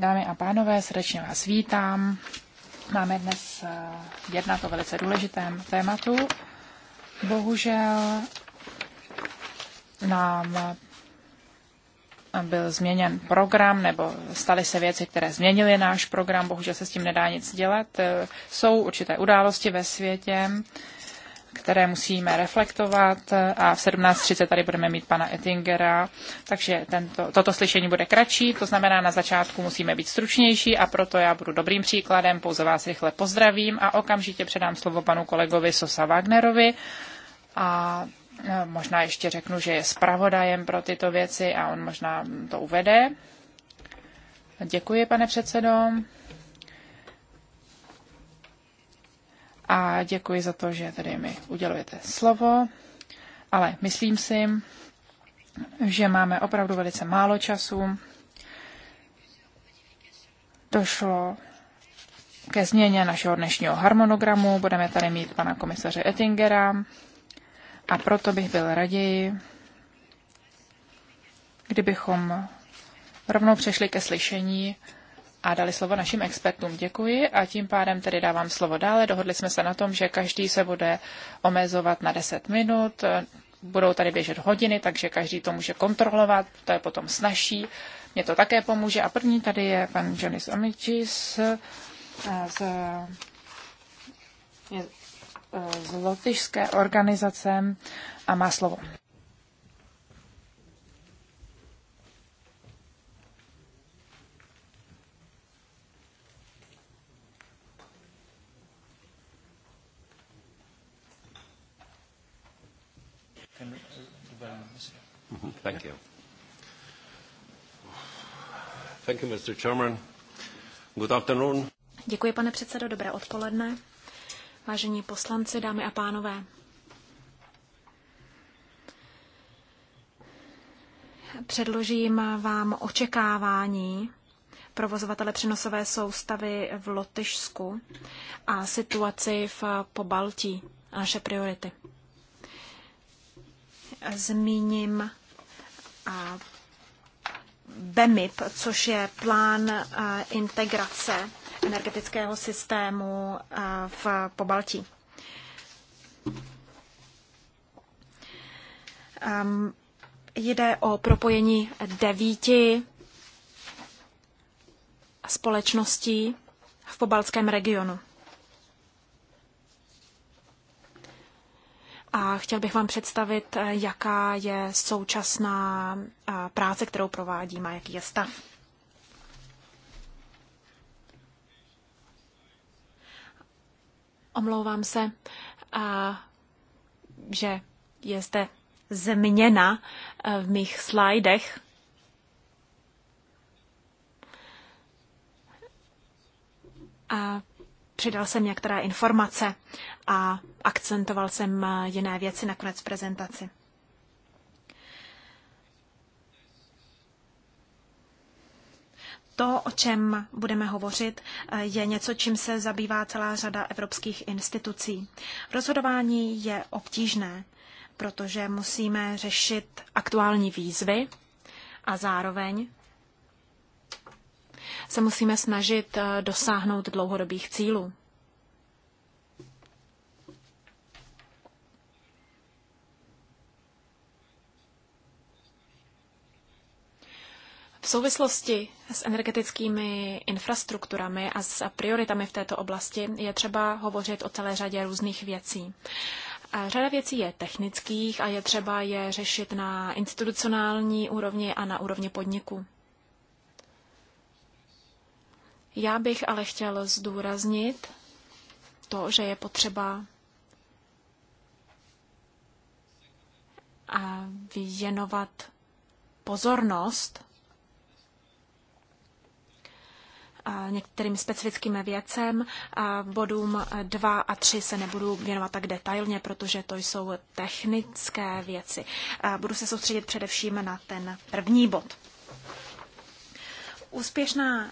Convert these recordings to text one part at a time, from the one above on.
Dámy a pánové, srdečně vás vítám. Máme dnes eh, jednat o velice důležitém tématu. Bohužel nám eh, byl změněn program, nebo staly se věci, které změnily náš program, bohužel se s tím nedá nic dělat. Eh, jsou určité události ve světě, které musíme reflektovat a v 17.30 tady budeme mít pana Ettingera, takže tento, toto slyšení bude kratší, to znamená na začátku musíme být stručnější a proto já budu dobrým příkladem, pouze vás rychle pozdravím a okamžitě předám slovo panu kolegovi Sosa Wagnerovi a e, možná ještě řeknu, že je zpravodajem pro tyto věci a on možná to uvede. Děkuji, pane předsedo. a děkuji za to, že tady mi udělujete slovo, ale myslím si, že máme opravdu velice málo času. Došlo ke změně našeho dnešního harmonogramu. Budeme tady mít pana komisaře Ettingera a proto bych byl raději, kdybychom rovnou přešli ke slyšení a dali slovo našim expertům. Děkuji a tím pádem tedy dávám slovo dále. Dohodli jsme se na tom, že každý se bude omezovat na 10 minut. Budou tady běžet hodiny, takže každý to může kontrolovat, to je potom snažší. Mě to také pomůže. A první tady je pan Jonis Amicis eh, z, eh, z lotyšské organizace a má slovo. Thank you. Thank you, Mr. Chairman. Good afternoon. Děkuji, pane předsedo, dobré odpoledne. Vážení poslanci, dámy a pánové. Předložím vám očekávání provozovatele přenosové soustavy v Lotyšsku a situaci v Pobaltí a naše priority. Zmíním BEMIP, což je plán eh, integrace energetického systému eh, v Pobaltí. Ehm, jde o propojení devíti společností v pobaltském regionu. a chtěl bych vám představit, eh, jaká je současná eh, práce, kterou provádím a jaký je stav. Omlouvám se, eh, že je zde zeměna v mých slajdech. A přidal jsem některé informace a akcentoval jsem eh, jiné věci nakonec v prezentaci. To, o čem budeme hovořit, eh, je něco, čím se zabývá celá řada evropských institucí. Rozhodování je obtížné, protože musíme řešit aktuální výzvy a zároveň se musíme snažit eh, dosáhnout dlouhodobých cílů. V souvislosti s energetickými infrastrukturami a s prioritami v této oblasti je třeba hovořit o celé řadě různých věcí. A řada věcí je technických a je třeba je řešit na institucionální úrovni a na úrovni podniku. Já bych ale chtěl zdůraznit to, že je potřeba a věnovat pozornost některým specifickým věcem. Bodům 2 a 3 se nebudu věnovat tak detailně, protože to jsou technické věci. Budu se soustředit především na ten první bod. Úspěšná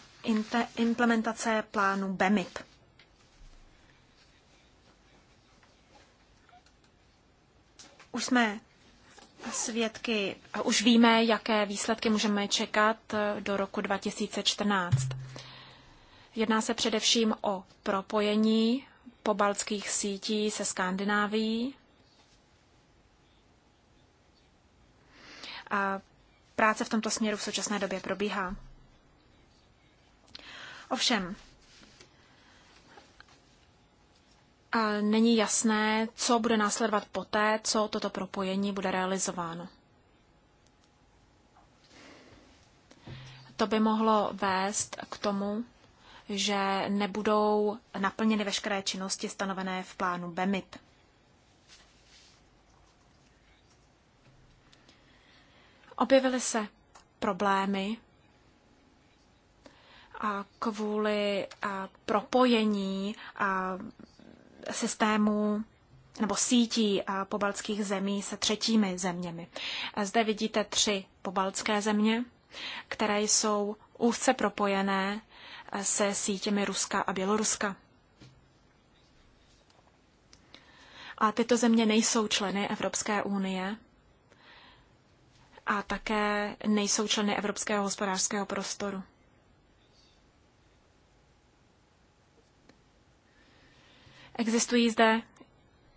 implementace plánu BEMIP. Už jsme svědky, už víme, jaké výsledky můžeme čekat do roku 2014. Jedná se především o propojení pobaltských sítí se Skandinávií. A práce v tomto směru v současné době probíhá. Ovšem, není jasné, co bude následovat poté, co toto propojení bude realizováno. To by mohlo vést k tomu, že nebudou naplněny veškeré činnosti stanovené v plánu BEMIT. Objevily se problémy a kvůli a propojení a systému nebo sítí a pobaltských zemí se třetími zeměmi. Zde vidíte tři pobaltské země, které jsou úzce propojené se sítěmi Ruska a Běloruska. A tyto země nejsou členy Evropské unie a také nejsou členy Evropského hospodářského prostoru. Existují zde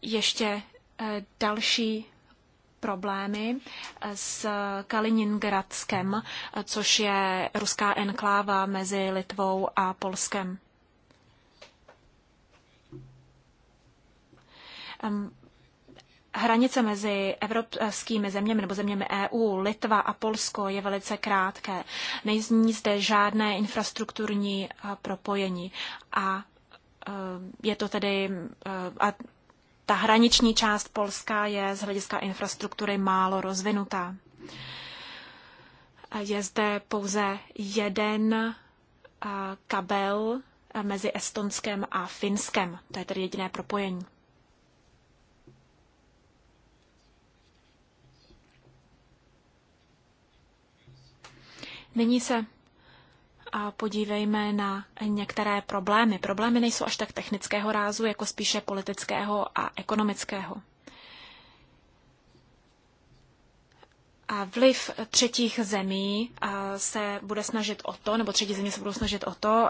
ještě eh, další problémy eh, s Kaliningradskem, eh, což je ruská enkláva mezi Litvou a Polskem. Hranice mezi evropskými zeměmi nebo zeměmi EU, Litva a Polsko je velice krátké. Nejzní zde žádné infrastrukturní eh, propojení a je to tedy a ta hraniční část Polska je z hlediska infrastruktury málo rozvinutá. Je zde pouze jeden kabel mezi Estonskem a Finskem. To je tedy jediné propojení. Nyní se podívejme na některé problémy. Problémy nejsou až tak technického rázu, jako spíše politického a ekonomického. A vliv třetích zemí se bude snažit o to, nebo třetí země se budou snažit o to,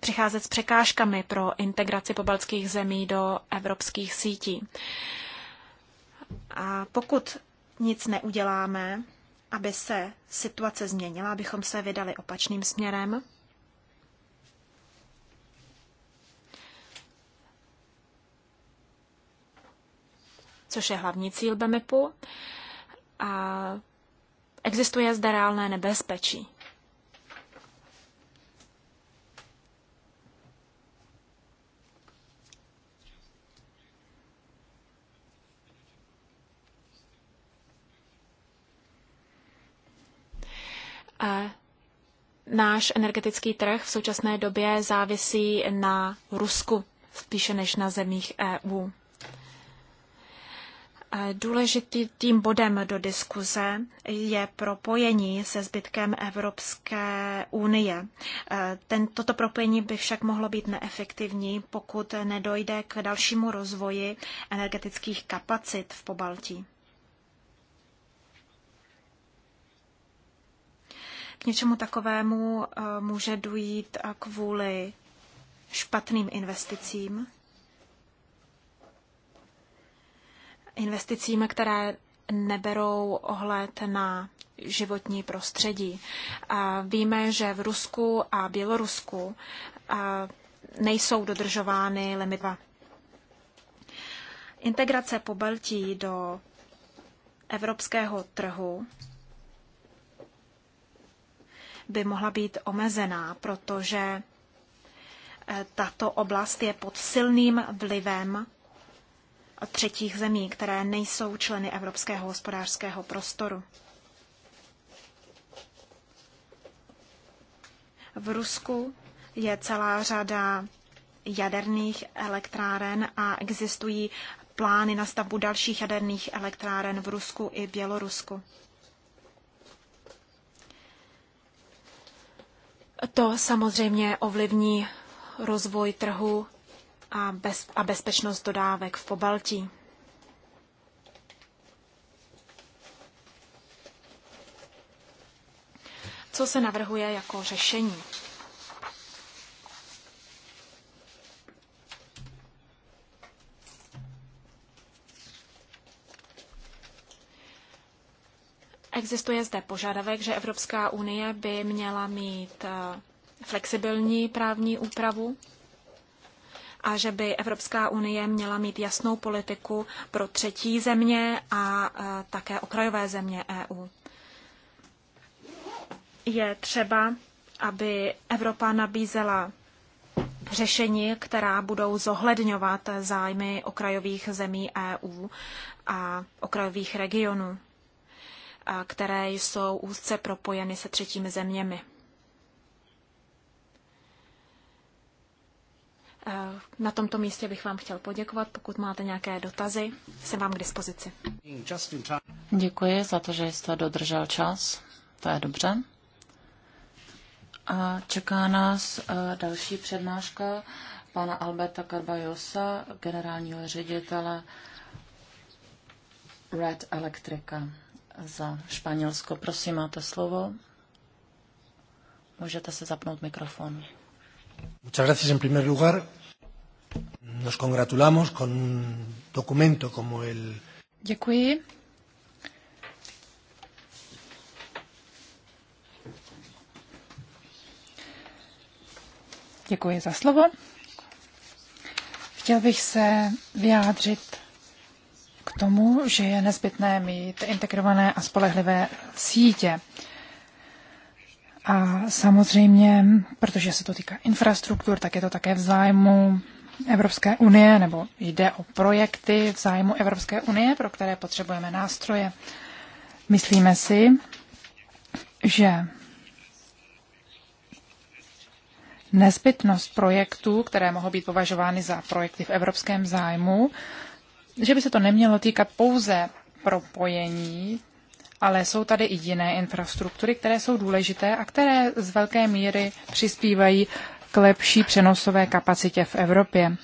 přicházet s překážkami pro integraci pobaltských zemí do evropských sítí. A pokud nic neuděláme, aby se situace změnila, abychom se vydali opačným směrem. což je hlavní cíl BEMIPu. A existuje zde reálné nebezpečí. E, náš energetický trh v současné době závisí na Rusku spíše než na zemích EU. E, důležitým bodem do diskuze je propojení se zbytkem Evropské unie. E, ten, toto propojení by však mohlo být neefektivní, pokud nedojde k dalšímu rozvoji energetických kapacit v Pobaltí. K něčemu takovému eh, může dojít eh, kvůli špatným investicím, investicím, které neberou ohled na životní prostředí. A víme, že v Rusku a Bělorusku a eh, nejsou dodržovány limity. Integrace po Baltí do evropského trhu by mohla být omezená, protože eh, tato oblast je pod silným vlivem třetích zemí, které nejsou členy Evropského hospodářského prostoru. V Rusku je celá řada jaderných elektráren a existují plány na stavbu dalších jaderných elektráren v Rusku i Bělorusku. To samozřejmě ovlivní rozvoj trhu a, bez, a bezpečnost dodávek v Pobaltí. Co se navrhuje jako řešení? Existuje zde požadavek, že Evropská unie by měla mít eh, flexibilní právní úpravu a že by Evropská unie měla mít jasnou politiku pro třetí země a eh, také okrajové země EU. Je třeba, aby Evropa nabízela řešení, která budou zohledňovat zájmy okrajových zemí EU a okrajových regionů které jsou úzce propojeny se třetími zeměmi. Eh, na tomto místě bych vám chtěl poděkovat. Pokud máte nějaké dotazy, jsem vám k dispozici. Děkuji za to, že jste dodržel čas. To je dobře. A čeká nás eh, další přednáška pana Alberta Carbajosa, generálního ředitele Red Electrica za Španělsko. Prosím, máte slovo. Můžete se zapnout mikrofon. Muchas gracias en primer lugar. Nos congratulamos con un documento como el... Děkuji. Děkuji za slovo. Chtěl bych se vyjádřit k tomu, že je nezbytné mít integrované a spolehlivé sítě. A samozřejmě, protože se to týká infrastruktur, tak je to také v zájmu Evropské unie, nebo jde o projekty v zájmu Evropské unie, pro které potřebujeme nástroje. Myslíme si, že nezbytnost projektů, které mohou být považovány za projekty v evropském zájmu, že by se to nemělo týkat pouze propojení, ale jsou tady i jiné infrastruktury, které jsou důležité a které z velké míry přispívají k lepší přenosové kapacitě v Evropě.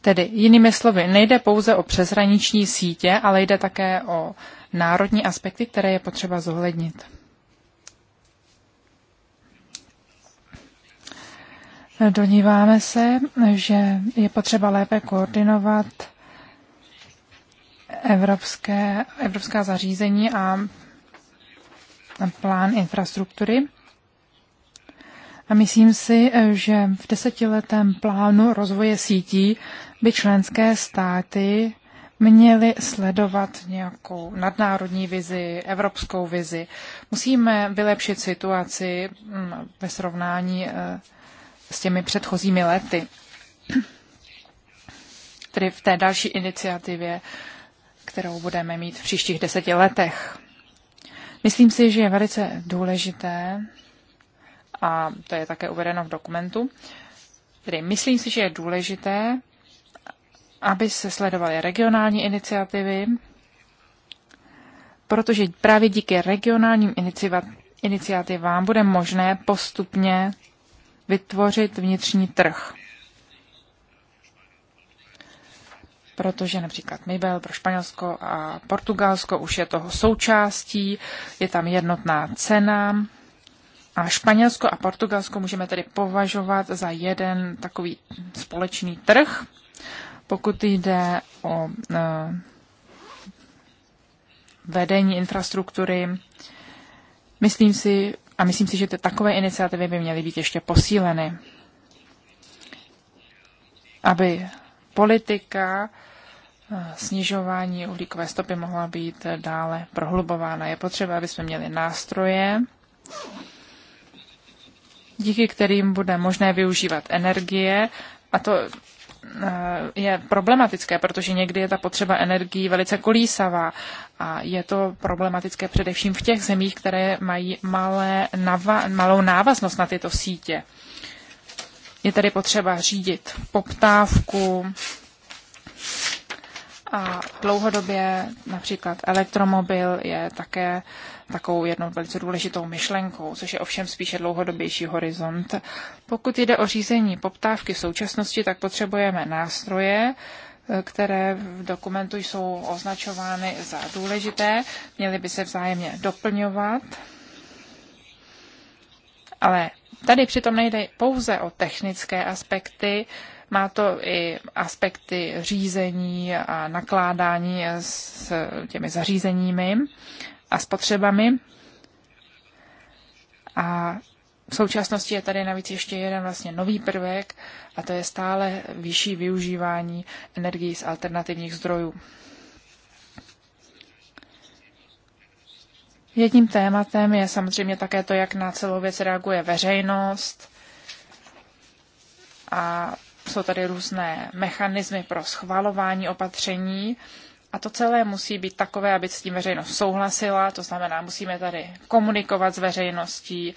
Tedy jinými slovy, nejde pouze o přeshraniční sítě, ale jde také o národní aspekty, které je potřeba zohlednit. Doníváme se, že je potřeba lépe koordinovat evropské, evropská zařízení a plán infrastruktury. A myslím si, že v desetiletém plánu rozvoje sítí by členské státy měly sledovat nějakou nadnárodní vizi, evropskou vizi. Musíme vylepšit situaci mm, ve srovnání eh, s těmi předchozími lety, tedy v té další iniciativě kterou budeme mít v příštích deseti letech. Myslím si, že je velice důležité, a to je také uvedeno v dokumentu, tedy myslím si, že je důležité, aby se sledovaly regionální iniciativy, protože právě díky regionálním iniciativám bude možné postupně vytvořit vnitřní trh. protože například Mibel pro Španělsko a Portugalsko už je toho součástí, je tam jednotná cena. A Španělsko a Portugalsko můžeme tedy považovat za jeden takový společný trh, pokud jde o uh, vedení infrastruktury. Myslím si, a myslím si, že ty takové iniciativy by měly být ještě posíleny, aby politika eh, snižování uhlíkové stopy mohla být dále prohlubována. Je potřeba, aby jsme měli nástroje, díky kterým bude možné využívat energie a to eh, je problematické, protože někdy je ta potřeba energií velice kolísavá a je to problematické především v těch zemích, které mají malé nava- malou návaznost na tyto sítě. Je tedy potřeba řídit poptávku a dlouhodobě například elektromobil je také takovou jednou velice důležitou myšlenkou, což je ovšem spíše dlouhodobější horizont. Pokud jde o řízení poptávky v současnosti, tak potřebujeme nástroje, které v dokumentu jsou označovány za důležité, měly by se vzájemně doplňovat, ale Tady přitom nejde pouze o technické aspekty, má to i aspekty řízení a nakládání s těmi zařízeními a spotřebami. A v současnosti je tady navíc ještě jeden vlastně nový prvek a to je stále vyšší využívání energií z alternativních zdrojů. Jedním tématem je samozřejmě také to, jak na celou věc reaguje veřejnost a jsou tady různé mechanismy pro schvalování opatření. A to celé musí být takové, aby s tím veřejnost souhlasila, to znamená, musíme tady komunikovat s veřejností,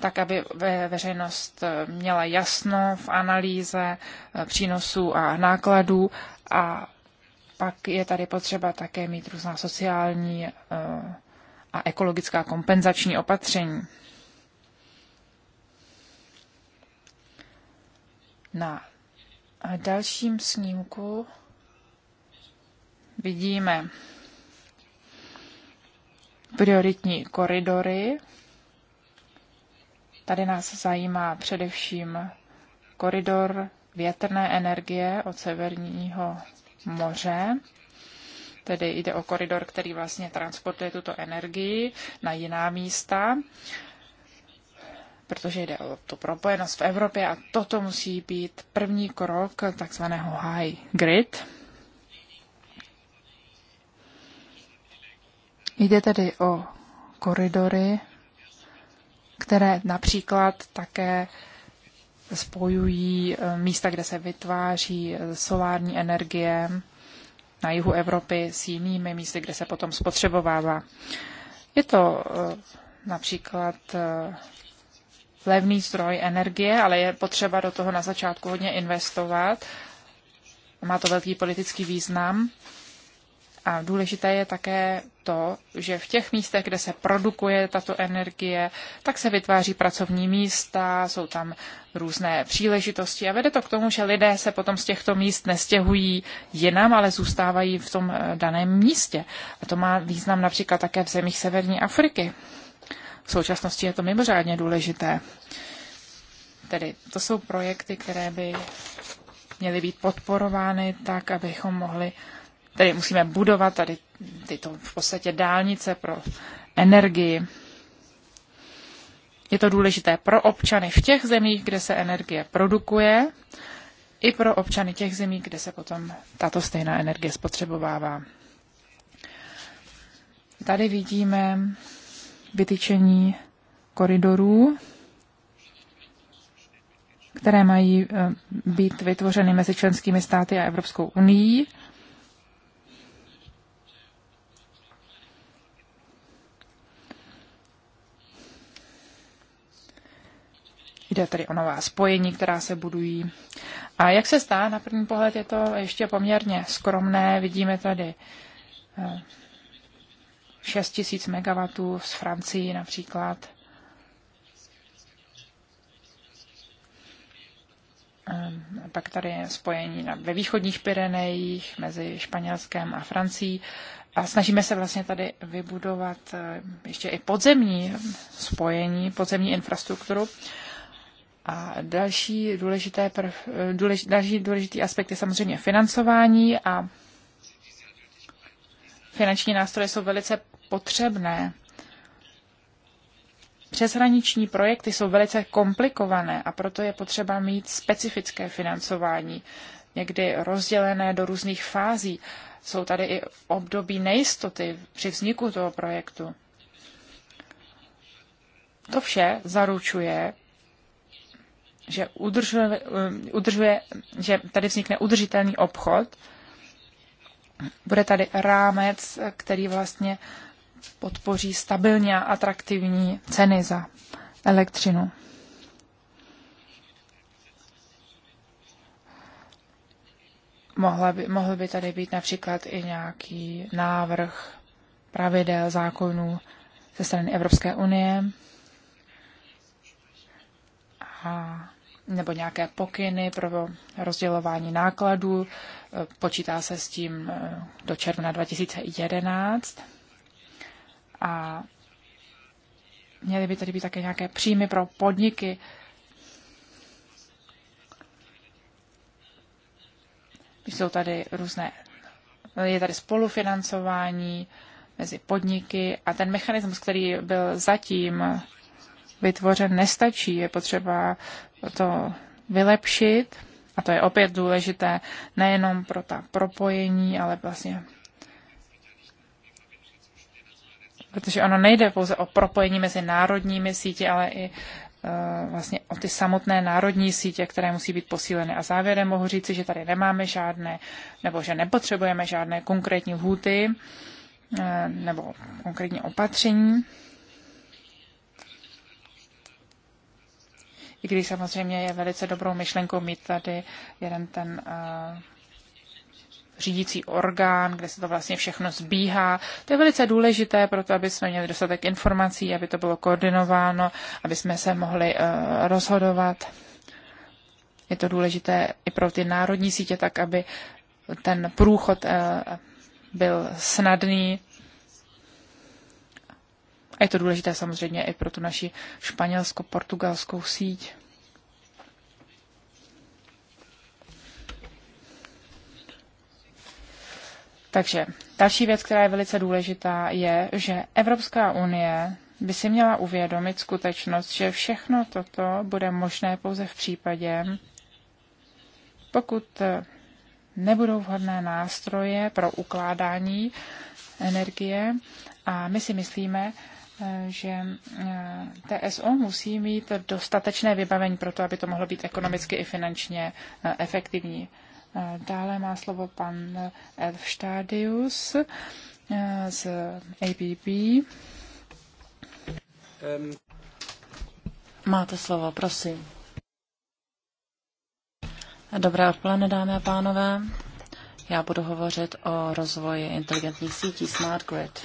tak aby veřejnost eh, měla jasno v analýze eh, přínosů a nákladů a pak je tady potřeba také mít různá sociální eh, a ekologická kompenzační opatření. Na dalším snímku vidíme prioritní koridory. Tady nás zajímá především koridor větrné energie od Severního moře tedy jde o koridor, který vlastně transportuje tuto energii na jiná místa protože jde o tu propojenost v Evropě a toto musí být první krok takzvaného high grid. Jde tedy o koridory, které například také spojují eh, místa, kde se vytváří eh, solární energie na jihu Evropy s jinými místy, kde se potom spotřebovává. Je to eh, například eh, levný zdroj energie, ale je potřeba do toho na začátku hodně investovat. Má to velký politický význam. A důležité je také to, že v těch místech, kde se produkuje tato energie, tak se vytváří pracovní místa, jsou tam různé příležitosti a vede to k tomu, že lidé se potom z těchto míst nestěhují jinam, ale zůstávají v tom eh, daném místě. A to má význam například také v zemích Severní Afriky. V současnosti je to mimořádně důležité. Tedy to jsou projekty, které by měly být podporovány tak, abychom mohli, tedy musíme budovat tady tyto v podstatě dálnice pro energii. Je to důležité pro občany v těch zemích, kde se energie produkuje, i pro občany těch zemí, kde se potom tato stejná energie spotřebovává. Tady vidíme vytyčení koridorů, které mají eh, být vytvořeny mezi členskými státy a Evropskou unii Jde tedy o nová spojení, která se budují. A jak se stá, na první pohled je to ještě poměrně skromné. Vidíme tady 6 eh, tisíc MW z Francii například. Ehm, pak tady je spojení ve východních Pyrenejích mezi Španělskem a Francií. A snažíme se vlastně tady vybudovat eh, ještě i podzemní spojení, podzemní infrastrukturu. A další, důležité prv, důlež, další důležitý aspekt je samozřejmě financování a finanční nástroje jsou velice potřebné. Přeshraniční projekty jsou velice komplikované a proto je potřeba mít specifické financování, někdy rozdělené do různých fází. Jsou tady i období nejistoty při vzniku toho projektu. To vše zaručuje, že, udržuje, um, udržuje, že tady vznikne udržitelný obchod. Bude tady rámec, který vlastně podpoří stabilně a atraktivní ceny za elektřinu. Mohla by, mohl by tady být například i nějaký návrh pravidel, zákonů ze strany Evropské unie. A nebo nějaké pokyny pro rozdělování nákladů. E, počítá se s tím e, do června 2011. A měly by tady být také nějaké příjmy pro podniky. Jsou tady různé, je tady spolufinancování mezi podniky a ten mechanismus, který byl zatím vytvořen, nestačí. Je potřeba to vylepšit. A to je opět důležité nejenom pro ta propojení, ale vlastně protože ono nejde pouze o propojení mezi národními sítě, ale i uh, vlastně o ty samotné národní sítě, které musí být posíleny. A závěrem mohu říci, že tady nemáme žádné, nebo že nepotřebujeme žádné konkrétní hůty uh, eh, nebo konkrétní opatření. i když samozřejmě je velice dobrou myšlenkou mít tady jeden ten uh, řídící orgán, kde se to vlastně všechno zbíhá. To je velice důležité pro to, aby jsme měli dostatek informací, aby to bylo koordinováno, aby jsme se mohli uh, rozhodovat. Je to důležité i pro ty národní sítě, tak aby ten průchod uh, byl snadný a je to důležité samozřejmě i pro tu naši španělsko-portugalskou síť. Takže další věc, která je velice důležitá, je, že Evropská unie by si měla uvědomit skutečnost, že všechno toto bude možné pouze v případě, pokud nebudou vhodné nástroje pro ukládání energie. A my si myslíme, že eh, TSO musí mít dostatečné vybavení pro to, aby to mohlo být ekonomicky i finančně eh, efektivní. Eh, dále má slovo pan Elfstadius z ABB. Máte slovo, prosím. Dobré odpoledne, dámy a pánové. Já budu hovořit o rozvoji inteligentních sítí Smart Grid.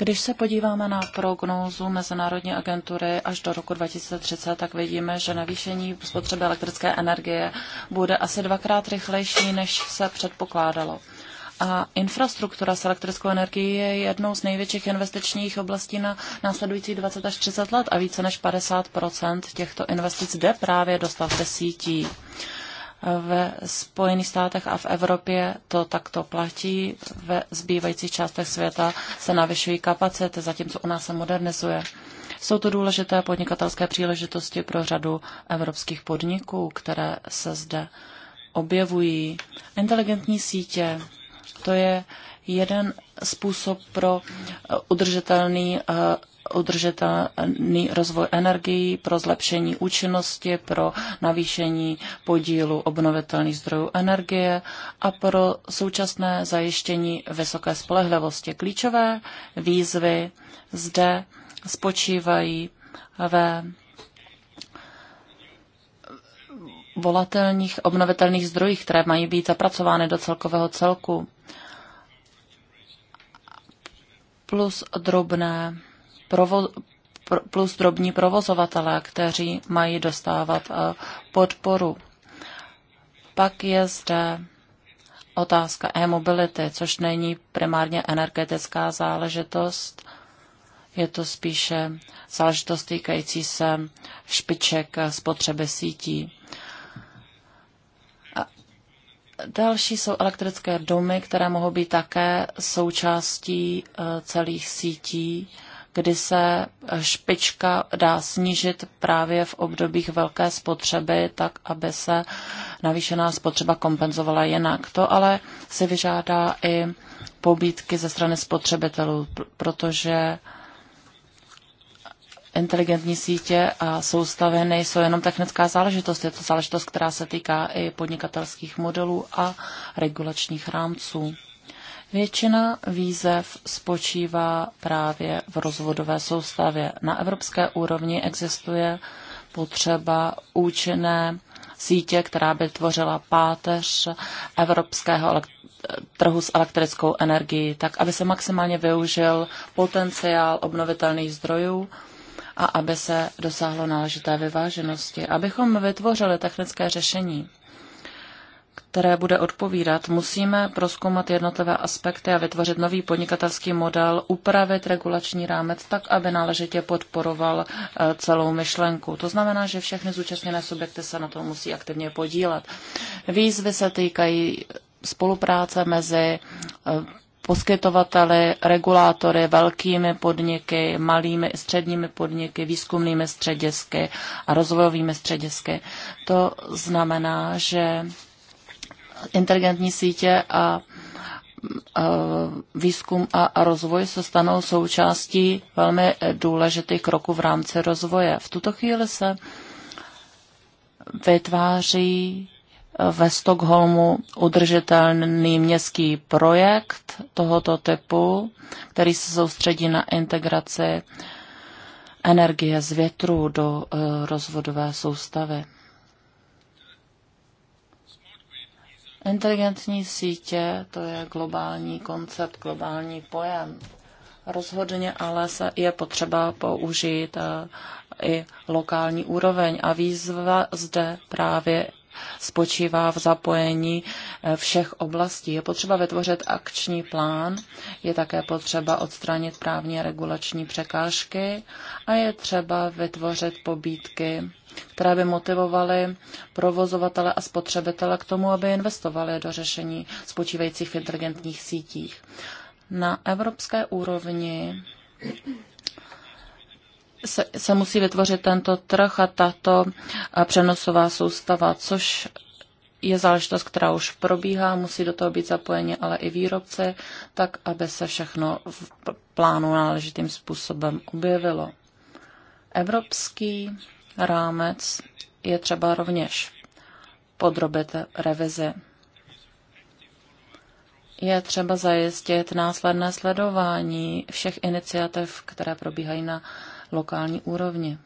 Když se podíváme na prognózu Mezinárodní agentury až do roku 2030, tak vidíme, že navýšení spotřeby elektrické energie bude asi dvakrát rychlejší, než se předpokládalo. A infrastruktura s elektrickou energií je jednou z největších investičních oblastí na následující 20 až 30 let a více než 50 těchto investic jde právě do stavby sítí. Ve Spojených státech a v Evropě to takto platí. Ve zbývajících částech světa se navyšují kapacity, zatímco u nás se modernizuje. Jsou to důležité podnikatelské příležitosti pro řadu evropských podniků, které se zde objevují. Inteligentní sítě, to je jeden způsob pro udržitelný eh, udržitelný rozvoj energií, pro zlepšení účinnosti, pro navýšení podílu obnovitelných zdrojů energie a pro současné zajištění vysoké spolehlivosti. Klíčové výzvy zde spočívají ve volatelných obnovitelných zdrojích, které mají být zapracovány do celkového celku, plus drobné provo- plus drobní provozovatelé, kteří mají dostávat eh, podporu. Pak je zde otázka e-mobility, což není primárně energetická záležitost, je to spíše záležitost týkající se špiček eh, spotřeby sítí. A další jsou elektrické domy, které mohou být také součástí eh, celých sítí kdy se špička dá snížit právě v obdobích velké spotřeby, tak aby se navýšená spotřeba kompenzovala jinak. To ale si vyžádá i pobídky ze strany spotřebitelů, protože inteligentní sítě a soustavy nejsou jenom technická záležitost, je to záležitost, která se týká i podnikatelských modelů a regulačních rámců. Většina výzev spočívá právě v rozvodové soustavě. Na evropské úrovni existuje potřeba účinné sítě, která by tvořila páteř evropského trhu s elektrickou energií, tak aby se maximálně využil potenciál obnovitelných zdrojů a aby se dosáhlo náležité vyváženosti, abychom vytvořili technické řešení, které bude odpovídat, musíme proskoumat jednotlivé aspekty a vytvořit nový podnikatelský model, upravit regulační rámec tak, aby náležitě podporoval eh, celou myšlenku. To znamená, že všechny zúčastněné subjekty se na to musí aktivně podílet. Výzvy se týkají spolupráce mezi eh, poskytovateli, regulátory, velkými podniky, malými i středními podniky, výzkumnými středisky a rozvojovými středisky. To znamená, že inteligentní sítě a výzkum a rozvoj se stanou součástí velmi důležitých kroků v rámci rozvoje. V tuto chvíli se vytváří eh, ve Stockholmu udržitelný městský projekt tohoto typu, který se soustředí na integraci energie z větru do eh, rozvodové soustavy. Inteligentní sítě to je globální koncept, globální pojem. Rozhodně ale se je potřeba použít eh, i lokální úroveň a výzva zde právě spočívá v zapojení eh, všech oblastí. Je potřeba vytvořit akční plán, je také potřeba odstranit právně regulační překážky a je třeba vytvořit pobídky, které by motivovaly provozovatele a spotřebitele k tomu, aby investovali do řešení spočívajících v inteligentních sítích. Na evropské úrovni se, se musí vytvořit tento trh a tato přenosová soustava, což je záležitost, která už probíhá, musí do toho být zapojeni ale i výrobce, tak aby se všechno v plánu náležitým způsobem objevilo. Evropský rámec je třeba rovněž podrobit revizi. Je třeba zajistit následné sledování všech iniciativ, které probíhají na lokální úrovni.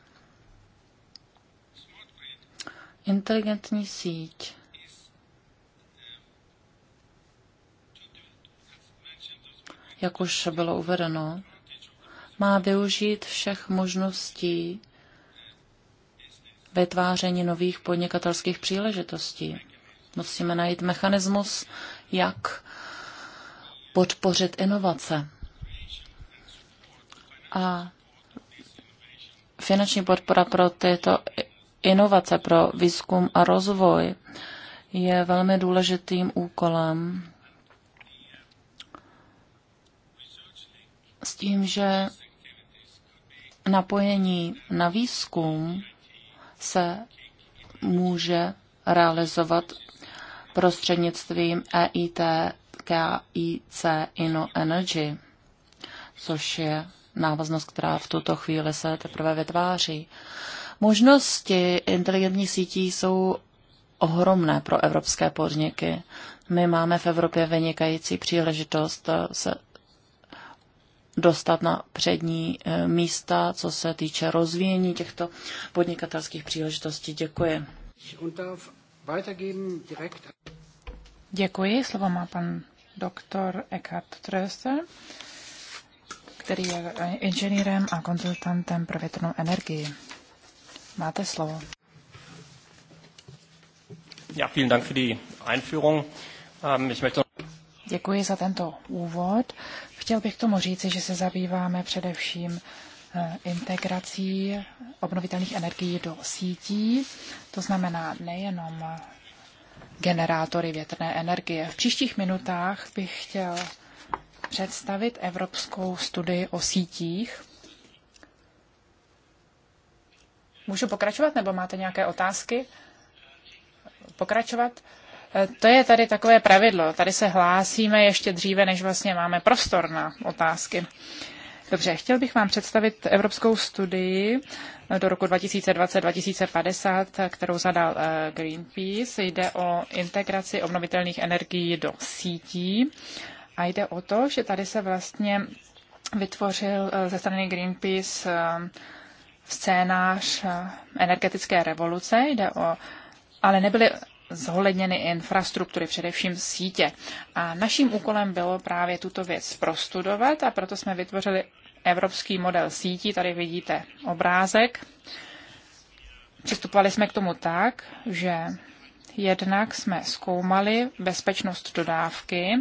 Inteligentní síť jak už bylo uvedeno, má využít všech možností vytváření nových podnikatelských příležitostí. Musíme najít mechanismus, jak podpořit inovace a finanční podpora pro tyto inovace, pro výzkum a rozvoj je velmi důležitým úkolem. S tím, že napojení na výzkum se může realizovat prostřednictvím EIT KIC Inno Energy, což je návaznost, která v tuto chvíli se teprve vytváří. Možnosti inteligentních sítí jsou ohromné pro evropské podniky. My máme v Evropě vynikající příležitost eh, se dostat na přední eh, místa, co se týče rozvíjení těchto podnikatelských příležitostí. Děkuji. Děkuji. Slovo má pan doktor Eckhart Tröster který je eh, inženýrem a konzultantem pro větrnou energii. Máte slovo. Ja, vielen Dank für die Einführung. Um, ich möchte... Děkuji za tento úvod. Chtěl bych k tomu říci, že se zabýváme především eh, integrací obnovitelných energií do sítí, to znamená nejenom generátory větrné energie. V příštích minutách bych chtěl představit evropskou studii o sítích. Můžu pokračovat, nebo máte nějaké otázky? Pokračovat? Eh, to je tady takové pravidlo. Tady se hlásíme ještě dříve, než vlastně máme prostor na otázky. Dobře, chtěl bych vám představit evropskou studii eh, do roku 2020-2050, kterou zadal eh, Greenpeace. Jde o integraci obnovitelných energií do sítí a jde o to, že tady se vlastně vytvořil eh, ze strany Greenpeace eh, scénář eh, energetické revoluce, jde o, ale nebyly zohledněny infrastruktury, především sítě. A naším úkolem bylo právě tuto věc prostudovat a proto jsme vytvořili evropský model sítí. Tady vidíte obrázek. Přistupovali jsme k tomu tak, že jednak jsme zkoumali bezpečnost dodávky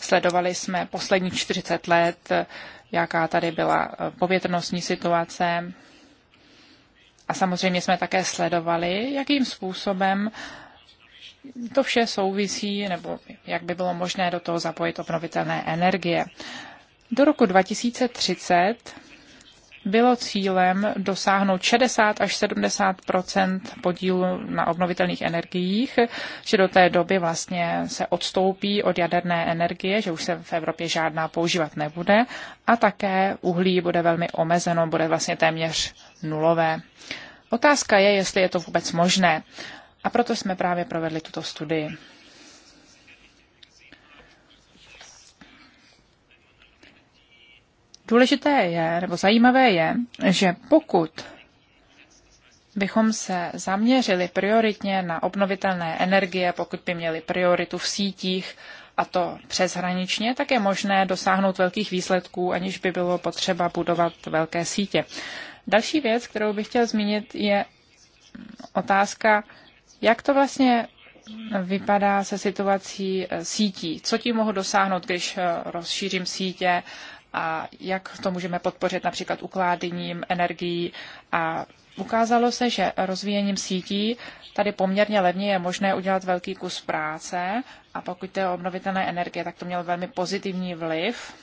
Sledovali jsme poslední 40 let, jaká tady byla eh, povětrnostní situace. A samozřejmě jsme také sledovali, jakým způsobem to vše souvisí, nebo jak by bylo možné do toho zapojit obnovitelné energie. Do roku 2030 bylo cílem dosáhnout 60 až 70 podílu na obnovitelných energiích, že do té doby vlastně se odstoupí od jaderné energie, že už se v Evropě žádná používat nebude a také uhlí bude velmi omezeno, bude vlastně téměř nulové. Otázka je, jestli je to vůbec možné. A proto jsme právě provedli tuto studii. Důležité je, nebo zajímavé je, že pokud bychom se zaměřili prioritně na obnovitelné energie, pokud by měli prioritu v sítích a to přeshraničně, tak je možné dosáhnout velkých výsledků, aniž by bylo potřeba budovat velké sítě. Další věc, kterou bych chtěl zmínit, je otázka, jak to vlastně vypadá se situací eh, sítí. Co tím mohu dosáhnout, když eh, rozšířím sítě a jak to můžeme podpořit například ukládením energií. A ukázalo se, že rozvíjením sítí tady poměrně levně je možné udělat velký kus práce a pokud je obnovitelné energie, tak to mělo velmi pozitivní vliv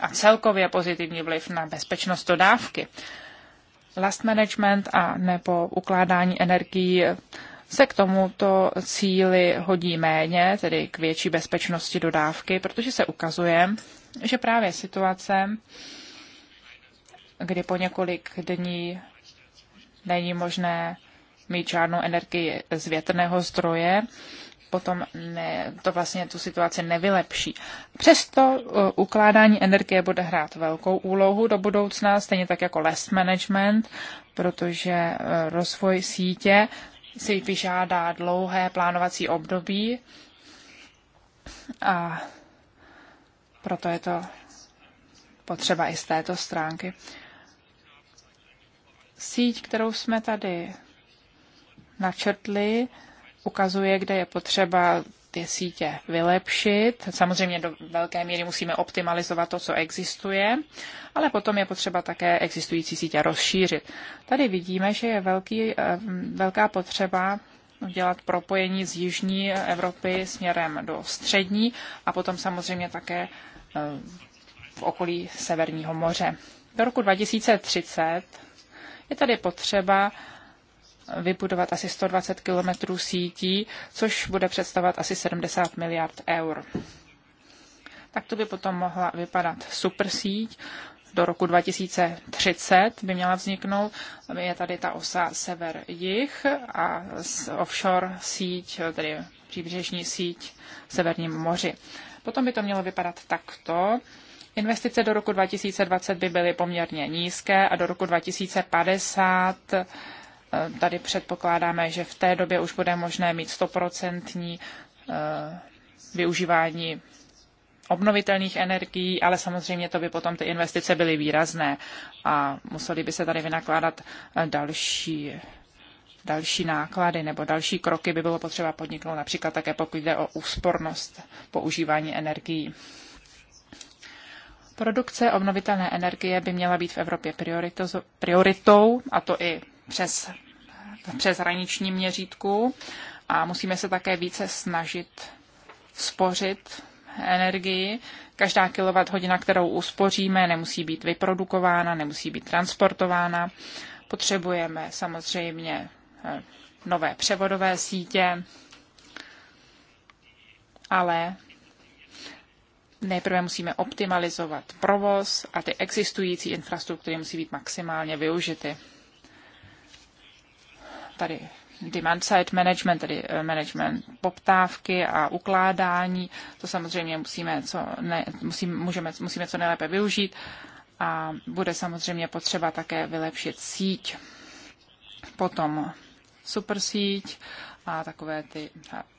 a celkově pozitivní vliv na bezpečnost dodávky. Last management a nebo ukládání energií se k tomuto cíli hodí méně, tedy k větší bezpečnosti dodávky, protože se ukazuje, že právě situace, kdy po několik dní není možné mít žádnou energii z větrného zdroje, potom ne, to vlastně tu situaci nevylepší. Přesto uh, ukládání energie bude hrát velkou úlohu do budoucna, stejně tak jako less management, protože uh, rozvoj sítě si vyžádá dlouhé plánovací období a proto je to potřeba i z této stránky. Síť, kterou jsme tady načrtli, ukazuje, kde je potřeba ty sítě vylepšit. Samozřejmě do velké míry musíme optimalizovat to, co existuje, ale potom je potřeba také existující sítě rozšířit. Tady vidíme, že je velký, eh, velká potřeba dělat propojení z jižní Evropy směrem do střední a potom samozřejmě také e, v okolí Severního moře. Do roku 2030 je tady potřeba vybudovat asi 120 kilometrů sítí, což bude představovat asi 70 miliard eur. Tak to by potom mohla vypadat super síť do roku 2030 by měla vzniknout. Je tady ta osa sever-jih a offshore síť, tedy příbřežní síť v Severním moři. Potom by to mělo vypadat takto. Investice do roku 2020 by byly poměrně nízké a do roku 2050 eh, tady předpokládáme, že v té době už bude možné mít stoprocentní eh, využívání obnovitelných energií, ale samozřejmě to by potom ty investice byly výrazné a museli by se tady vynakládat eh, další další náklady nebo další kroky by bylo potřeba podniknout, například také pokud jde o úspornost používání energií. Produkce obnovitelné energie by měla být v Evropě prioritou, a to i přes, přes hraniční měřítku. A musíme se také více snažit spořit energii. Každá kWh, kterou uspoříme, nemusí být vyprodukována, nemusí být transportována. Potřebujeme samozřejmě eh, nové převodové sítě, ale nejprve musíme optimalizovat provoz a ty existující infrastruktury musí být maximálně využity. Tady demand-side management, tedy eh, management poptávky a ukládání. To samozřejmě musíme co, ne, musím, můžeme, musíme co nejlépe využít a bude samozřejmě potřeba také vylepšit síť. Potom super síť a takové ty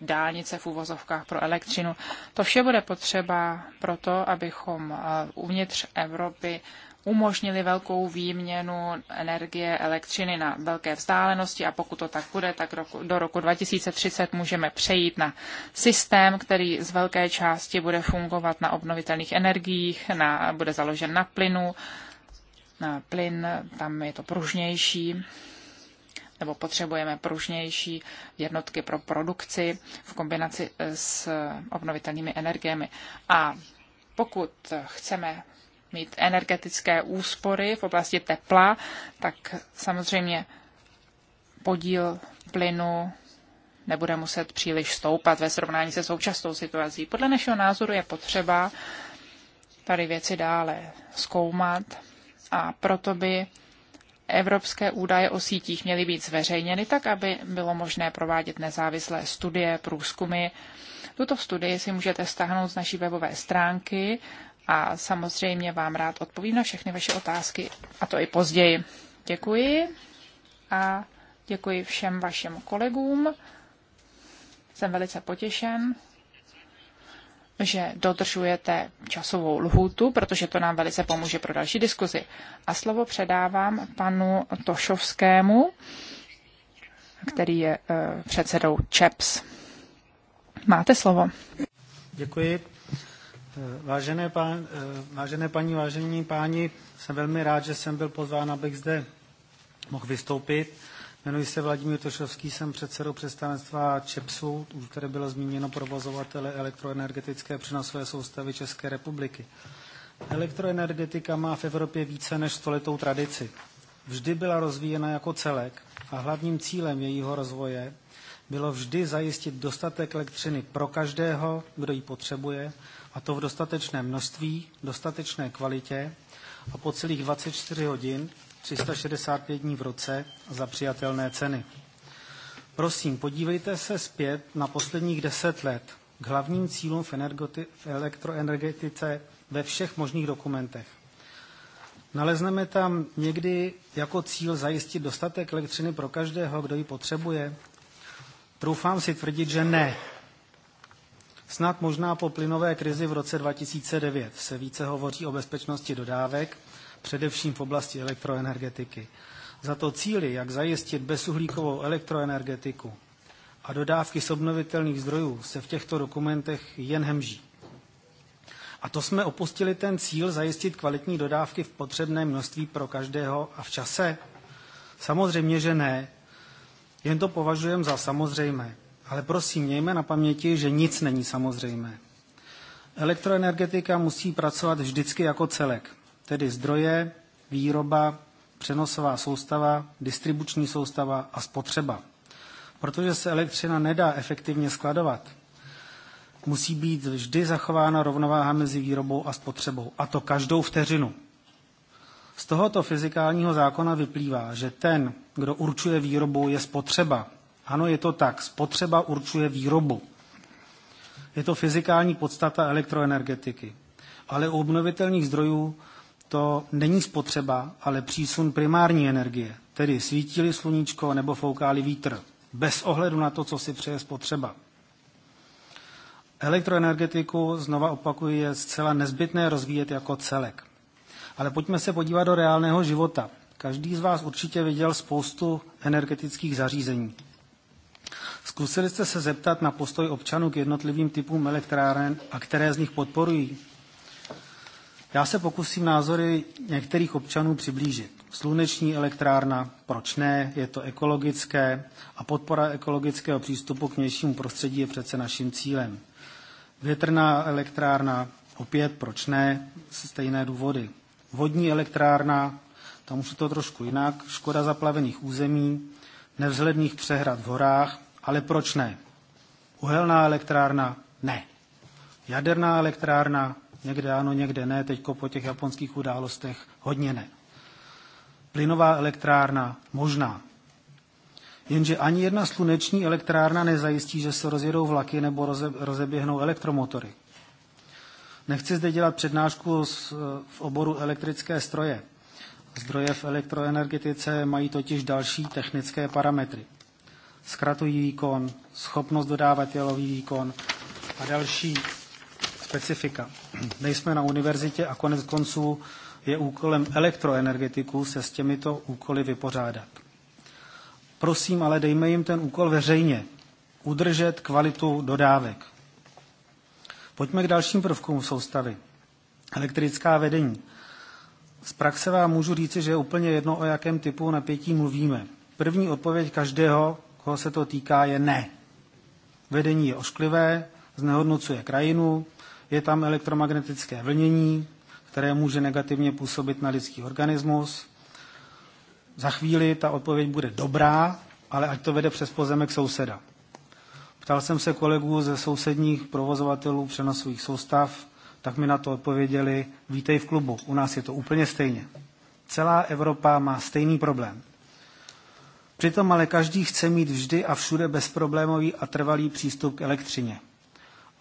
dálnice v úvozovkách pro elektřinu. To vše bude potřeba proto, abychom eh, uvnitř Evropy umožnili velkou výměnu energie, elektřiny na velké vzdálenosti a pokud to tak bude, tak roku, do roku 2030 můžeme přejít na systém, který z velké části bude fungovat na obnovitelných energiích, na, bude založen na plynu, na plyn, tam je to pružnější nebo potřebujeme pružnější jednotky pro produkci v kombinaci s obnovitelnými energiemi. A pokud chceme mít energetické úspory v oblasti tepla, tak samozřejmě podíl plynu nebude muset příliš stoupat ve srovnání se současnou situací. Podle našeho názoru je potřeba tady věci dále zkoumat a proto by evropské údaje o sítích měly být zveřejněny tak, aby bylo možné provádět nezávislé studie, průzkumy. Tuto studii si můžete stáhnout z naší webové stránky a samozřejmě vám rád odpovím na všechny vaše otázky, a to i později. Děkuji a děkuji všem vašim kolegům. Jsem velice potěšen, že dodržujete časovou lhůtu, protože to nám velice pomůže pro další diskuzi. A slovo předávám panu Tošovskému, který je eh, předsedou ČEPS. Máte slovo. Děkuji. Eh, vážené, pán, eh, vážené paní, vážení páni, jsem velmi rád, že jsem byl pozván, abych zde mohl vystoupit. Jmenuji se Vladimír Tošovský, jsem předsedou představenstva ČEPSu, už tady bylo zmíněno provozovatele elektroenergetické přenosové soustavy České republiky. Elektroenergetika má v Evropě více než stoletou tradici. Vždy byla rozvíjena jako celek a hlavním cílem jejího rozvoje bylo vždy zajistit dostatek elektřiny pro každého, kdo ji potřebuje, a to v dostatečné množství, dostatečné kvalitě a po celých 24 hodin, 365 dní v roce za přijatelné ceny. Prosím, podívejte se zpět na posledních 10 let k hlavním cílům v, v elektroenergetice ve všech možných dokumentech. Nalezneme tam někdy jako cíl zajistit dostatek elektřiny pro každého, kdo ji potřebuje? Troufám si tvrdit, že ne. Snad možná po plynové krizi v roce 2009 se více hovoří o bezpečnosti dodávek, především v oblasti elektroenergetiky. Za to cíly, jak zajistit bezuhlíkovou elektroenergetiku a dodávky z obnovitelných zdrojů, se v těchto dokumentech jen hemží. A to jsme opustili ten cíl zajistit kvalitní dodávky v potřebné množství pro každého a v čase? Samozřejmě, že ne. Jen to považujeme za samozřejmé. Ale prosím, mějme na paměti, že nic není samozřejmé. Elektroenergetika musí pracovat vždycky jako celek, tedy zdroje, výroba, přenosová soustava, distribuční soustava a spotřeba. Protože se elektřina nedá efektivně skladovat, musí být vždy zachována rovnováha mezi výrobou a spotřebou, a to každou vteřinu. Z tohoto fyzikálního zákona vyplývá, že ten, kdo určuje výrobu, je spotřeba, ano, je to tak. Spotřeba určuje výrobu. Je to fyzikální podstata elektroenergetiky. Ale u obnovitelných zdrojů to není spotřeba, ale přísun primární energie, tedy svítili sluníčko nebo foukáli vítr, bez ohledu na to, co si přeje spotřeba. Elektroenergetiku, znova opakuji, je zcela nezbytné rozvíjet jako celek. Ale pojďme se podívat do reálného života. Každý z vás určitě viděl spoustu energetických zařízení. Zkusili jste se zeptat na postoj občanů k jednotlivým typům elektráren a které z nich podporují? Já se pokusím názory některých občanů přiblížit. Sluneční elektrárna, proč ne, je to ekologické a podpora ekologického přístupu k vnějšímu prostředí je přece naším cílem. Větrná elektrárna, opět proč ne, stejné důvody. Vodní elektrárna, tam už je to trošku jinak, škoda zaplavených území, nevzhledných přehrad v horách, ale proč ne? Uhelná elektrárna? Ne. Jaderná elektrárna? Někde ano, někde ne. Teď po těch japonských událostech hodně ne. Plynová elektrárna? Možná. Jenže ani jedna sluneční elektrárna nezajistí, že se rozjedou vlaky nebo roze, rozeběhnou elektromotory. Nechci zde dělat přednášku z, v oboru elektrické stroje. Zdroje v elektroenergetice mají totiž další technické parametry zkratují výkon, schopnost dodávat dodávatelový výkon a další specifika. Nejsme na univerzitě a konec konců je úkolem elektroenergetiků se s těmito úkoly vypořádat. Prosím, ale dejme jim ten úkol veřejně. Udržet kvalitu dodávek. Pojďme k dalším prvkům soustavy. Elektrická vedení. Z praxe vám můžu říci, že je úplně jedno, o jakém typu napětí mluvíme. První odpověď každého koho se to týká, je ne. Vedení je ošklivé, znehodnocuje krajinu, je tam elektromagnetické vlnění, které může negativně působit na lidský organismus. Za chvíli ta odpověď bude dobrá, ale ať to vede přes pozemek souseda. Ptal jsem se kolegů ze sousedních provozovatelů přenosových soustav, tak mi na to odpověděli, vítej v klubu, u nás je to úplně stejně. Celá Evropa má stejný problém. Přitom ale každý chce mít vždy a všude bezproblémový a trvalý přístup k elektřině.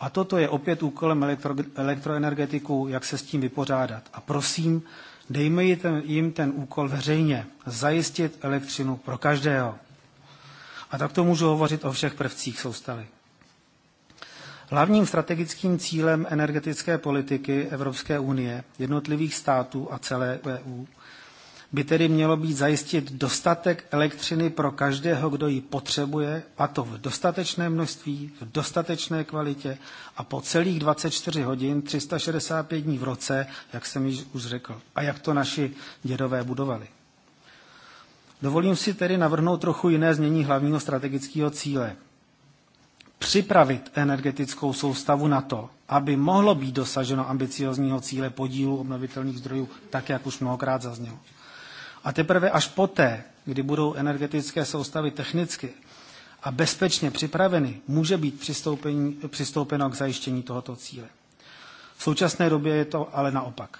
A toto je opět úkolem elektro, elektroenergetiků, jak se s tím vypořádat. A prosím, dejme jim ten, jim ten úkol veřejně, zajistit elektřinu pro každého. A tak to můžu hovořit o všech prvcích soustavy. Hlavním strategickým cílem energetické politiky Evropské unie, jednotlivých států a celé EU by tedy mělo být zajistit dostatek elektřiny pro každého, kdo ji potřebuje, a to v dostatečné množství, v dostatečné kvalitě a po celých 24 hodin, 365 dní v roce, jak jsem již už řekl, a jak to naši dědové budovali. Dovolím si tedy navrhnout trochu jiné změní hlavního strategického cíle. Připravit energetickou soustavu na to, aby mohlo být dosaženo ambiciozního cíle podílu obnovitelných zdrojů, tak jak už mnohokrát zaznělo. A teprve až poté, kdy budou energetické soustavy technicky a bezpečně připraveny, může být přistoupeno k zajištění tohoto cíle. V současné době je to ale naopak.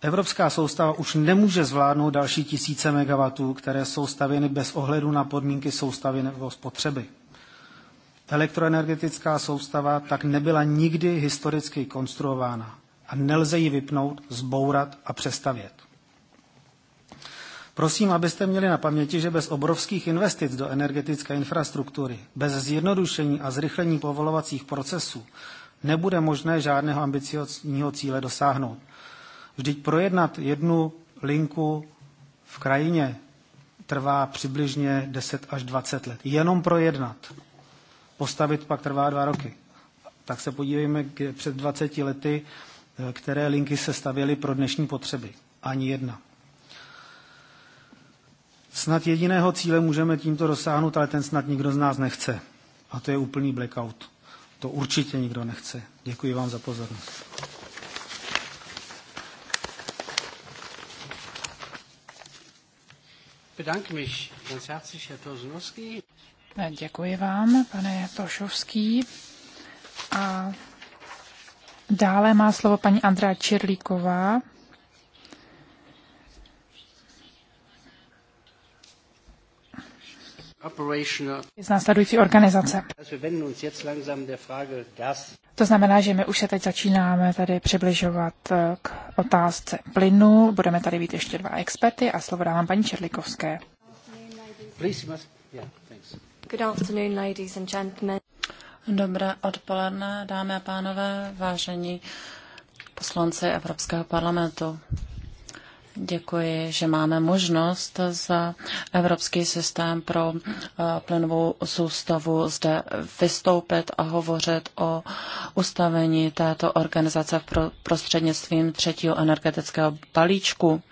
Evropská soustava už nemůže zvládnout další tisíce megawatů, které jsou stavěny bez ohledu na podmínky soustavy nebo spotřeby. Elektroenergetická soustava tak nebyla nikdy historicky konstruována a nelze ji vypnout, zbourat a přestavět. Prosím, abyste měli na paměti, že bez obrovských investic do energetické infrastruktury, bez zjednodušení a zrychlení povolovacích procesů nebude možné žádného ambiciozního cíle dosáhnout. Vždyť projednat jednu linku v krajině trvá přibližně 10 až 20 let. Jenom projednat. Postavit pak trvá dva roky. Tak se podívejme před 20 lety, eh, které linky se stavěly pro dnešní potřeby. Ani jedna. Snad jediného cíle můžeme tímto dosáhnout, ale ten snad nikdo z nás nechce. A to je úplný blackout. To určitě nikdo nechce. Děkuji vám za pozornost. Děkuji vám, pane Tošovský. A dále má slovo paní Andrá Čirlíková. z následující organizace. To znamená, že my už se teď začínáme tady přibližovat eh, k otázce plynu. Budeme tady být ještě dva experty a slovo dávám paní Čerlikovské. Dobré odpoledne, dámy a pánové, vážení poslanci Evropského parlamentu. Děkuji, že máme možnost za Evropský systém pro eh, plynovou soustavu zde vystoupit a hovořit o ustavení této organizace v prostřednictvím třetího energetického balíčku.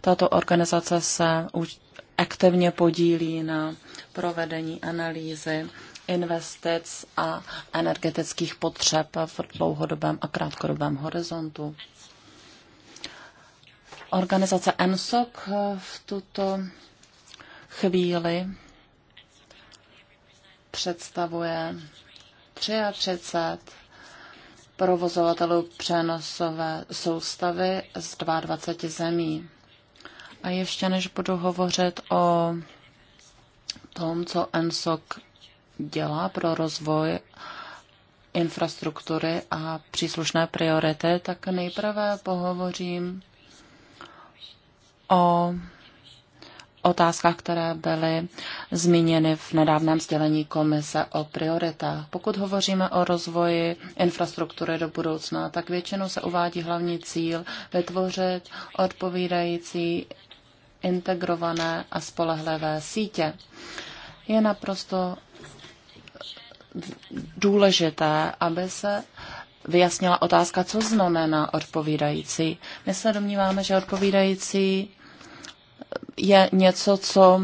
Tato organizace se aktivně podílí na provedení analýzy investic a energetických potřeb v dlouhodobém a krátkodobém horizontu. Organizace ENSOC v tuto chvíli představuje 33 provozovatelů přenosové soustavy z 22 zemí. A ještě než budu hovořit o tom, co ENSOC dělá pro rozvoj infrastruktury a příslušné priority, tak nejprve pohovořím o otázkách, které byly zmíněny v nedávném sdělení komise o prioritách. Pokud hovoříme o rozvoji infrastruktury do budoucna, tak většinou se uvádí hlavní cíl vytvořit odpovídající integrované a spolehlivé sítě. Je naprosto důležité, aby se vyjasnila otázka, co znamená odpovídající. My se domníváme, že odpovídající je něco, co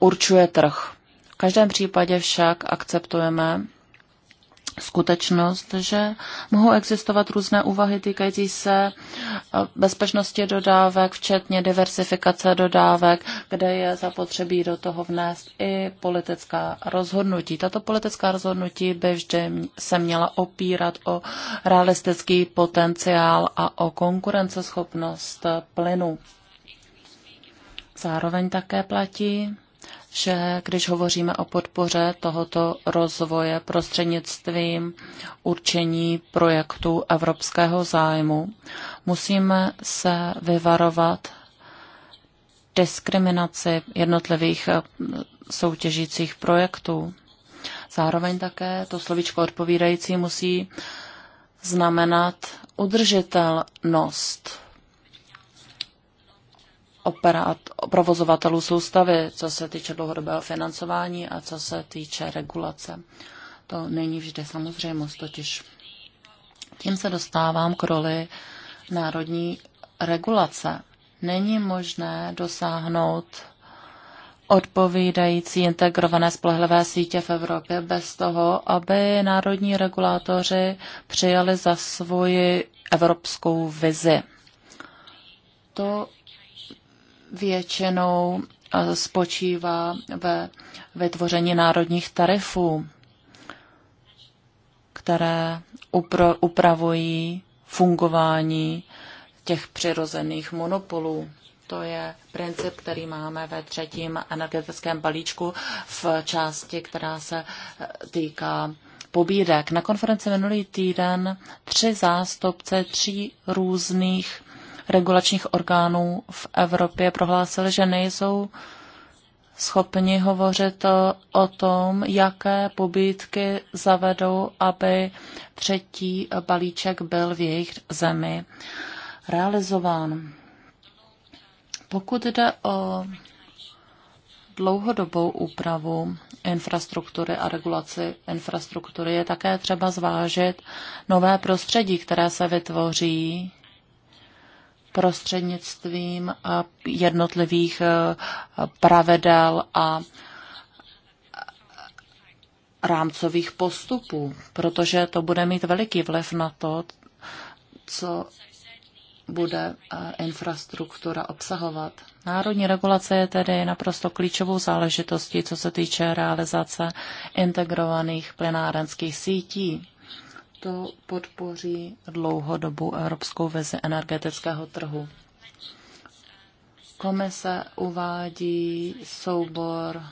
určuje trh. V každém případě však akceptujeme skutečnost, že mohou existovat různé úvahy týkající se eh, bezpečnosti dodávek, včetně diversifikace dodávek, kde je zapotřebí do toho vnést i politická rozhodnutí. Tato politická rozhodnutí by vždy se měla opírat o realistický potenciál a o konkurenceschopnost plynu. Zároveň také platí, že když hovoříme o podpoře tohoto rozvoje prostřednictvím určení projektů evropského zájmu, musíme se vyvarovat diskriminaci jednotlivých soutěžících projektů. Zároveň také to slovíčko odpovídající musí znamenat udržitelnost operát, provozovatelů soustavy, co se týče dlouhodobého financování a co se týče regulace. To není vždy samozřejmost totiž. Tím se dostávám k roli národní regulace. Není možné dosáhnout odpovídající integrované spolehlivé sítě v Evropě bez toho, aby národní regulátoři přijali za svoji evropskou vizi. To většinou eh, spočívá ve vytvoření národních tarifů, které upravují fungování těch přirozených monopolů. To je princip, který máme ve třetím energetickém balíčku v části, která se eh, týká pobídek. Na konferenci minulý týden tři zástupce tří různých regulačních orgánů v Evropě prohlásili, že nejsou schopni hovořit eh, o tom, jaké pobídky zavedou, aby třetí eh, balíček byl v jejich zemi realizován. Pokud jde o dlouhodobou úpravu infrastruktury a regulaci infrastruktury, je také třeba zvážit nové prostředí, které se vytvoří prostřednictvím eh, jednotlivých eh, pravidel a eh, rámcových postupů, protože to bude mít veliký vliv na to, co bude infrastruktura obsahovat. Národní regulace je tedy naprosto klíčovou záležitostí, co se týče realizace integrovaných plynárenských sítí to podpoří dlouhodobou evropskou vizi energetického trhu. Komise uvádí soubor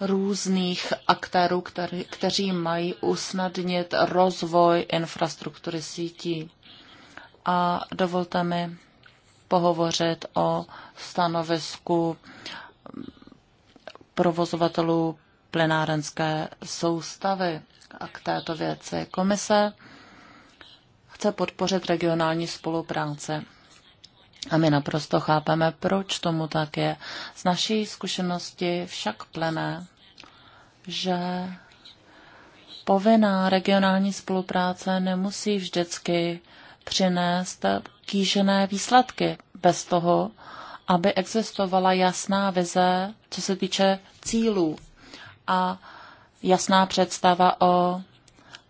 různých aktérů, který, kteří mají usnadnit rozvoj infrastruktury sítí. A dovolte mi pohovořit o stanovisku provozovatelů plynárenské soustavy a k této věci. Komise chce podpořit regionální spolupráce. A my naprosto chápeme, proč tomu tak je. Z naší zkušenosti však plené, že povinná regionální spolupráce nemusí vždycky přinést kýžené výsledky bez toho, aby existovala jasná vize, co se týče cílů a jasná představa o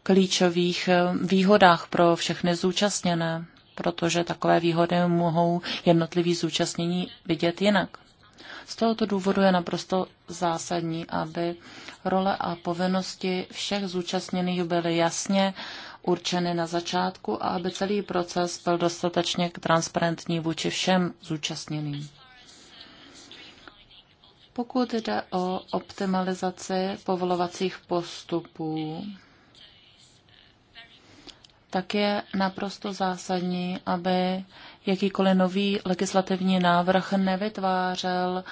klíčových eh, výhodách pro všechny zúčastněné, protože takové výhody mohou jednotliví zúčastnění vidět jinak. Z tohoto důvodu je naprosto zásadní, aby role a povinnosti všech zúčastněných byly jasně určeny na začátku a aby celý proces byl dostatečně transparentní vůči všem zúčastněným. Pokud jde o optimalizaci povolovacích postupů, tak je naprosto zásadní, aby jakýkoliv nový legislativní návrh nevytvářel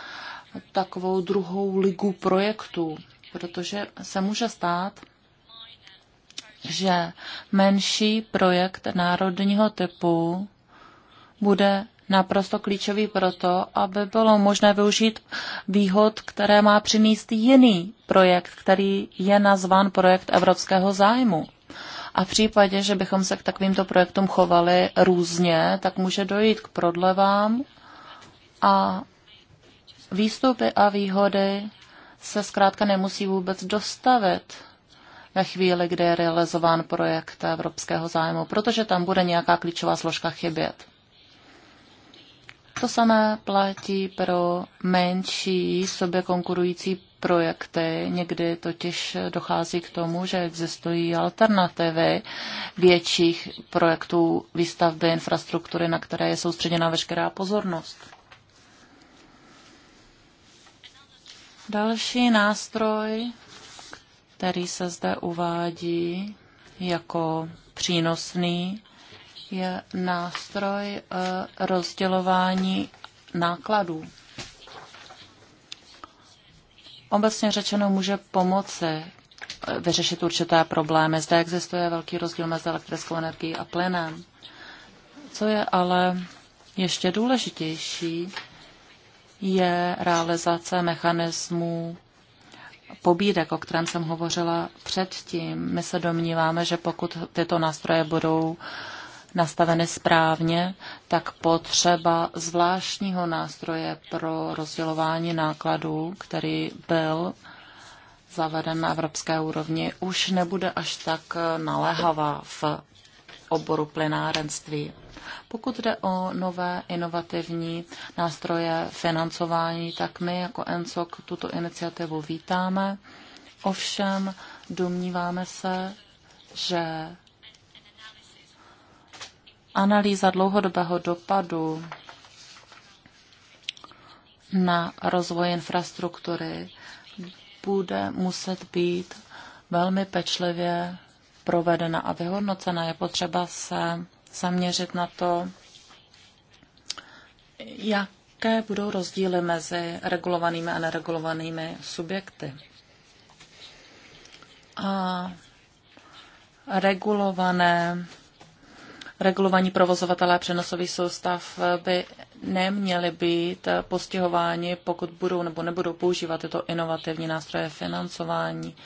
takovou druhou ligu projektů, protože se může stát, že menší projekt národního typu bude naprosto klíčový proto, aby bylo možné využít výhod, které má přinést jiný projekt, který je nazván projekt evropského zájmu. A v případě, že bychom se k takovýmto projektům chovali různě, tak může dojít k prodlevám a výstupy a výhody se zkrátka nemusí vůbec dostavit ve chvíli, kdy je realizován projekt evropského zájmu, protože tam bude nějaká klíčová složka chybět. To samé platí pro menší sobě konkurující projekty. Někdy totiž dochází k tomu, že existují alternativy větších projektů výstavby infrastruktury, na které je soustředěna veškerá pozornost. Další nástroj, který se zde uvádí jako přínosný, je nástroj eh, rozdělování nákladů. Obecně řečeno může pomoci eh, vyřešit určité problémy. Zde existuje velký rozdíl mezi elektrickou energií a plynem. Co je ale ještě důležitější, je realizace mechanismů pobídek, o kterém jsem hovořila předtím. My se domníváme, že pokud tyto nástroje budou uh, nastaveny správně, tak potřeba zvláštního nástroje pro rozdělování nákladů, který byl zaveden na evropské úrovni, už nebude až tak naléhavá v oboru plynárenství. Pokud jde o nové inovativní nástroje financování, tak my jako ENCOK tuto iniciativu vítáme. Ovšem domníváme se, že analýza dlouhodobého dopadu na rozvoj infrastruktury bude muset být velmi pečlivě provedena a vyhodnocena. Je potřeba se zaměřit na to, jaké budou rozdíly mezi regulovanými a neregulovanými subjekty. A regulované regulovaní provozovatelé přenosových soustav eh, by neměli být eh, postihováni, pokud budou nebo nebudou používat tyto inovativní nástroje financování.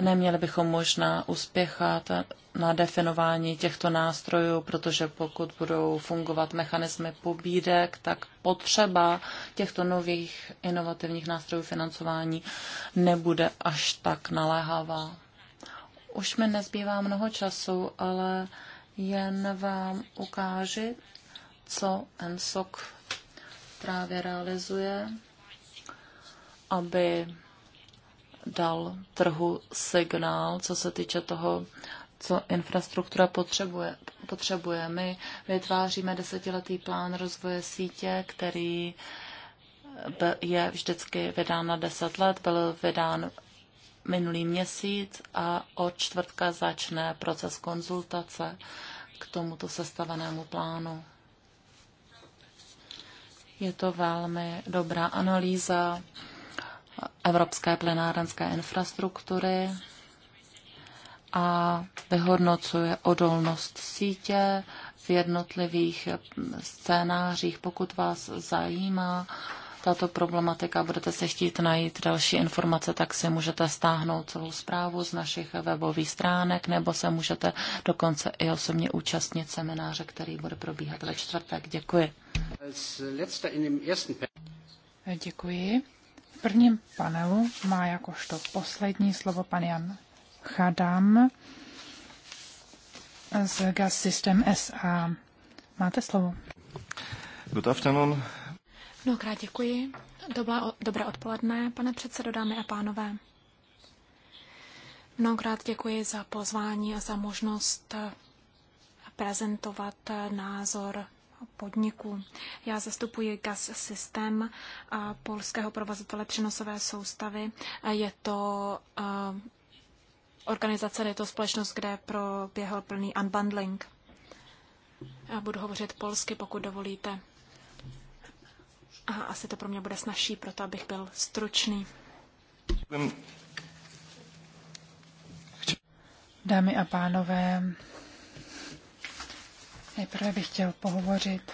Neměli bychom možná uspěchat eh, na definování těchto nástrojů, protože pokud budou fungovat mechanismy pobídek, tak potřeba těchto nových inovativních nástrojů financování nebude až tak naléhavá. Už mi nezbývá mnoho času, ale jen vám ukáži, co NSOC právě realizuje, aby dal trhu signál, co se týče toho, co infrastruktura potřebuje. potřebuje. My vytváříme desetiletý plán rozvoje sítě, který je vždycky vydán na deset let, byl vydán minulý měsíc a od čtvrtka začne proces konzultace k tomuto sestavenému plánu. Je to velmi dobrá analýza evropské plenárenské infrastruktury a vyhodnocuje odolnost sítě v jednotlivých scénářích. Pokud vás zajímá, tato problematika, budete se chtít najít další informace, tak si můžete stáhnout celou zprávu z našich webových stránek, nebo se můžete dokonce i osobně účastnit semináře, který bude probíhat ve čtvrtek. Děkuji. Děkuji. V prvním panelu má jakožto poslední slovo pan Jan Chadam z Gas System SA. Máte slovo. Good afternoon. Mnohokrát děkuji. Dobrá, dobré odpoledne, pane předsedo, dámy a pánové. Mnohokrát děkuji za pozvání a za možnost eh, prezentovat eh, názor podniku. Já zastupuji GAS systém eh, polského provozitele přenosové soustavy. Je to organizace, je to společnost, kde proběhl plný unbundling. Já budu hovořit polsky, pokud dovolíte. A asi to pro mě bude snažší, proto abych byl stručný. Dámy a pánové, nejprve bych chtěl pohovořit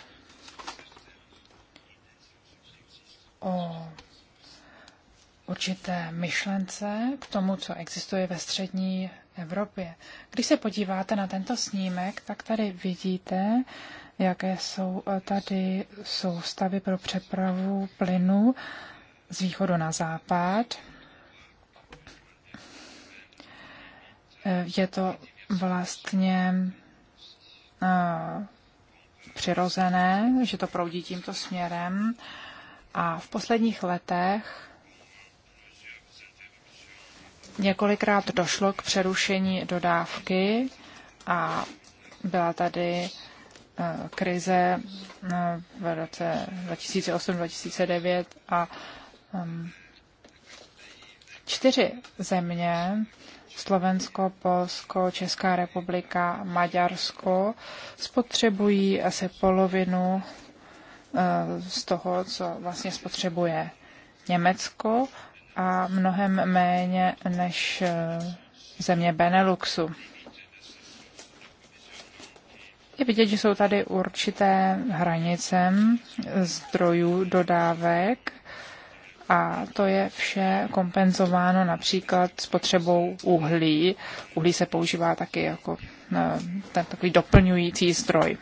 o určité myšlence k tomu, co existuje ve střední Evropě. Když se podíváte na tento snímek, tak tady vidíte, jaké jsou eh, tady soustavy pro přepravu plynu z východu na západ. Eh, je to vlastně eh, přirozené, že to proudí tímto směrem. A v posledních letech několikrát došlo k přerušení dodávky a byla tady krize eh, v roce 2008-2009 a ehm, čtyři země, Slovensko, Polsko, Česká republika, Maďarsko, spotřebují asi polovinu eh, z toho, co vlastně spotřebuje Německo a mnohem méně než eh, země Beneluxu. Je vidět, že jsou tady určité hranice zdrojů dodávek a to je vše kompenzováno například spotřebou uhlí. Uhlí se používá taky jako eh, ten takový doplňující zdroj.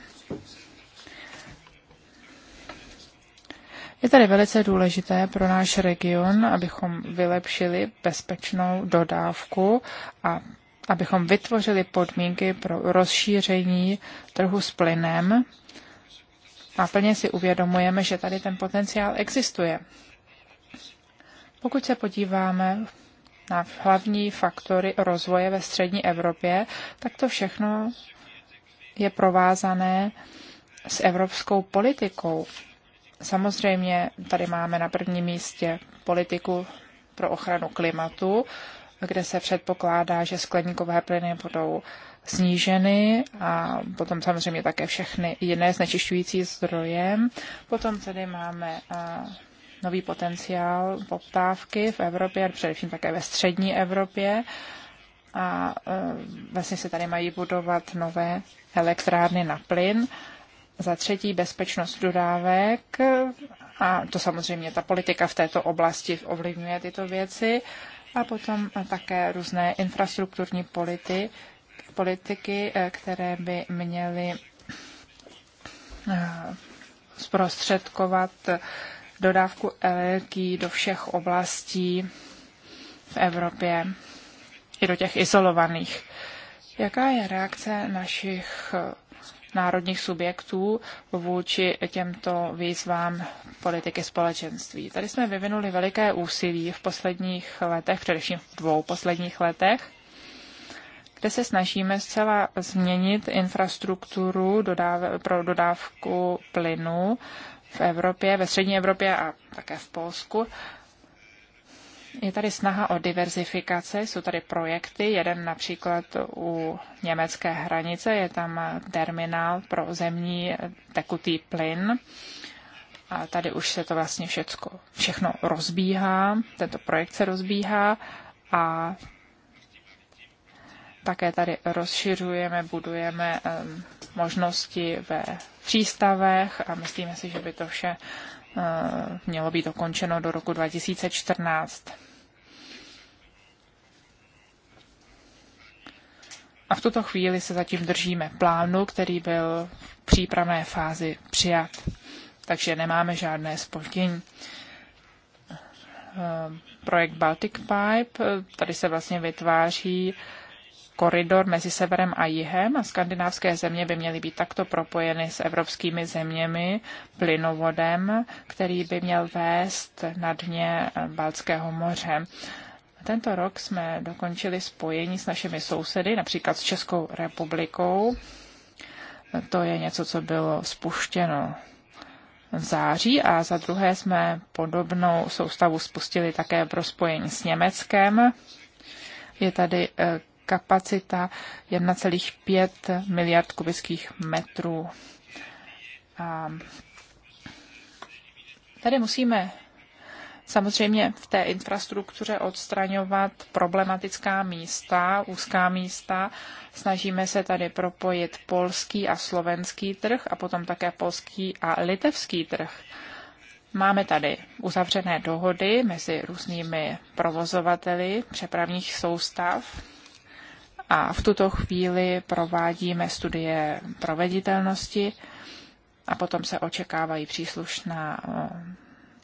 Je tady velice důležité pro náš region, abychom vylepšili bezpečnou dodávku a abychom vytvořili podmínky pro rozšíření trhu s plynem a plně si uvědomujeme, že tady ten potenciál existuje. Pokud se podíváme na hlavní faktory rozvoje ve střední Evropě, tak to všechno je provázané s evropskou politikou. Samozřejmě tady máme na prvním místě politiku pro ochranu klimatu, kde se předpokládá, že skleníkové plyny budou sníženy a potom samozřejmě také všechny jiné znečišťující zdroje. Potom tady máme nový potenciál poptávky v Evropě, především také ve střední Evropě. A e, vlastně se tady mají budovat nové elektrárny na plyn. Za třetí bezpečnost dodávek a to samozřejmě ta politika v této oblasti ovlivňuje tyto věci a potom eh, také různé infrastrukturní polity, politiky, eh, které by měly eh, zprostředkovat dodávku energií do všech oblastí v Evropě i do těch izolovaných. Jaká je reakce našich národních subjektů vůči těmto výzvám politiky společenství. Tady jsme vyvinuli veliké úsilí v posledních letech, především v dvou posledních letech, kde se snažíme zcela změnit infrastrukturu dodáv pro dodávku plynu v Evropě, ve střední Evropě a také v Polsku je tady snaha o diverzifikaci, jsou tady projekty, jeden například u německé hranice, je tam terminál pro zemní tekutý plyn. A tady už se to vlastně všecko, všechno rozbíhá, tento projekt se rozbíhá a také tady rozšiřujeme, budujeme možnosti ve přístavech a myslíme si, že by to vše Eh, mělo být dokončeno do roku 2014. A v tuto chvíli se zatím držíme plánu, který byl v přípravné fázi přijat. Takže nemáme žádné spoždění. Eh, projekt Baltic Pipe, eh, tady se vlastně vytváří koridor mezi severem a jihem a skandinávské země by měly být takto propojeny s evropskými zeměmi plynovodem, který by měl vést na dně eh, Balckého moře. Tento rok jsme dokončili spojení s našimi sousedy, například s Českou republikou. To je něco, co bylo spuštěno v září a za druhé jsme podobnou soustavu spustili také pro spojení s Německem. Je tady eh, kapacita 1,5 miliard kubických metrů. A tady musíme samozřejmě v té infrastruktuře odstraňovat problematická místa, úzká místa. Snažíme se tady propojit polský a slovenský trh a potom také polský a litevský trh. Máme tady uzavřené dohody mezi různými provozovateli přepravních soustav a v tuto chvíli provádíme studie proveditelnosti a potom se očekávají příslušná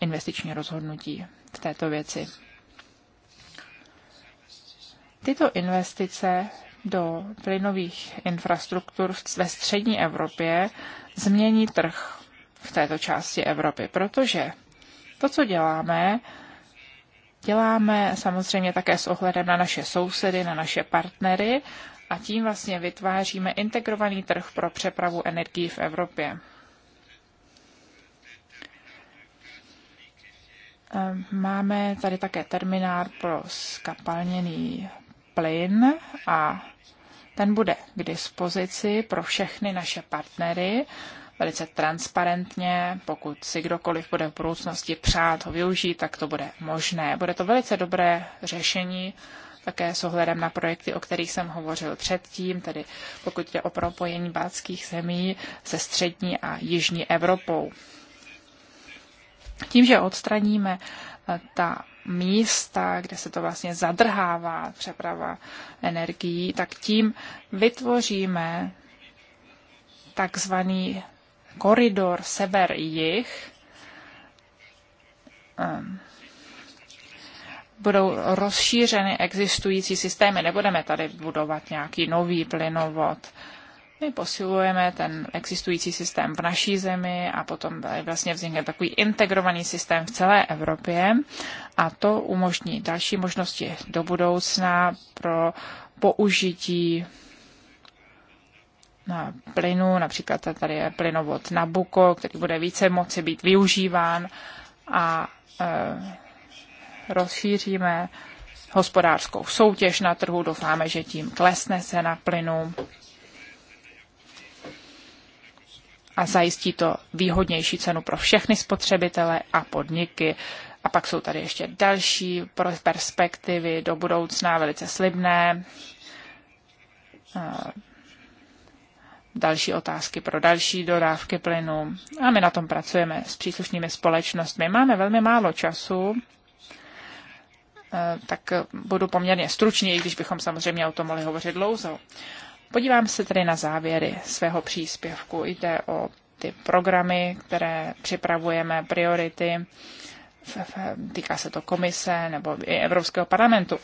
investiční rozhodnutí v této věci. Tyto investice do plynových infrastruktur ve střední Evropě změní trh v této části Evropy, protože to, co děláme, děláme, samozřejmě také s ohledem na naše sousedy, na naše partnery a tím vlastně vytváříme integrovaný trh pro přepravu energií v Evropě. Ehm, máme tady také terminál pro skapalněný plyn a ten bude k dispozici pro všechny naše partnery velice transparentně. Pokud si kdokoliv bude v budoucnosti přát ho využít, tak to bude možné. Bude to velice dobré řešení, také s ohledem na projekty, o kterých jsem hovořil předtím, tedy pokud jde o propojení baltských zemí se střední a jižní Evropou. Tím, že odstraníme eh, ta místa, kde se to vlastně zadrhává přeprava energií, tak tím vytvoříme takzvaný koridor sever-jih ehm, budou rozšířeny existující systémy. Nebudeme tady budovat nějaký nový plynovod. My posilujeme ten existující systém v naší zemi a potom vlastně vznikne takový integrovaný systém v celé Evropě a to umožní další možnosti do budoucna pro použití na plynu, například tady je plynovod Nabuko, který bude více moci být využíván a e, rozšíříme hospodářskou soutěž na trhu. Doufáme, že tím klesne se na plynu a zajistí to výhodnější cenu pro všechny spotřebitele a podniky. A pak jsou tady ještě další perspektivy do budoucna, velice slibné. E, další otázky pro další dodávky plynu. A my na tom pracujeme s příslušnými společnostmi. Máme velmi málo času, eh, tak budu poměrně stručný, i když bychom samozřejmě o tom mohli hovořit dlouho. Podívám se tedy na závěry svého příspěvku. Jde o ty programy, které připravujeme, priority. Týká se to komise nebo i Evropského parlamentu.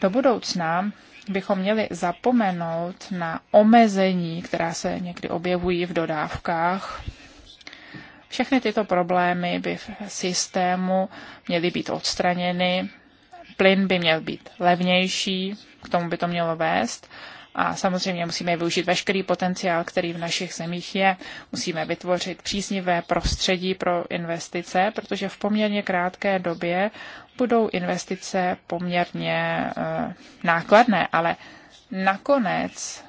Do budoucna bychom měli zapomenout na omezení, která se někdy objevují v dodávkách. Všechny tyto problémy by v systému měly být odstraněny, plyn by měl být levnější, k tomu by to mělo vést. A samozřejmě musíme využít veškerý potenciál, který v našich zemích je. Musíme vytvořit příznivé prostředí pro investice, protože v poměrně krátké době budou investice poměrně eh, nákladné, ale nakonec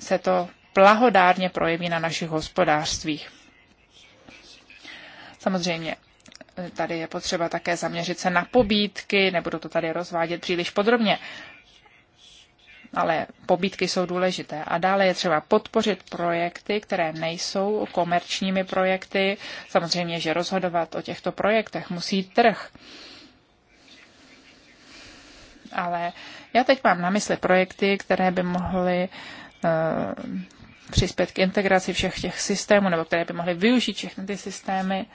se to plahodárně projeví na našich hospodářstvích. Samozřejmě eh, tady je potřeba také zaměřit se na pobídky, nebudu to tady rozvádět příliš podrobně, ale pobídky jsou důležité. A dále je třeba podpořit projekty, které nejsou komerčními projekty. Samozřejmě, že rozhodovat o těchto projektech musí trh ale já teď mám na mysli projekty, které by mohly uh, přispět k integraci všech těch systémů, nebo které by mohly využít všechny ty systémy.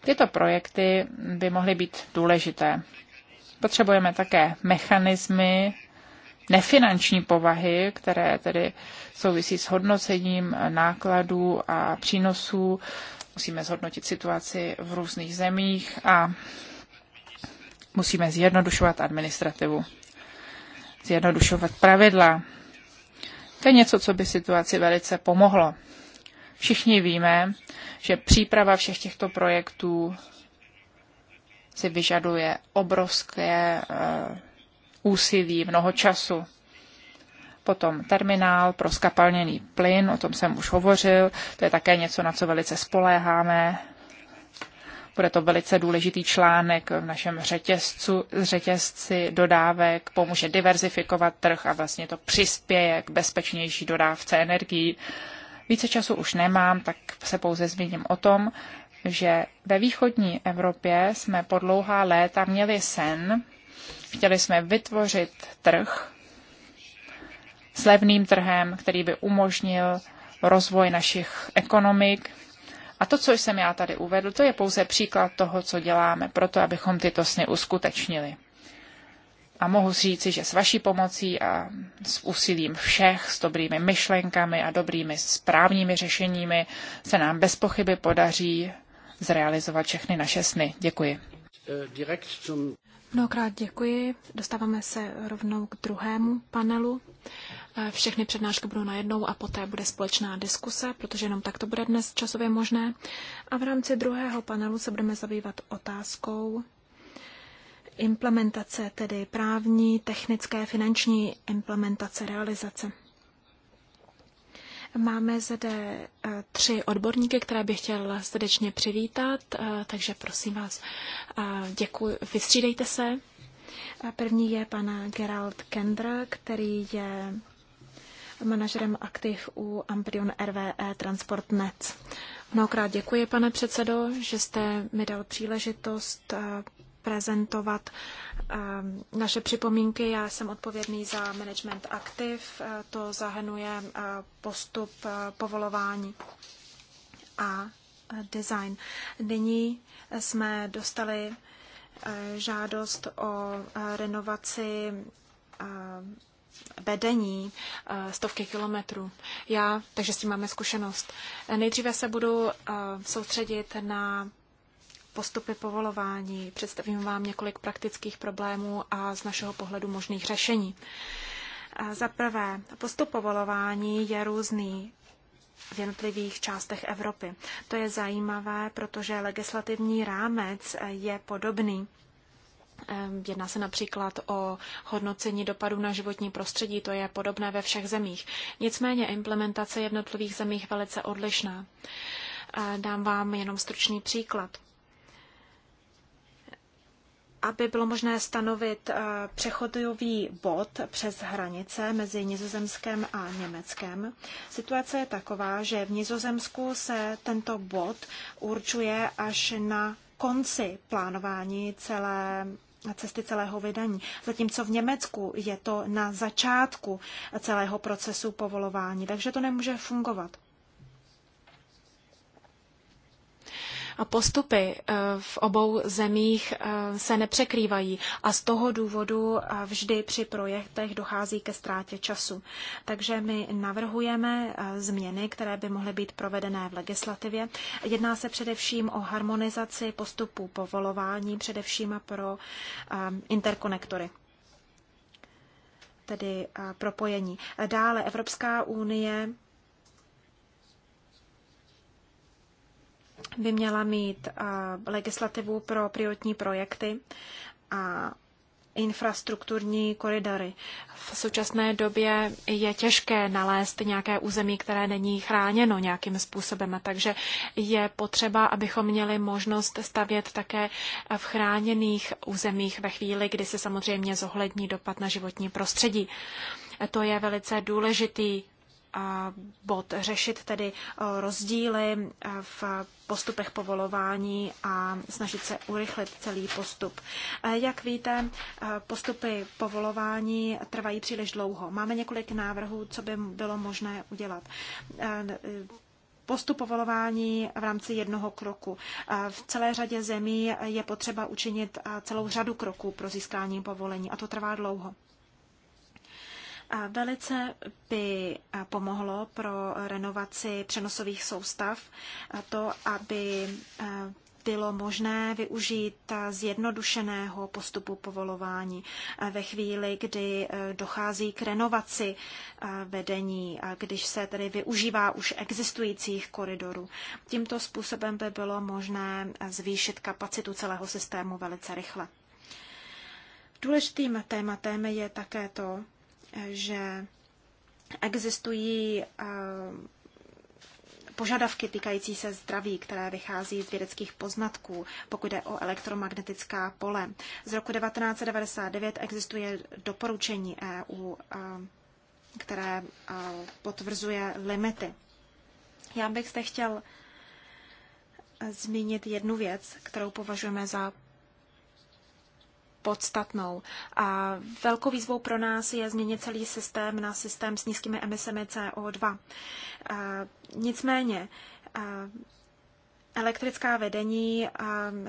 Tyto projekty by mohly být důležité. Potřebujeme také mechanismy nefinanční povahy, které tedy souvisí s hodnocením nákladů a přínosů. Musíme zhodnotit situaci v různých zemích a Musíme zjednodušovat administrativu, zjednodušovat pravidla. To je něco, co by situaci velice pomohlo. Všichni víme, že příprava všech těchto projektů si vyžaduje obrovské uh, úsilí, mnoho času. Potom terminál pro skapalněný plyn, o tom jsem už hovořil, to je také něco, na co velice spoléháme. Bude to velice důležitý článek v našem řetězcu, řetězci dodávek, pomůže diverzifikovat trh a vlastně to přispěje k bezpečnější dodávce energií. Více času už nemám, tak se pouze zmíním o tom, že ve východní Evropě jsme po dlouhá léta měli sen, chtěli jsme vytvořit trh s levným trhem, který by umožnil rozvoj našich ekonomik, a to, co jsem já tady uvedl, to je pouze příklad toho, co děláme pro to, abychom tyto sny uskutečnili. A mohu říci, že s vaší pomocí a s úsilím všech, s dobrými myšlenkami a dobrými správnými řešeními se nám bez pochyby podaří zrealizovat všechny naše sny. Děkuji. Mnohokrát děkuji. Dostáváme se rovnou k druhému panelu. Všechny přednášky budou najednou a poté bude společná diskuse, protože jenom tak to bude dnes časově možné. A v rámci druhého panelu se budeme zabývat otázkou implementace, tedy právní, technické, finanční implementace, realizace. Máme zde eh, tři odborníky, které bych chtěl srdečně přivítat, eh, takže prosím vás, eh, děkuji, vystřídejte se. První je pan Gerald Kendra, který je manažerem aktiv u Amprion RVE Transport Net. Mnohokrát děkuji, pane předsedo, že jste mi dal příležitost eh, prezentovat eh, naše připomínky. Já jsem odpovědný za management aktiv, eh, to zahrnuje postup povolování a design. Nyní jsme dostali žádost o renovaci vedení eh, stovky kilometrů. Já, takže s tím máme zkušenost. Nejdříve se budu eh, soustředit na postupy povolování. Představím vám několik praktických problémů a z našeho pohledu možných řešení. Eh, za prvé, postup povolování je různý v jednotlivých částech Evropy. To je zajímavé, protože legislativní rámec je podobný Ehm, jedná se například o hodnocení dopadu na životní prostředí, to je podobné ve všech zemích. Nicméně implementace jednotlivých zemích velice odlišná. Dám vám jenom stručný příklad. Aby bylo možné stanovit eh, přechodový bod přes hranice mezi Nizozemskem a Německem, situace je taková, že v Nizozemsku se tento bod určuje až na konci plánování celé cesty celého vydání. Zatímco v Německu je to na začátku celého procesu povolování, takže to nemůže fungovat. A postupy eh, v obou zemích eh, se nepřekrývají a z toho důvodu eh, vždy při projektech dochází ke ztrátě času. Takže my navrhujeme změny, které by mohly být provedené v legislativě. Jedná se především o harmonizaci postupů povolování, především pro interkonektory tedy propojení. Dále Evropská unie by měla mít eh, legislativu pro prioritní projekty a infrastrukturní koridory. V současné době je těžké nalézt nějaké území, které není chráněno nějakým způsobem, takže je potřeba, abychom měli možnost stavět také v chráněných územích ve chvíli, kdy se samozřejmě zohlední dopad na životní prostředí. To je velice důležitý bod řešit tedy eh, rozdíly eh, v postupech povolování a snažit se urychlit celý postup. Eh, jak víte, postupy povolování trvají příliš dlouho. Máme několik návrhů, co by bylo možné udělat postup povolování v rámci jednoho kroku. V celé řadě zemí je potřeba učinit celou řadu kroků pro získání povolení a to trvá dlouho. Velice by pomohlo pro renovaci přenosových soustav to, aby bylo možné využít zjednodušeného postupu povolování ve chvíli, kdy e, dochází k renovaci e, vedení, když se tedy využívá už existujících koridorů. Tímto způsobem by bylo možné zvýšit kapacitu celého systému velice rychle. Důležitým tématem je také to, že existují eh, požadavky týkající se zdraví, které vychází z vědeckých poznatků, pokud jde o elektromagnetická pole. Z roku 1999 existuje doporučení EU, eh, které eh, potvrzuje limity. Já bych zde chtěl zmínit jednu věc, kterou považujeme za podstatnou. A velkou výzvou pro nás je změnit celý systém na systém s nízkými emisemi CO2. A nicméně, a Elektrická vedení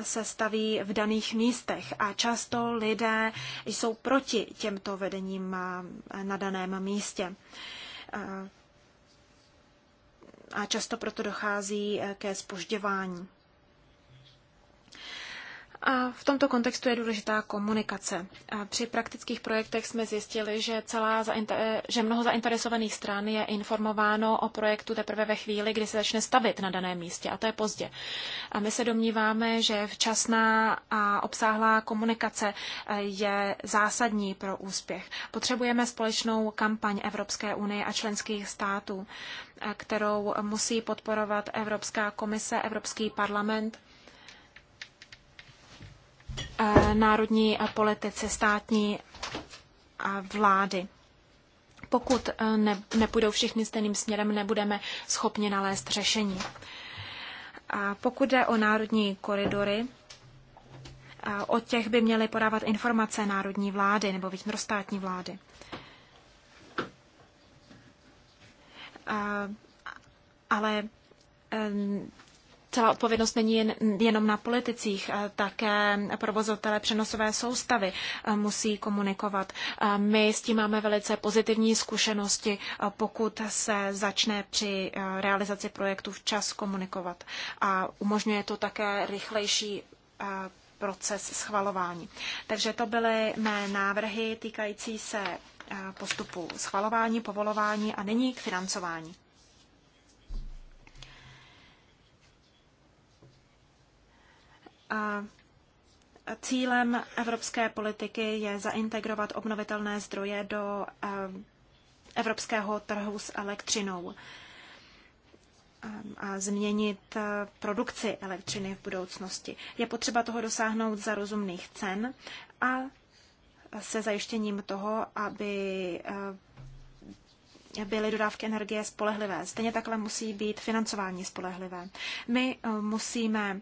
se staví v daných místech a často lidé jsou proti těmto vedením na daném místě. A často proto dochází ke spožďování. A v tomto kontextu je důležitá komunikace. A při praktických projektech jsme zjistili, že, celá že mnoho zainteresovaných stran je informováno o projektu teprve ve chvíli, kdy se začne stavit na daném místě, a to je pozdě. A my se domníváme, že včasná a obsáhlá komunikace e, je zásadní pro úspěch. Potřebujeme společnou kampaň Evropské unie a členských států, e, kterou musí podporovat Evropská komise, Evropský parlament Eh, národní politici, státní a vlády. Pokud eh, ne, nepůjdou všichni stejným směrem, nebudeme schopni nalézt řešení. A pokud jde o národní koridory, eh, o těch by měly podávat informace národní vlády nebo vnitrostátní vlády. A, ale Celá odpovědnost není jen, jenom na politicích, eh, také provozovatele přenosové soustavy eh, musí komunikovat. Eh, my s tím máme velice pozitivní zkušenosti, pokud se začne při realizaci projektu včas komunikovat. A umožňuje to také rychlejší proces schvalování. Takže to byly mé návrhy týkající se postupu schvalování, povolování a nyní k financování. A cílem evropské politiky je zaintegrovat obnovitelné zdroje do ehm, evropského trhu s elektřinou ehm, a změnit eh, produkci elektřiny v budoucnosti. Je potřeba toho dosáhnout za rozumných cen a se zajištěním toho, aby eh, byly dodávky energie spolehlivé. Stejně takhle musí být financování spolehlivé. My eh, musíme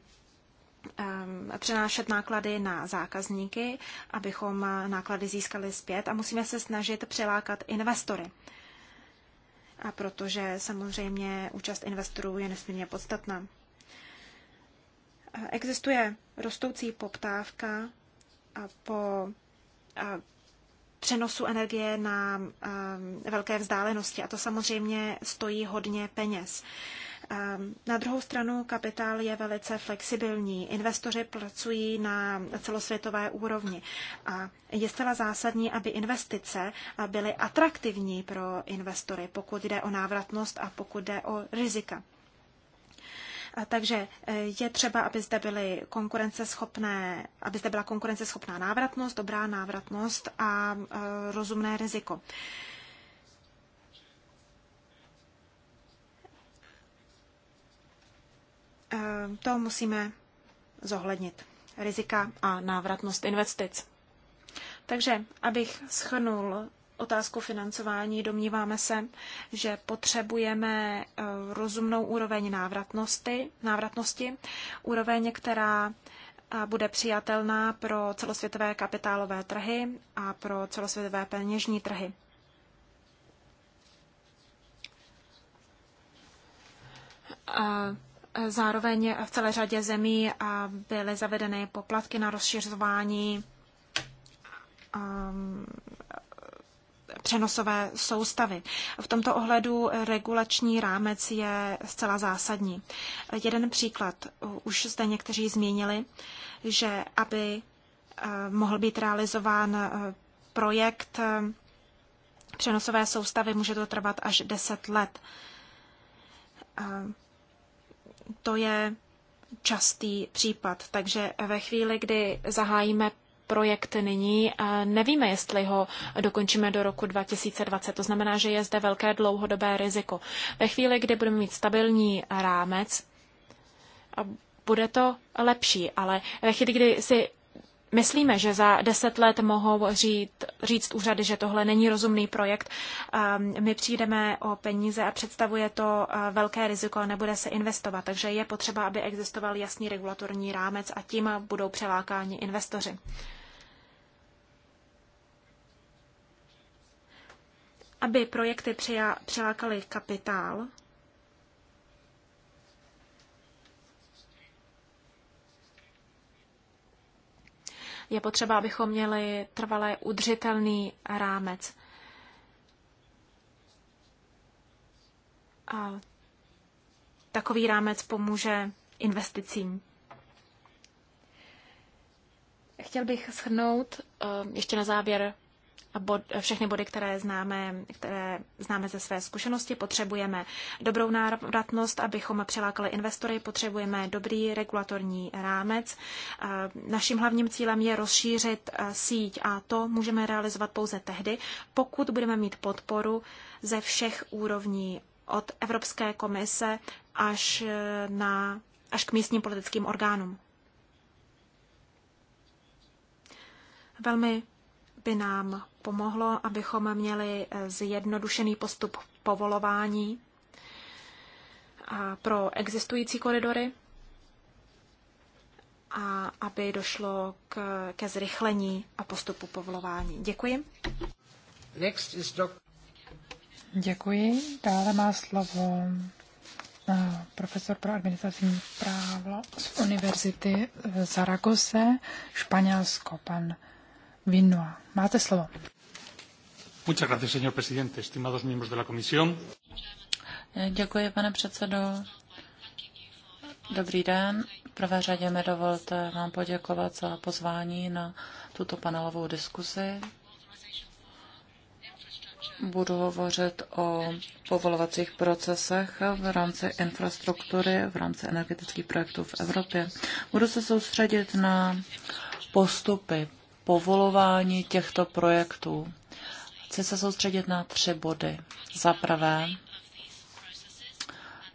Um, přenášet náklady na zákazníky, abychom uh, náklady získali zpět a musíme se snažit přilákat investory. A protože samozřejmě účast investorů je nesmírně podstatná. Uh, existuje rostoucí poptávka po přenosu energie na um, velké vzdálenosti a to samozřejmě stojí hodně peněz. Na druhou stranu kapitál je velice flexibilní. Investoři pracují na celosvětové úrovni a je zcela zásadní, aby investice byly atraktivní pro investory, pokud jde o návratnost a pokud jde o rizika. A takže e, je třeba, aby zde, byly konkurenceschopné, aby zde byla konkurenceschopná návratnost, dobrá návratnost a e, rozumné riziko. Eh, to musíme zohlednit. Rizika a návratnost investic. Takže, abych schrnul otázku financování, domníváme se, že potřebujeme eh, rozumnou úroveň návratnosti, návratnosti úroveň, která eh, bude přijatelná pro celosvětové kapitálové trhy a pro celosvětové peněžní trhy. A Zároveň v celé řadě zemí byly zavedeny poplatky na rozšiřování um, přenosové soustavy. V tomto ohledu regulační rámec je zcela zásadní. Jeden příklad, už zde někteří zmínili, že aby uh, mohl být realizován uh, projekt uh, přenosové soustavy, může to trvat až 10 let to je častý případ, takže ve chvíli, kdy zahájíme projekt nyní, eh, nevíme, jestli ho dokončíme do roku 2020. To znamená, že je zde velké dlouhodobé riziko. Ve chvíli, kdy budeme mít stabilní rámec, bude to lepší, ale ve chvíli, kdy si Myslíme, že za deset let mohou říct, říct úřady, že tohle není rozumný projekt. My přijdeme o peníze a představuje to velké riziko a nebude se investovat. Takže je potřeba, aby existoval jasný regulatorní rámec a tím budou přelákáni investoři. Aby projekty přilákaly kapitál, Je potřeba, abychom měli trvalé udržitelný rámec. A takový rámec pomůže investicím. Chtěl bych shrnout eh, ještě na závěr bod, všechny body, které známe, které známe ze své zkušenosti. Potřebujeme dobrou návratnost, abychom přilákali investory, potřebujeme dobrý regulatorní rámec. Naším hlavním cílem je rozšířit síť a to můžeme realizovat pouze tehdy, pokud budeme mít podporu ze všech úrovní od Evropské komise až, e, na, až k místním politickým orgánům. Velmi by nám pomohlo, abychom měli eh, zjednodušený postup povolování pro existující koridory a aby došlo k, ke zrychlení a postupu povolování. Děkuji. Next is doc- Děkuji. Dále má slovo eh, profesor pro administrativní právo z Univerzity v Zaragoze, Španělsko, pan Vinua. Máte slovo. Muchas gracias, señor presidente. Estimados miembros de la comisión. Eh, děkuji, pane předsedo. Dobrý den. V prvé řadě mi dovolte vám poděkovat za pozvání na tuto panelovou diskusi. Budu hovořit o povolovacích procesech v rámci infrastruktury, v rámci energetických projektů v Evropě. Budu se soustředit na postupy povolování těchto projektů. Chci se soustředit na tři body. Za prvé,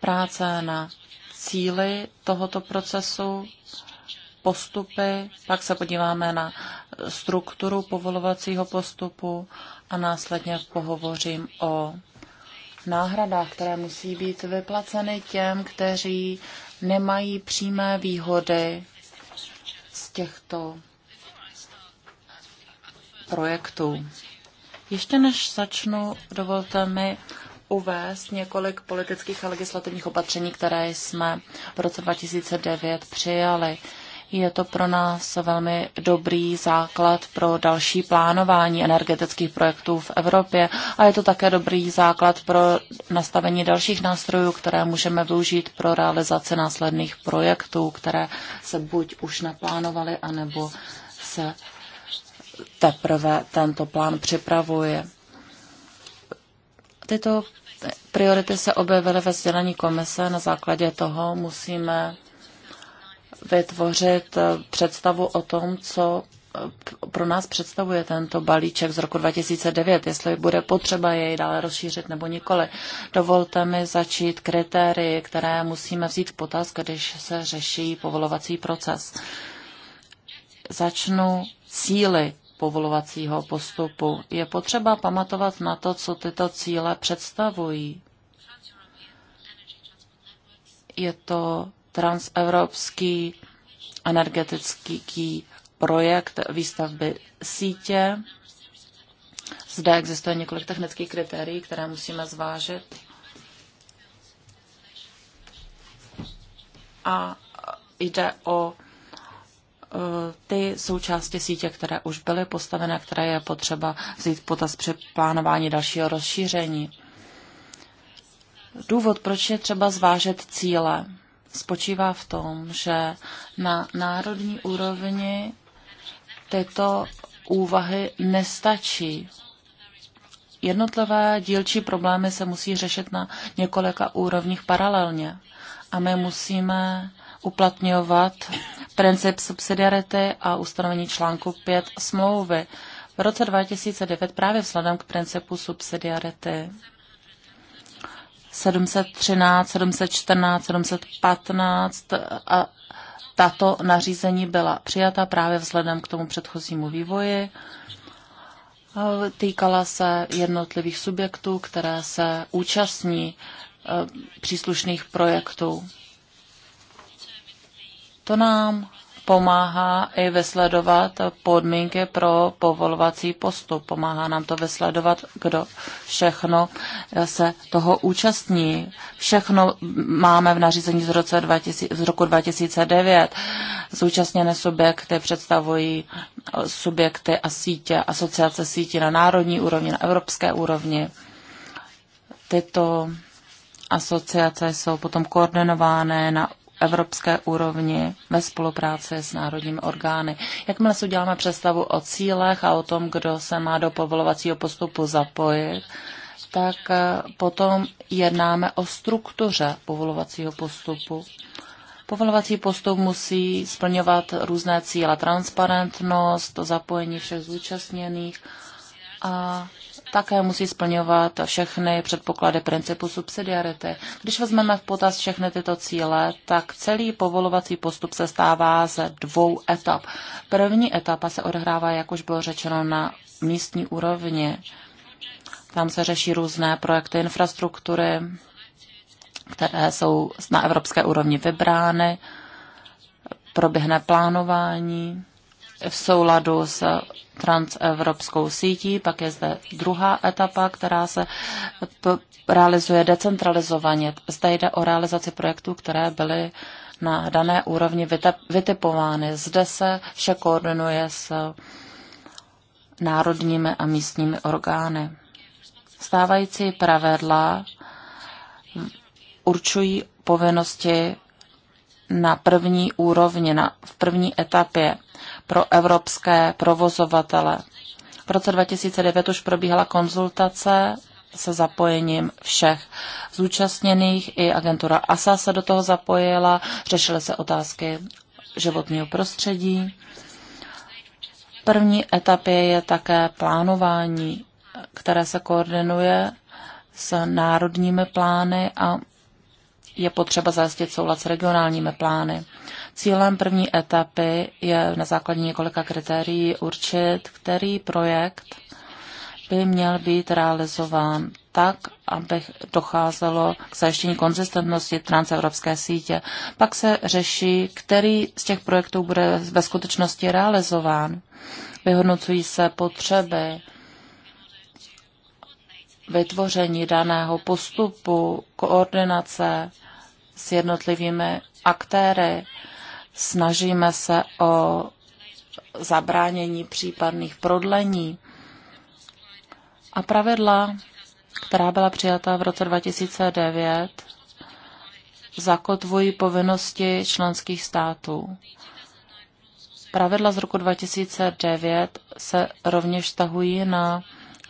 práce na cíly tohoto procesu, postupy, pak se podíváme na strukturu povolovacího postupu a následně pohovořím o náhradách, které musí být vyplaceny těm, kteří nemají přímé výhody z těchto projektů. Ještě než začnu, dovolte mi uvést několik politických a legislativních opatření, které jsme v roce 2009 přijali. Je to pro nás velmi dobrý základ pro další plánování energetických projektů v Evropě a je to také dobrý základ pro nastavení dalších nástrojů, které můžeme využít pro realizaci následných projektů, které se buď už naplánovaly, anebo se teprve tento plán připravuje. Tyto priority se objevily ve sdělení komise. Na základě toho musíme vytvořit eh, představu o tom, co eh, pro nás představuje tento balíček z roku 2009, jestli bude potřeba jej dále rozšířit nebo nikoli. Dovolte mi začít kritérii, které musíme vzít v potaz, když se řeší povolovací proces. Začnu cíly povolovacího postupu. Je potřeba pamatovat na to, co tyto cíle představují. Je to transevropský energetický projekt výstavby sítě. Zde existuje několik technických kritérií, které musíme zvážit. A jde o Eh, ty součásti sítě, které už byly postavené, které je potřeba vzít potaz při plánování dalšího rozšíření. Důvod, proč je třeba zvážet cíle, spočívá v tom, že na národní úrovni tyto úvahy nestačí. Jednotlivé dílčí problémy se musí řešit na několika úrovních paralelně a my musíme uplatňovat princip subsidiarity a ustanovení článku 5 smlouvy. V roce 2009 právě vzhledem k principu subsidiarity 713, 714, 715 a tato nařízení byla přijata právě vzhledem k tomu předchozímu vývoji. Týkala se jednotlivých subjektů, které se účastní eh, příslušných projektů. To nám pomáhá i vysledovat podmínky pro povolovací postup. Pomáhá nám to vysledovat, kdo všechno se toho účastní. Všechno máme v nařízení z, roce 2000, z roku 2009. Zúčastněné subjekty představují subjekty a sítě, asociace sítí na národní úrovni, na evropské úrovni. Tyto asociace jsou potom koordinované na evropské úrovni ve spolupráci s národními orgány. Jakmile si uděláme představu o cílech a o tom, kdo se má do povolovacího postupu zapojit, tak eh, potom jednáme o struktuře povolovacího postupu. Povolovací postup musí splňovat různé cíle, transparentnost, zapojení všech zúčastněných a také musí splňovat všechny předpoklady principu subsidiarity. Když vezmeme v potaz všechny tyto cíle, tak celý povolovací postup se stává ze dvou etap. První etapa se odehrává, jak už bylo řečeno, na místní úrovni. Tam se řeší různé projekty infrastruktury, které jsou na evropské úrovni vybrány, proběhne plánování v souladu s transevropskou sítí. Pak je zde druhá etapa, která se realizuje decentralizovaně. Zde jde o realizaci projektů, které byly na dané úrovni vytipovány. Zde se vše koordinuje s národními a místními orgány. Stávající pravidla určují povinnosti na první úrovni, na, v první etapě pro evropské provozovatele. V roce 2009 už probíhala konzultace se zapojením všech zúčastněných. I agentura ASA se do toho zapojila, řešily se otázky životního prostředí. první etapě je také plánování, které se koordinuje s národními plány a je potřeba zajistit soulad s regionálními plány. Cílem první etapy je na základě několika kritérií určit, který projekt by měl být realizován tak, aby docházelo k zajištění konzistentnosti transevropské sítě. Pak se řeší, který z těch projektů bude ve skutečnosti realizován. Vyhodnocují se potřeby vytvoření daného postupu, koordinace s jednotlivými aktéry, snažíme se o zabránění případných prodlení. A pravidla, která byla přijata v roce 2009, zakotvují povinnosti členských států. Pravidla z roku 2009 se rovněž stahují na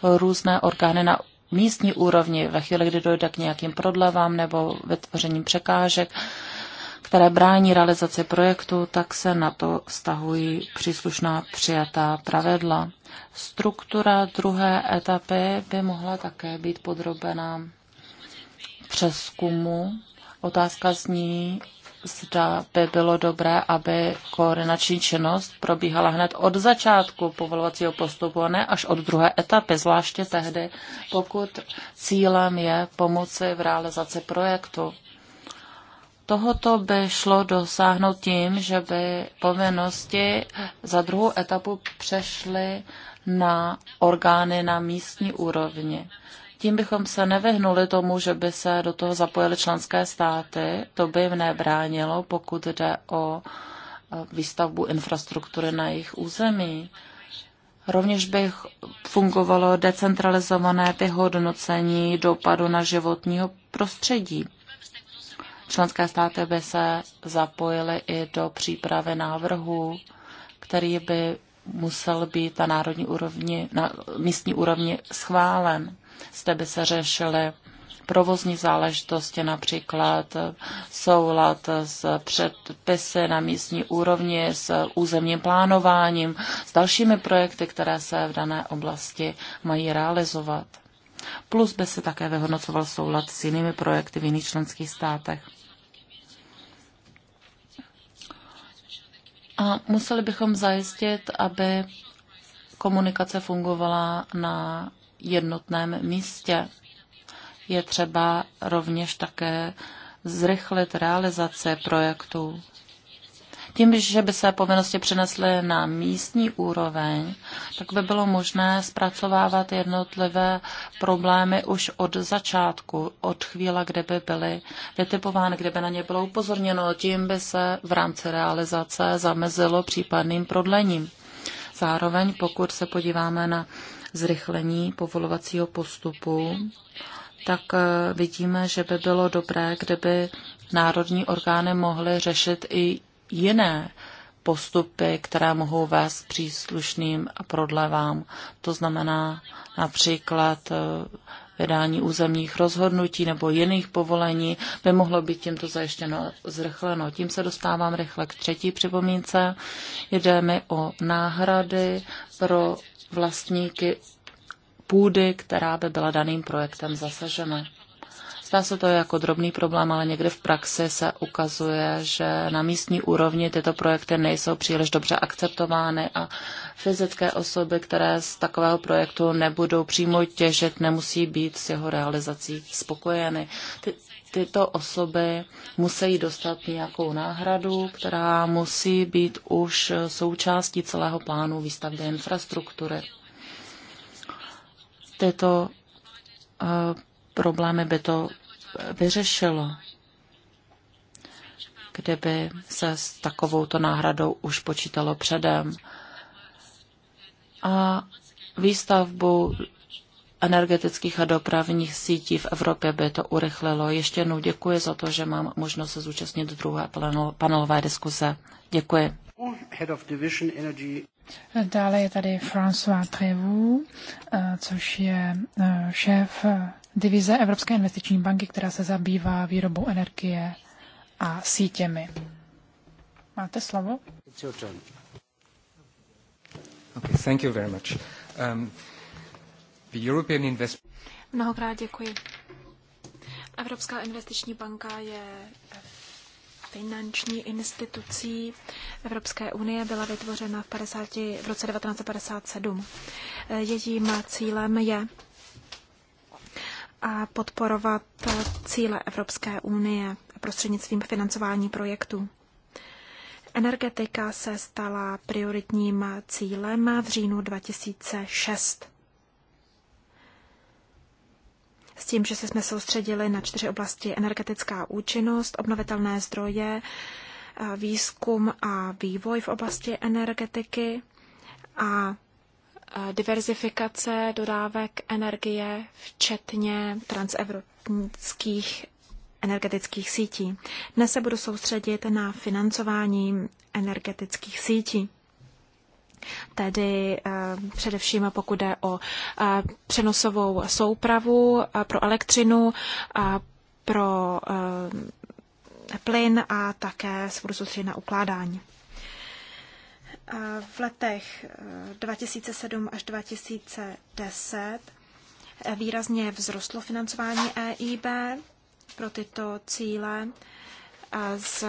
různé orgány na místní úrovni ve chvíli, kdy dojde k nějakým prodlevám nebo vytvořením překážek které brání realizaci projektu, tak se na to vztahují příslušná přijatá pravidla. Struktura druhé etapy by mohla také být podrobena přeskumu. Otázka zní, zda by bylo dobré, aby koordinační činnost probíhala hned od začátku povolovacího postupu, a ne až od druhé etapy, zvláště tehdy, pokud cílem je pomoci v realizaci projektu. Tohoto by šlo dosáhnout tím, že by povinnosti za druhou etapu přešly na orgány na místní úrovni. Tím bychom se nevyhnuli tomu, že by se do toho zapojily členské státy. To by jim nebránilo, pokud jde o e, výstavbu infrastruktury na jejich území. Rovněž bych fungovalo decentralizované vyhodnocení dopadu na životního prostředí. Členské státy by se zapojily i do přípravy návrhu, který by musel být na národní úrovni, na místní úrovni schválen. Zde by se řešily provozní záležitosti, například soulad s předpisy na místní úrovni, s územním plánováním, s dalšími projekty, které se v dané oblasti mají realizovat. Plus by se také vyhodnocoval soulad s jinými projekty v jiných členských státech. A museli bychom zajistit, aby komunikace fungovala na jednotném místě. Je třeba rovněž také zrychlit realizace projektů. Tím, že by se povinnosti přenesly na místní úroveň, tak by bylo možné zpracovávat jednotlivé problémy už od začátku, od chvíle, kde by byly vytipovány, kde by na ně bylo upozorněno. Tím by se v rámci realizace zamezilo případným prodlením. Zároveň, pokud se podíváme na zrychlení povolovacího postupu, tak eh, vidíme, že by bylo dobré, kdyby národní orgány mohly řešit i jiné postupy, které mohou vést příslušným prodlevám. To znamená například eh, vydání územních rozhodnutí nebo jiných povolení by mohlo být tímto zajištěno zrychleno. Tím se dostávám rychle k třetí připomínce. Jde mi o náhrady pro vlastníky půdy, která by byla daným projektem zasažena. Zdá se to jako drobný problém, ale někde v praxi se ukazuje, že na místní úrovni tyto projekty nejsou příliš dobře akceptovány a fyzické osoby, které z takového projektu nebudou přímo těžit, nemusí být s jeho realizací spokojeny. Ty, tyto osoby musí dostat nějakou náhradu, která musí být už součástí celého plánu výstavby infrastruktury. Tyto eh, problémy by to vyřešilo, kdyby se s takovouto náhradou už počítalo předem. A výstavbu energetických a dopravních sítí v Evropě by to urychlilo. Ještě jednou děkuji za to, že mám možnost se zúčastnit druhé panelové diskuze. Děkuji. Dále je tady François Trevoux, eh, což je eh, šéf eh, divize Evropské investiční banky, která se zabývá výrobou energie a sítěmi. Máte slovo? Okay, thank you very much. Um, the European Invest... Mnohokrát děkuji. Evropská investiční banka je finanční institucí Evropské unie byla vytvořena v, 50, v roce 1957. Jejím cílem je podporovat cíle Evropské unie prostřednictvím financování projektů. Energetika se stala prioritním cílem v říjnu 2006. S tím, že se jsme soustředili na čtyři oblasti energetická účinnost, obnovitelné zdroje, výzkum a vývoj v oblasti energetiky a Eh, diverzifikace dodávek energie, včetně transevropských energetických sítí. Dnes se budu soustředit na financování energetických sítí. Tedy eh, především pokud jde o eh, přenosovou soupravu pro elektřinu, pro plyn a také se budu soustředit na ukládání v letech 2007 eh, až 2010 eh, výrazně vzrostlo financování EIB pro tyto cíle z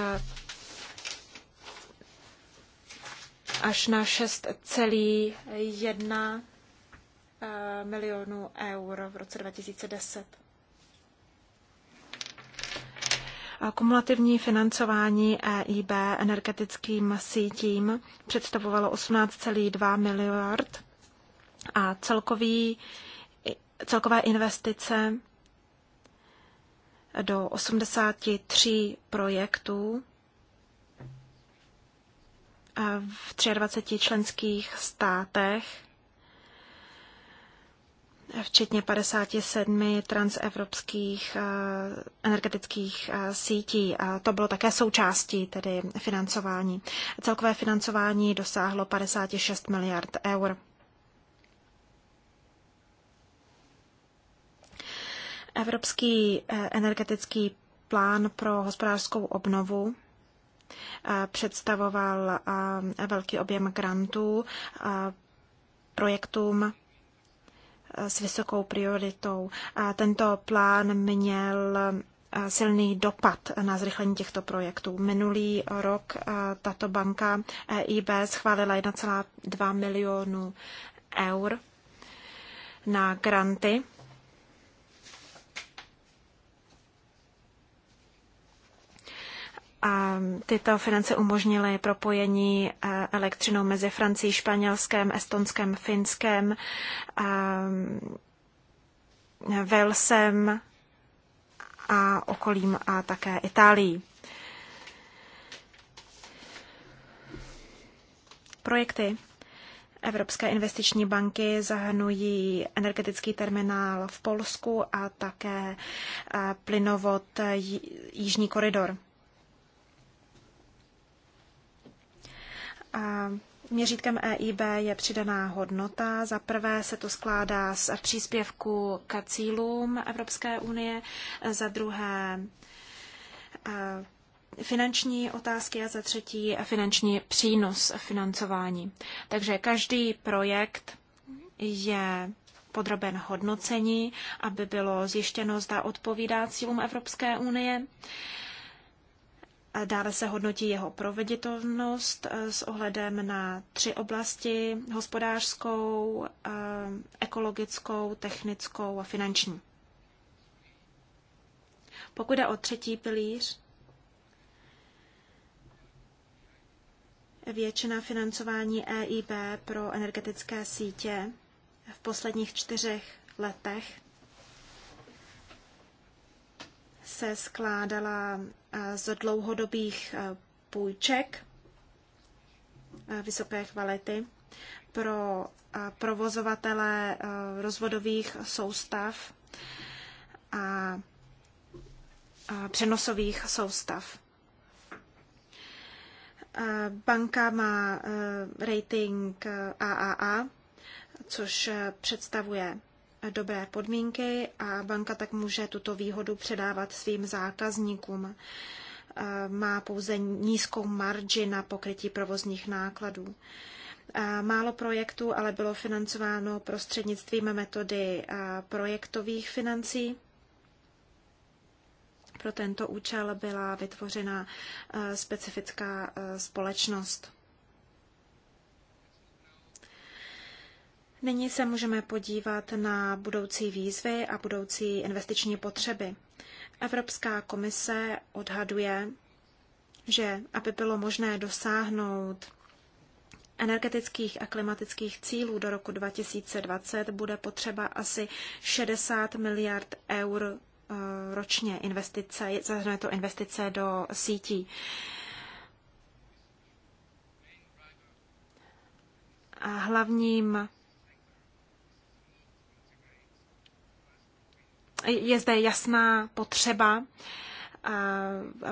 až na 6,1 eh, milionů eur v roce 2010. Kumulativní financování EIB energetickým sítím představovalo 18,2 miliard a celkový, celkové investice do 83 projektů v 23 členských státech včetně 57 transevropských eh, energetických eh, sítí. A to bylo také součástí tedy financování. Celkové financování dosáhlo 56 miliard eur. Evropský eh, energetický plán pro hospodářskou obnovu představoval velký objem grantů projektům Eh, s vysokou prioritou. Tento plán měl eh, silný dopad na zrychlení těchto projektů. Minulý rok eh, tato banka EIB schválila 1,2 milionu eur na granty A tyto finance umožnily propojení eh, elektřinou mezi Francií, Španělskem, Estonskem, Finskem, Velsem eh, a okolím a také Itálií. Projekty Evropské investiční banky zahrnují energetický terminál v Polsku a také eh, plynovod Jižní koridor. A Měřítkem EIB je přidaná hodnota. Za prvé se to skládá z příspěvku k cílům Evropské unie, za druhé eh, finanční otázky a za třetí finanční přínos financování. Takže každý projekt je podroben hodnocení, aby bylo zjištěno, zda odpovídá cílům Evropské unie. Dále se hodnotí jeho proveditelnost eh, s ohledem na tři oblasti hospodářskou, eh, ekologickou, technickou a finanční. Pokud jde o třetí pilíř, většina financování EIB pro energetické sítě v posledních čtyřech letech se skládala Eh, z dlouhodobých eh, půjček eh, vysoké kvality pro provozovatele rozvodových soustav a přenosových soustav. Banka má rating AAA, což představuje dobré podmínky a banka tak může tuto výhodu předávat svým zákazníkům. E, má pouze nízkou marži na pokrytí provozních nákladů. E, málo projektů ale bylo financováno prostřednictvím metody e, projektových financí. Pro tento účel byla vytvořena specifická společnost. Nyní se můžeme podívat na budoucí výzvy a budoucí investiční potřeby. Evropská komise odhaduje, že aby bylo možné dosáhnout energetických a klimatických cílů do roku 2020, bude potřeba asi 60 miliard eur eh, ročně investice, zahrnuje to investice do sítí. A hlavním je zde jasná potřeba, eh,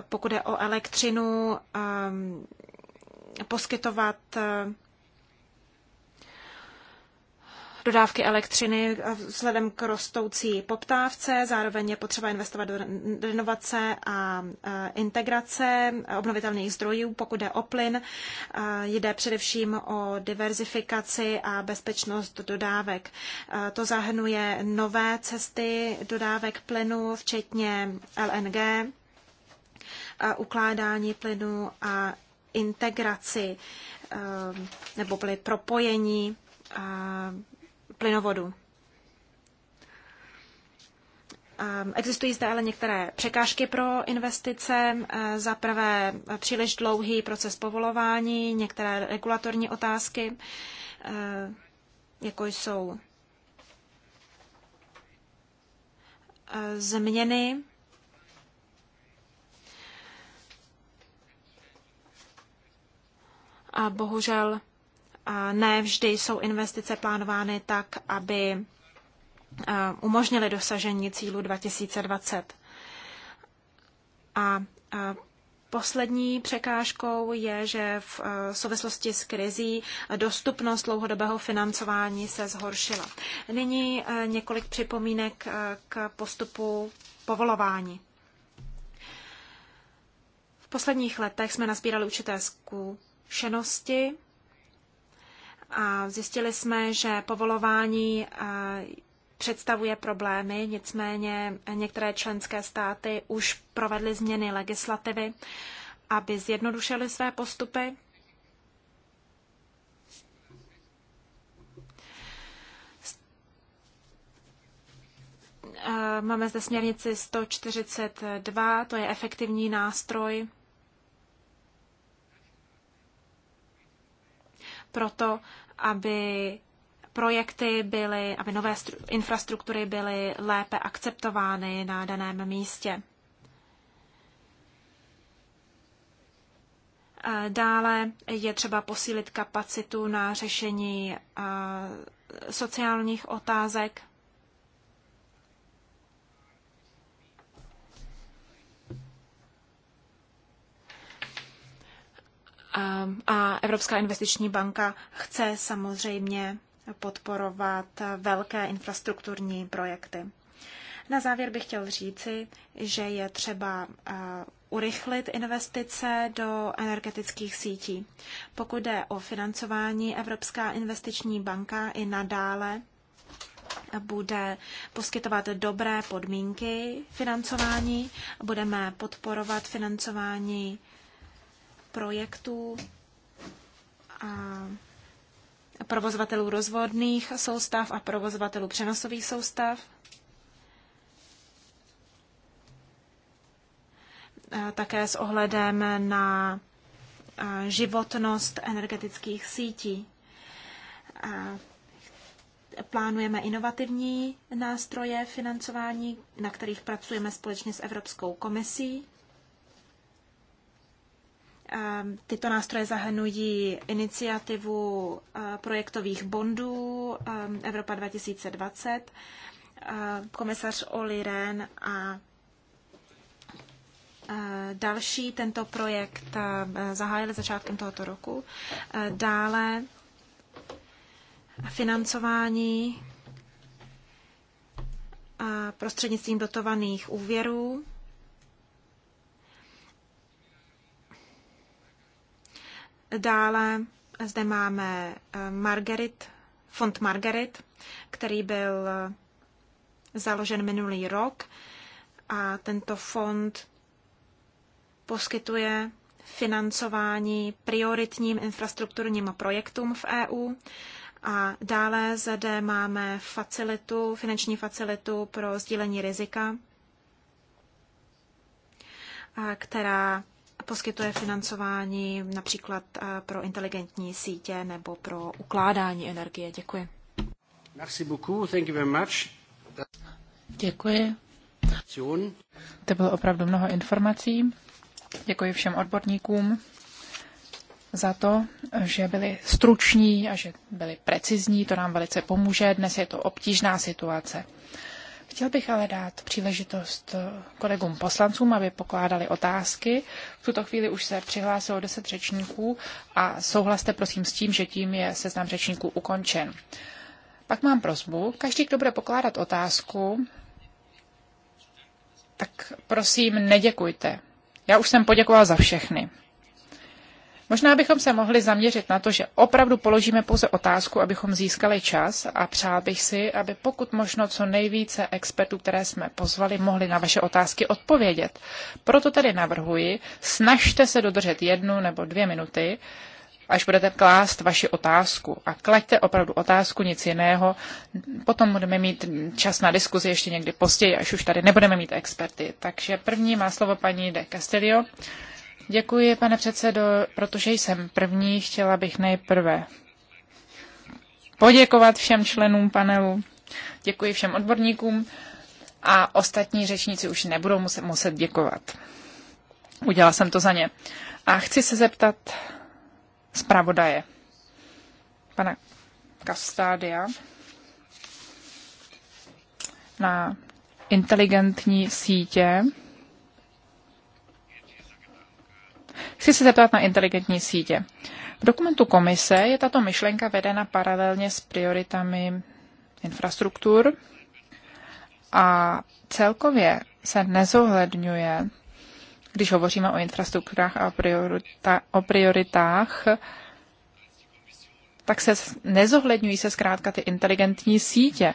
pokud je o elektřinu, eh, poskytovat eh, dodávky elektřiny vzhledem k rostoucí poptávce. Zároveň je potřeba investovat do renovace a integrace obnovitelných zdrojů. Pokud jde o plyn, jde především o diverzifikaci a bezpečnost dodávek. To zahrnuje nové cesty dodávek plynu, včetně LNG, ukládání plynu a integraci nebo byly propojení plynovodu. Ehm, existují zde ale některé překážky pro investice. Ehm, za prvé eh, příliš dlouhý proces povolování, některé regulatorní otázky, eh, jako jsou eh, změny a bohužel ne vždy jsou investice plánovány tak, aby eh, umožnily dosažení cílu 2020. A eh, Poslední překážkou je, že v eh, souvislosti s krizí dostupnost dlouhodobého financování se zhoršila. Nyní několik připomínek k postupu povolování. V posledních letech jsme nazbírali určité zkušenosti a zjistili jsme, že povolování eh, představuje problémy, nicméně některé členské státy už provedly změny legislativy, aby zjednodušily své postupy. Eh, máme zde směrnici 142, to je efektivní nástroj proto, aby projekty byly, aby nové infrastruktury byly lépe akceptovány na daném místě. Dále je třeba posílit kapacitu na řešení sociálních otázek Ehm, a Evropská investiční banka chce samozřejmě podporovat velké infrastrukturní projekty. Na závěr bych chtěl říci, že je třeba eh, urychlit investice do energetických sítí. Pokud jde o financování, Evropská investiční banka i nadále bude poskytovat dobré podmínky financování. Budeme podporovat financování projektů a provozovatelů rozvodných soustav a provozovatelů přenosových soustav. Také s ohledem na životnost energetických sítí. Plánujeme inovativní nástroje financování, na kterých pracujeme společně s Evropskou komisí. Ehm, tyto nástroje zahrnují iniciativu eh, projektových bondů ehm, Evropa 2020, eh, komisař Oli Ren a eh, další tento projekt zahájili začátkem tohoto roku. Dále financování prostřednictvím dotovaných úvěrů Dále zde máme eh, Margarit fond Margaret, který byl eh, založen minulý rok a tento fond poskytuje financování prioritním infrastrukturním projektům v EU. A dále zde máme facilitu, finanční facilitu pro sdílení rizika, eh, která poskytuje financování například eh, pro inteligentní sítě nebo pro ukládání energie. Děkuji. Merci beaucoup. Thank you very much. Děkuji. To bylo opravdu mnoho informací. Děkuji všem odborníkům za to, že byli struční a že byli precizní. To nám velice pomůže. Dnes je to obtížná situace. Chtěl bych ale dát příležitost eh, kolegům poslancům, aby pokládali otázky. V tuto chvíli už se přihlásilo 10 řečníků a souhlaste prosím s tím, že tím je seznam řečníků ukončen. Pak mám prozbu. Každý, kdo bude pokládat otázku, tak prosím neděkujte. Já už jsem poděkoval za všechny. Možná bychom se mohli zaměřit na to, že opravdu položíme pouze otázku, abychom získali čas a přál bych si, aby pokud možno co nejvíce expertů, které jsme pozvali, mohli na vaše otázky odpovědět. Proto tedy navrhuji, snažte se dodržet jednu nebo dvě minuty, až budete klást vaši otázku. A klaďte opravdu otázku, nic jiného. Potom budeme mít čas na diskuzi ještě někdy později, až už tady nebudeme mít experty. Takže první má slovo paní de Castillo. Děkuji, pane předsedo, protože jsem první, chtěla bych nejprve poděkovat všem členům panelu, děkuji všem odborníkům a ostatní řečníci už nebudou muset, muset děkovat. Udělala jsem to za ně. A chci se zeptat zpravodaje, pana Kastádia, na inteligentní sítě Chci se zeptat na inteligentní sítě. V dokumentu komise je tato myšlenka vedena paralelně s prioritami infrastruktur a celkově se nezohledňuje, když hovoříme o infrastrukturách a priorita, o prioritách, tak se nezohledňují se zkrátka ty inteligentní sítě.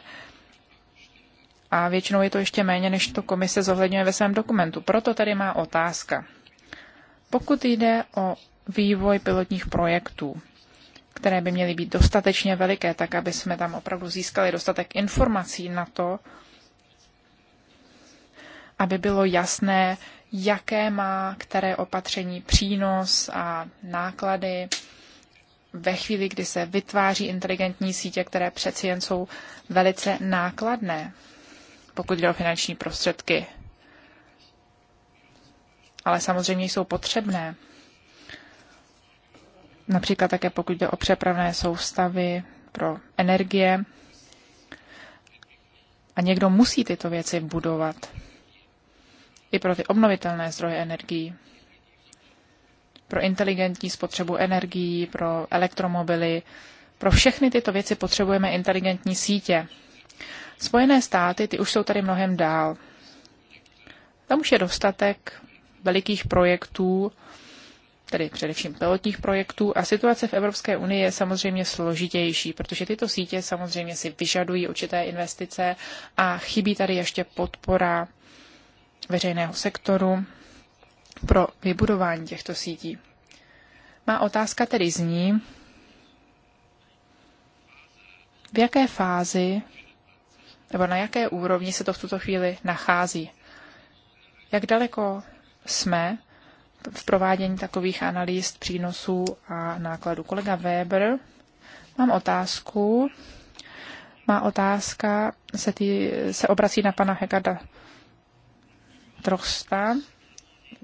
A většinou je to ještě méně, než to komise zohledňuje ve svém dokumentu. Proto tady má otázka. Pokud jde o vývoj pilotních projektů, které by měly být dostatečně veliké, tak aby jsme tam opravdu získali dostatek informací na to, aby bylo jasné, jaké má které opatření přínos a náklady ve chvíli, kdy se vytváří inteligentní sítě, které přeci jen jsou velice nákladné, pokud jde o finanční prostředky ale samozřejmě jsou potřebné. Například také pokud jde o přepravné soustavy pro energie. A někdo musí tyto věci budovat. I pro ty obnovitelné zdroje energií. Pro inteligentní spotřebu energií, pro elektromobily. Pro všechny tyto věci potřebujeme inteligentní sítě. Spojené státy, ty už jsou tady mnohem dál. Tam už je dostatek velikých projektů, tedy především pilotních projektů. A situace v Evropské unii je samozřejmě složitější, protože tyto sítě samozřejmě si vyžadují určité investice a chybí tady ještě podpora veřejného sektoru pro vybudování těchto sítí. Má otázka tedy zní, v jaké fázi nebo na jaké úrovni se to v tuto chvíli nachází. Jak daleko jsme v provádění takových analýz přínosů a nákladů. Kolega Weber, mám otázku. Má otázka se, tý, se obrací na pana Hegarda Trosta.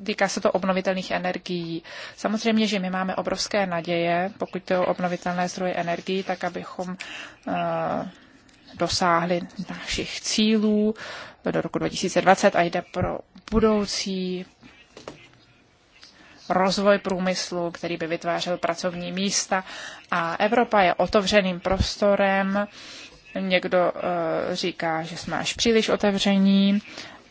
Týká se to obnovitelných energií. Samozřejmě, že my máme obrovské naděje, pokud to je obnovitelné zdroje energií, tak abychom uh, dosáhli našich cílů do roku 2020 a jde pro budoucí rozvoj průmyslu, který by vytvářel pracovní místa. A Evropa je otevřeným prostorem. Někdo eh, říká, že jsme až příliš otevření.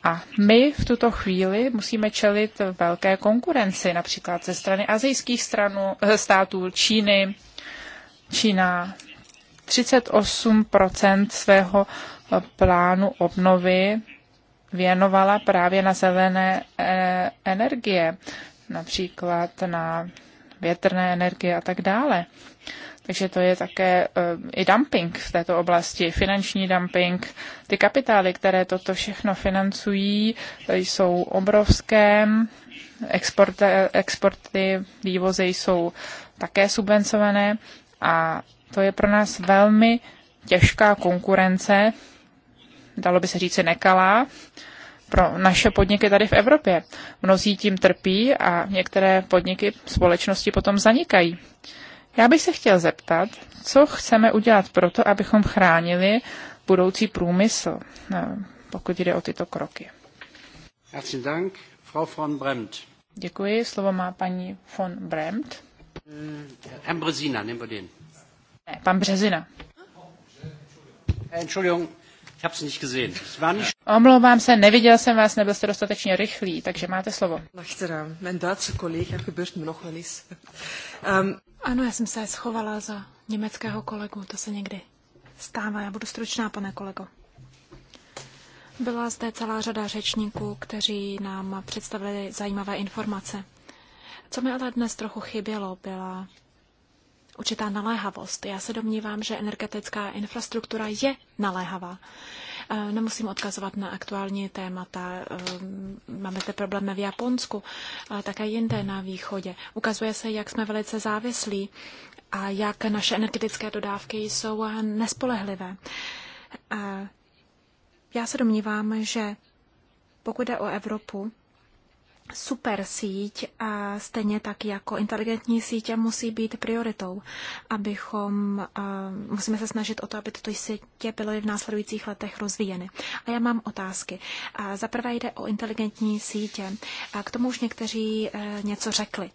A my v tuto chvíli musíme čelit velké konkurenci, například ze strany azijských stranů, eh, států Číny. Čína 38 svého eh, plánu obnovy věnovala právě na zelené energie například na větrné energie a tak dále. Takže to je také eh, i dumping v této oblasti, finanční dumping. Ty kapitály, které toto všechno financují, eh, jsou obrovské. Export, exporty, vývozy jsou také subvencované a to je pro nás velmi těžká konkurence, dalo by se říci nekalá, pro naše podniky tady v Evropě. Mnozí tím trpí a některé podniky společnosti potom zanikají. Já bych se chtěl zeptat, co chceme udělat pro to, abychom chránili budoucí průmysl, eh, pokud jde o tyto kroky. Dank, Frau von Bremt. Děkuji, slovo má paní von Bremt. Eh, Herr Brezina, nebo den. Ne, pan Březina. Entschuldigung, ich habe es nicht gesehen. Es war nicht Omlouvám se, neviděl jsem vás, nebyl jste dostatečně rychlý, takže máte slovo. Ehm, ano, já jsem se schovala za německého kolegu, to se někdy stává. Já budu stručná, pane kolego. Byla zde celá řada řečníků, kteří nám představili zajímavé informace. Co mi ale dnes trochu chybělo, byla určitá naléhavost. Já se domnívám, že energetická infrastruktura je naléhavá. Eh, nemusím odkazovat na aktuální témata. Eh, máme ty problémy v Japonsku, ale také jinde na východě. Ukazuje se, jak jsme velice závislí a jak naše energetické dodávky jsou nespolehlivé. Eh, já se domnívám, že pokud jde o Evropu, super síť, a stejně tak jako inteligentní sítě, musí být prioritou, abychom, eh, musíme se snažit o to, aby tyto sítě byly v následujících letech rozvíjeny. A já mám otázky. Eh, za prvé jde o inteligentní sítě. A k tomu už někteří eh, něco řekli.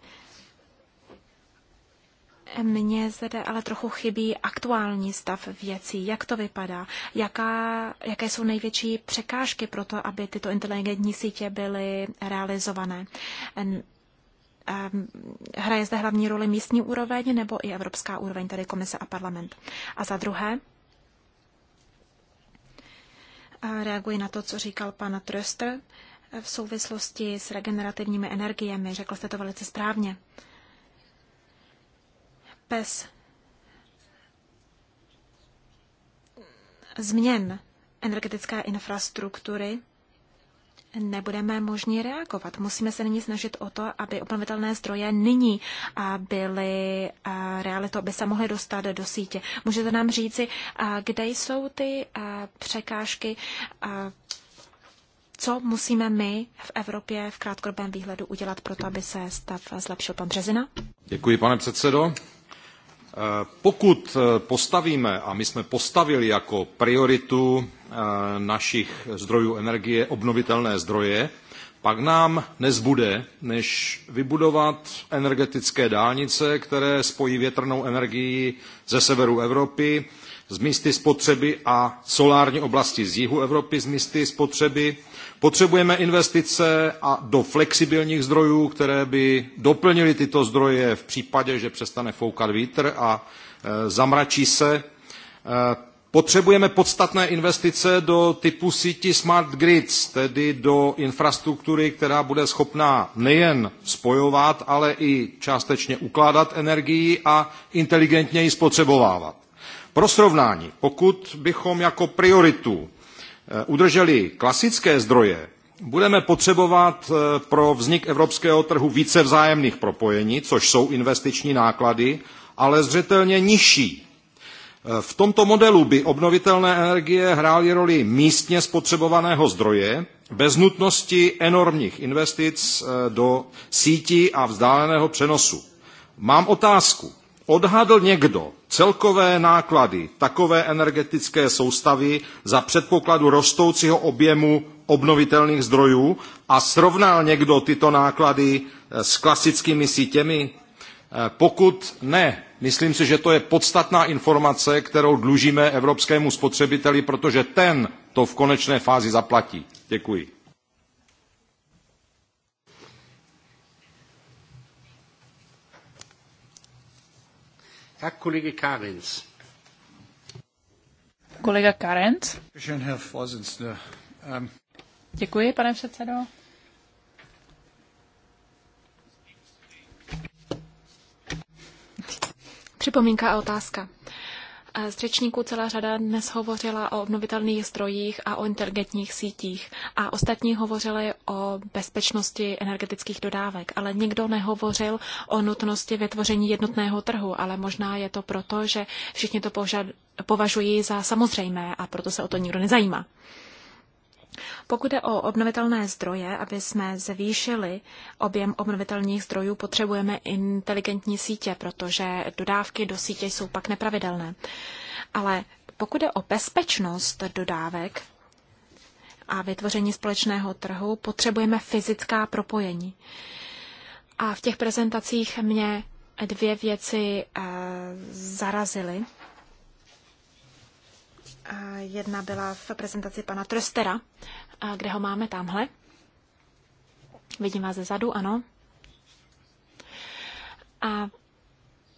Mně zde ale trochu chybí aktuální stav věcí, jak to vypadá, jaká, jaké jsou největší překážky pro to, aby tyto inteligentní sítě byly realizované. Hraje zde hlavní roli místní úroveň nebo i evropská úroveň, tedy komise a parlament. A za druhé, reaguji na to, co říkal pan Tröster v souvislosti s regenerativními energiemi. Řekl jste to velice správně bez změn energetické infrastruktury nebudeme možni reagovat. Musíme se nyní snažit o to, aby obnovitelné zdroje nyní byly realitou, aby se mohly dostat do sítě. Můžete nám říci, kde jsou ty překážky, co musíme my v Evropě v krátkodobém výhledu udělat pro to, aby se stav zlepšil. Pan Březina. Děkuji, pane předsedo. Eh, pokud eh, postavíme, a my jsme postavili jako prioritu eh, našich zdrojů energie obnovitelné zdroje, pak nám nezbude, než vybudovat energetické dálnice, které spojí větrnou energii ze severu Evropy, z místy spotřeby a solární oblasti z jihu Evropy z místy spotřeby Potřebujeme investice a do flexibilních zdrojů, které by doplnily tyto zdroje v případě, že přestane foukat vítr a e, zamračí se. E, potřebujeme podstatné investice do typu sítí smart grids, tedy do infrastruktury, která bude schopná nejen spojovat, ale i částečně ukládat energii a inteligentně ji spotřebovávat. Pro srovnání, pokud bychom jako prioritu Eh, udrželi klasické zdroje, budeme potřebovat eh, pro vznik evropského trhu více vzájemných propojení, což jsou investiční náklady, ale zřetelně nižší. Eh, v tomto modelu by obnovitelné energie hrály roli místně spotřebovaného zdroje bez nutnosti enormních investic do sítí a vzdáleného přenosu. Mám otázku. Odhadl někdo celkové náklady takové energetické soustavy za předpokladu rostoucího objemu obnovitelných zdrojů a srovnal někdo tyto náklady eh, s klasickými sítěmi? Eh, pokud ne, myslím si, že to je podstatná informace, kterou dlužíme evropskému spotřebiteli, protože ten to v konečné fázi zaplatí. Děkuji. Herr Kollege Karins. Kolega Karenc. Ähm, Děkuji, pane předsedo. Připomínka a otázka. Z řečníků celá řada dnes hovořila o obnovitelných zdrojích a o inteligentních sítích a ostatní hovořili o bezpečnosti energetických dodávek, ale nikdo nehovořil o nutnosti vytvoření jednotného trhu, ale možná je to proto, že všichni to považují za samozřejmé a proto se o to nikdo nezajímá. Pokud je o obnovitelné zdroje, aby jsme zvýšili objem obnovitelných zdrojů, potřebujeme inteligentní sítě, protože dodávky do sítě jsou pak nepravidelné. Ale pokud je o bezpečnost dodávek a vytvoření společného trhu, potřebujeme fyzická propojení. A v těch prezentacích mě dvě věci eh, zarazily. Jedna byla v prezentaci pana Tröstera, kde ho máme tamhle. Vidím vás zezadu, ano. A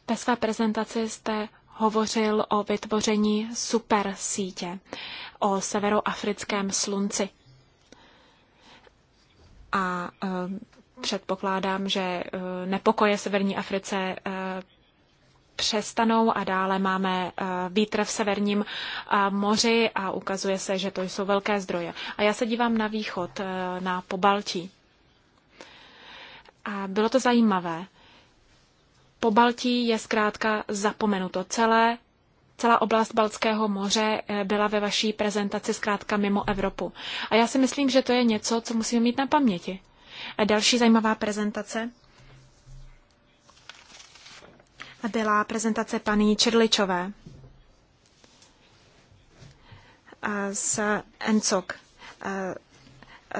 ve své prezentaci jste hovořil o vytvoření super sítě, o severoafrickém slunci. A e, předpokládám, že e, nepokoje v Severní Africe e, přestanou a dále máme eh, vítr v severním eh, moři a ukazuje se, že to jsou velké zdroje. A já se dívám na východ, eh, na Pobaltí. A bylo to zajímavé. Pobaltí je zkrátka zapomenuto celé. Celá oblast Balckého moře byla ve vaší prezentaci zkrátka mimo Evropu. A já si myslím, že to je něco, co musíme mít na paměti. A další zajímavá prezentace byla prezentace paní Čerličové z ENCOK.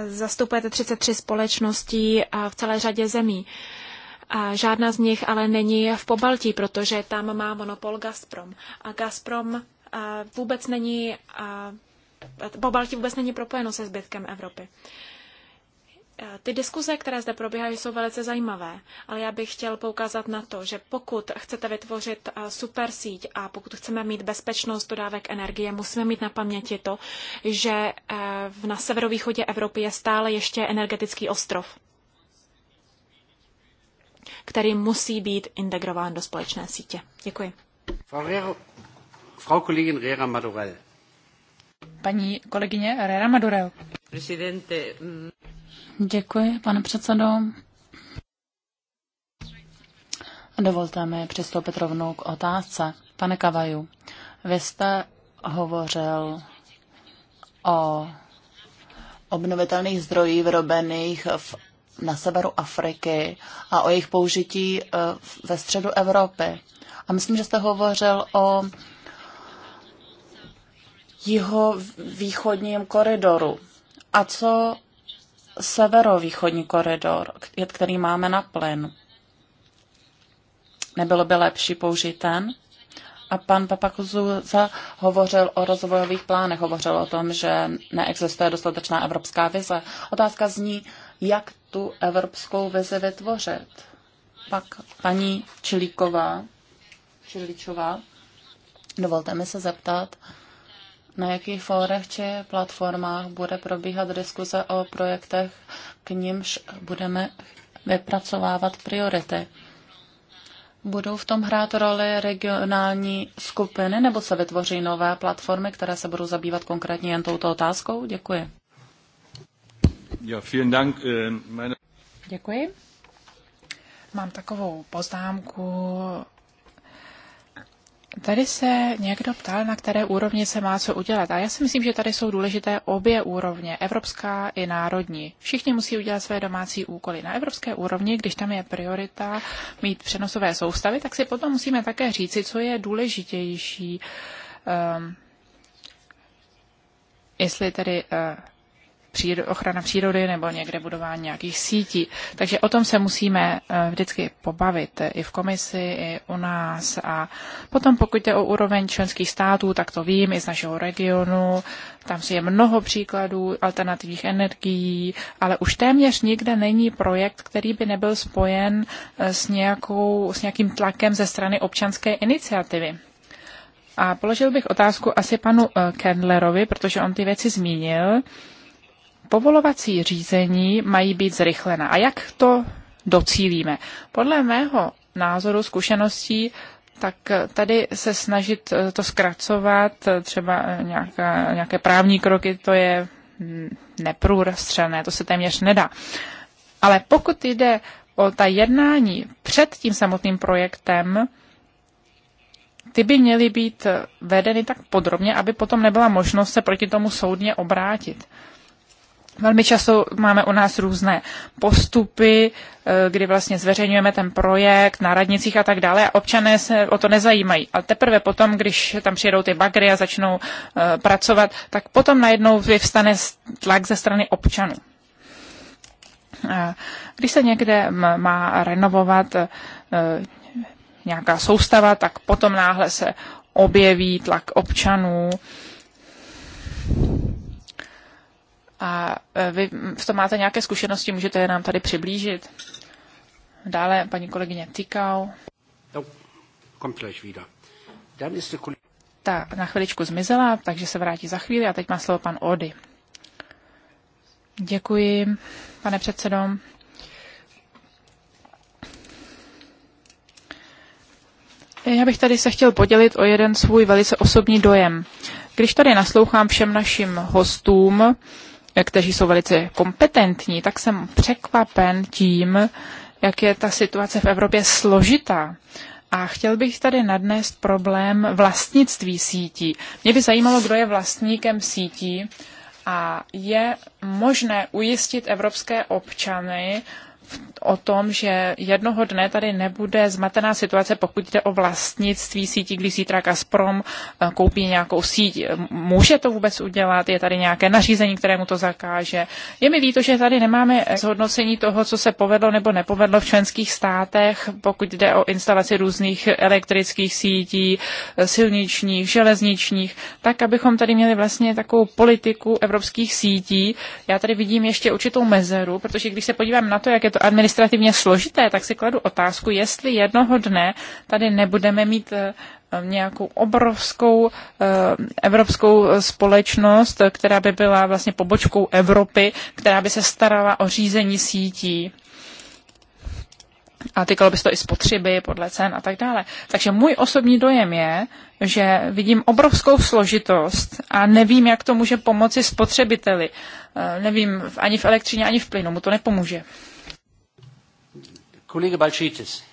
Zastupujete 33 společností v celé řadě zemí. Žádná z nich ale není v Pobaltí, protože tam má monopol Gazprom. A Gazprom vůbec není, Pobaltí vůbec není propojeno se zbytkem Evropy. Eh, ty diskuze, které zde probíhají, jsou velice zajímavé, ale já bych chtěl poukázat na to, že pokud chcete vytvořit eh, super síť a pokud chceme mít bezpečnost dodávek energie, musíme mít na paměti to, že eh, na severovýchodě Evropy je stále ještě energetický ostrov, který musí být integrován do společné sítě. Děkuji. Frau, Rera, Frau Kollegin Rera Madurell. Paní kolegyně Herrera Madurel. Presidente. Mm. Děkuji, pane předsedo. Dovolte mi přistoupit rovnou k otázce. Pane Kavaju, vy jste hovořil o obnovitelných zdrojích vyrobených v, na severu Afriky a o jejich použití eh, ve středu Evropy. A myslím, že jste hovořil o jihovýchodním koridoru. A co severovýchodní koridor, který máme na plyn? Nebylo by lepší použít ten? A pan Papakuzuza hovořil o rozvojových plánech, hovořil o tom, že neexistuje dostatečná evropská vize. Otázka zní, jak tu evropskou vizi vytvořit. Pak paní Čilíková, Čilíčová, dovolte mi se zeptat, na jakých fórech či platformách bude probíhat diskuze o projektech, k nímž budeme vypracovávat priority. Budou v tom hrát roli regionální skupiny nebo se vytvoří nové platformy, které se budou zabývat konkrétně jen touto otázkou? Děkuji. Ja, vielen Dank. Äh, meine... Děkuji. Mám takovou poznámku Tady se někdo ptal, na které úrovni se má co udělat. A já si myslím, že tady jsou důležité obě úrovně, evropská i národní. Všichni musí udělat své domácí úkoly. Na evropské úrovni, když tam je priorita mít přenosové soustavy, tak si potom musíme také říci, co je důležitější. Um, jestli tedy uh, ochrana přírody nebo někde budování nějakých sítí. Takže o tom se musíme eh, vždycky pobavit eh, i v komisi, i u nás. A potom, pokud jde o úroveň členských států, tak to vím i z našeho regionu. Tam si je mnoho příkladů alternativních energií, ale už téměř nikde není projekt, který by nebyl spojen eh, s, nějakou, s nějakým tlakem ze strany občanské iniciativy. A položil bych otázku asi panu Kendlerovi, protože on ty věci zmínil povolovací řízení mají být zrychlena. A jak to docílíme? Podle mého názoru zkušeností tak tady se snažit eh, to zkracovat, eh, třeba eh, nějaká, nějaké právní kroky, to je hm, neprůrastřené, to se téměř nedá. Ale pokud jde o ta jednání před tím samotným projektem, ty by měly být vedeny tak podrobně, aby potom nebyla možnost se proti tomu soudně obrátit. Velmi často máme u nás různé postupy, eh, kdy vlastně zveřejňujeme ten projekt na radnicích a tak dále a občané se o to nezajímají. A teprve potom, když tam přijedou ty bagry a začnou eh, pracovat, tak potom najednou vyvstane tlak ze strany občanů. Když se někde má renovovat eh, nějaká soustava, tak potom náhle se objeví tlak občanů, A e, vy v tom máte nějaké zkušenosti, můžete je nám tady přiblížit. Dále paní kolegyně Tykau. No, ta na chviličku zmizela, takže se vrátí za chvíli a teď má slovo pan Ody. Děkuji, pane předsedo. Já bych tady se chtěl podělit o jeden svůj velice osobní dojem. Když tady naslouchám všem našim hostům, kteří jsou velice kompetentní, tak jsem překvapen tím, jak je ta situace v Evropě složitá. A chtěl bych tady nadnést problém vlastnictví sítí. Mě by zajímalo, kdo je vlastníkem sítí a je možné ujistit evropské občany o tom, že jednoho dne tady nebude zmatená situace, pokud jde o vlastnictví sítí, když zítra Gazprom eh, koupí nějakou síť. Může to vůbec udělat? Je tady nějaké nařízení, které mu to zakáže? Je mi líto, že tady nemáme zhodnocení toho, co se povedlo nebo nepovedlo v členských státech, pokud jde o instalaci různých elektrických sítí, eh, silničních, železničních, tak, abychom tady měli vlastně takovou politiku evropských sítí. Já tady vidím ještě určitou mezeru, protože když se podívám na to, jak je to administrativně složité, tak si kladu otázku, jestli jednoho dne tady nebudeme mít eh, nějakou obrovskou eh, evropskou společnost, která by byla vlastně pobočkou Evropy, která by se starala o řízení sítí. A týkalo by se to i spotřeby podle cen a tak dále. Takže můj osobní dojem je, že vidím obrovskou složitost a nevím, jak to může pomoci spotřebiteli. Eh, nevím, ani v elektřině, ani v plynu mu to nepomůže. Kolega Balšetis.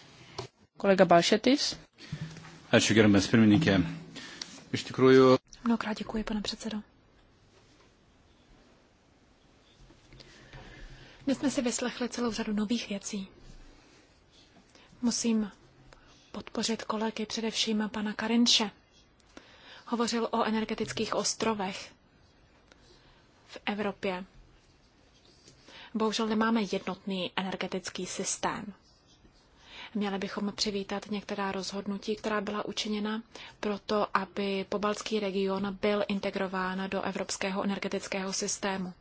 Kolega Balšetis. Ačiū, gerbiamas pirmininkė. Iš tikrųjų... Mnohokrát děkuji, pane předsedo. Dnes jsme si vyslechli celou řadu nových věcí. Musím podpořit kolegy, především pana Karinše. Hovořil o energetických ostrovech v Evropě. Bohužel nemáme jednotný energetický systém. Měli bychom přivítat některá rozhodnutí, která byla učiněna proto, aby pobalský region byl integrován do evropského energetického systému.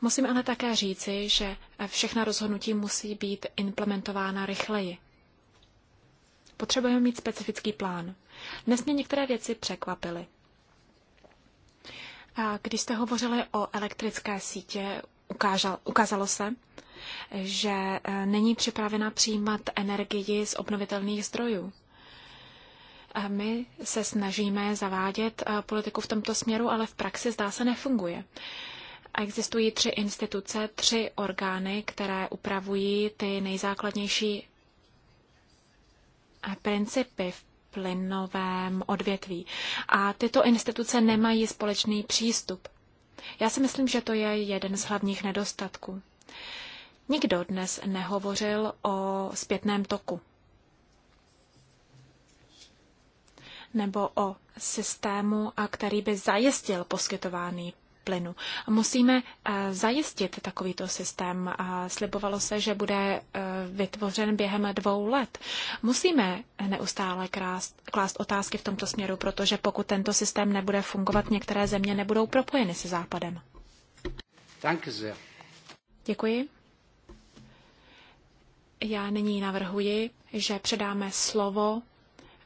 Musím ale také říci, že všechna rozhodnutí musí být implementována rychleji. Potřebujeme mít specifický plán. Dnes mě některé věci překvapily. A když jste hovořili o elektrické sítě, ukázalo se, že eh, není připravena přijímat energii z obnovitelných zdrojů. A my se snažíme zavádět eh, politiku v tomto směru, ale v praxi zdá se nefunguje. Existují tři instituce, tři orgány, které upravují ty nejzákladnější principy v plynovém odvětví. A tyto instituce nemají společný přístup. Já si myslím, že to je jeden z hlavních nedostatků. Nikdo dnes nehovořil o zpětném toku nebo o systému, který by zajistil poskytování plynu. Musíme eh, zajistit takovýto systém. Slibovalo se, že bude eh, vytvořen během dvou let. Musíme neustále krást, klást otázky v tomto směru, protože pokud tento systém nebude fungovat, některé země nebudou propojeny se Západem. Děkuji. Já nyní navrhuji, že předáme slovo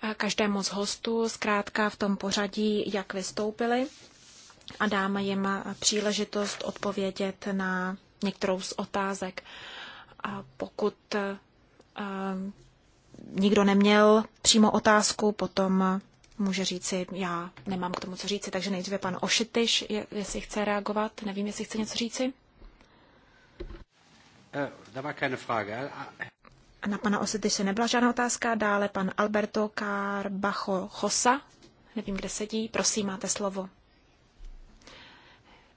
eh, každému z hostů, zkrátka v tom pořadí, jak vystoupili, a dáme jim eh, příležitost odpovědět na některou z otázek. A pokud eh, nikdo neměl přímo otázku, potom může říci, já nemám k tomu co říci, takže nejdříve pan Ošetyš, jestli chce reagovat, nevím, jestli chce něco říci. Eh, eh, ah, eh. Na pana Osety se nebyla žádná otázka. Dále pan Alberto Carbacho Chosa. Nevím, kde sedí. Prosím, máte slovo.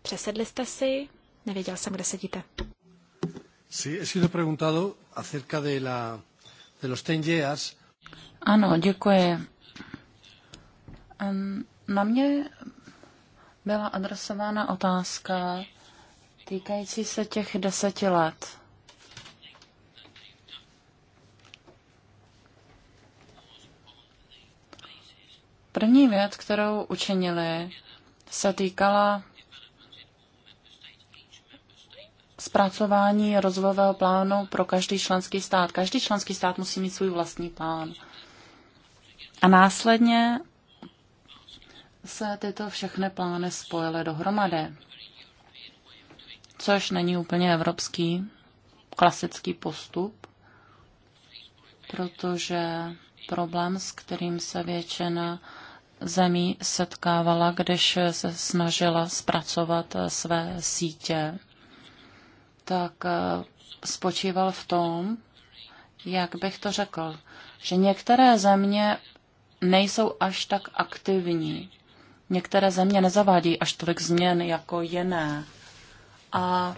Přesedli jste si? Nevěděl jsem, kde sedíte. Sí, he sido preguntado acerca de, la, de los ten years. Ano, děkuji. Na mě byla adresována otázka týkající se těch deseti let. První věc, kterou učinili, se týkala zpracování rozvojového plánu pro každý členský stát. Každý členský stát musí mít svůj vlastní plán. A následně se tyto všechny plány spojily dohromady, což není úplně evropský klasický postup, protože problém, s kterým se většina zemí setkávala, když se snažila zpracovat své sítě, tak eh, spočíval v tom, jak bych to řekl, že některé země nejsou až tak aktivní. Některé země nezavádí až tolik změn jako jiné. A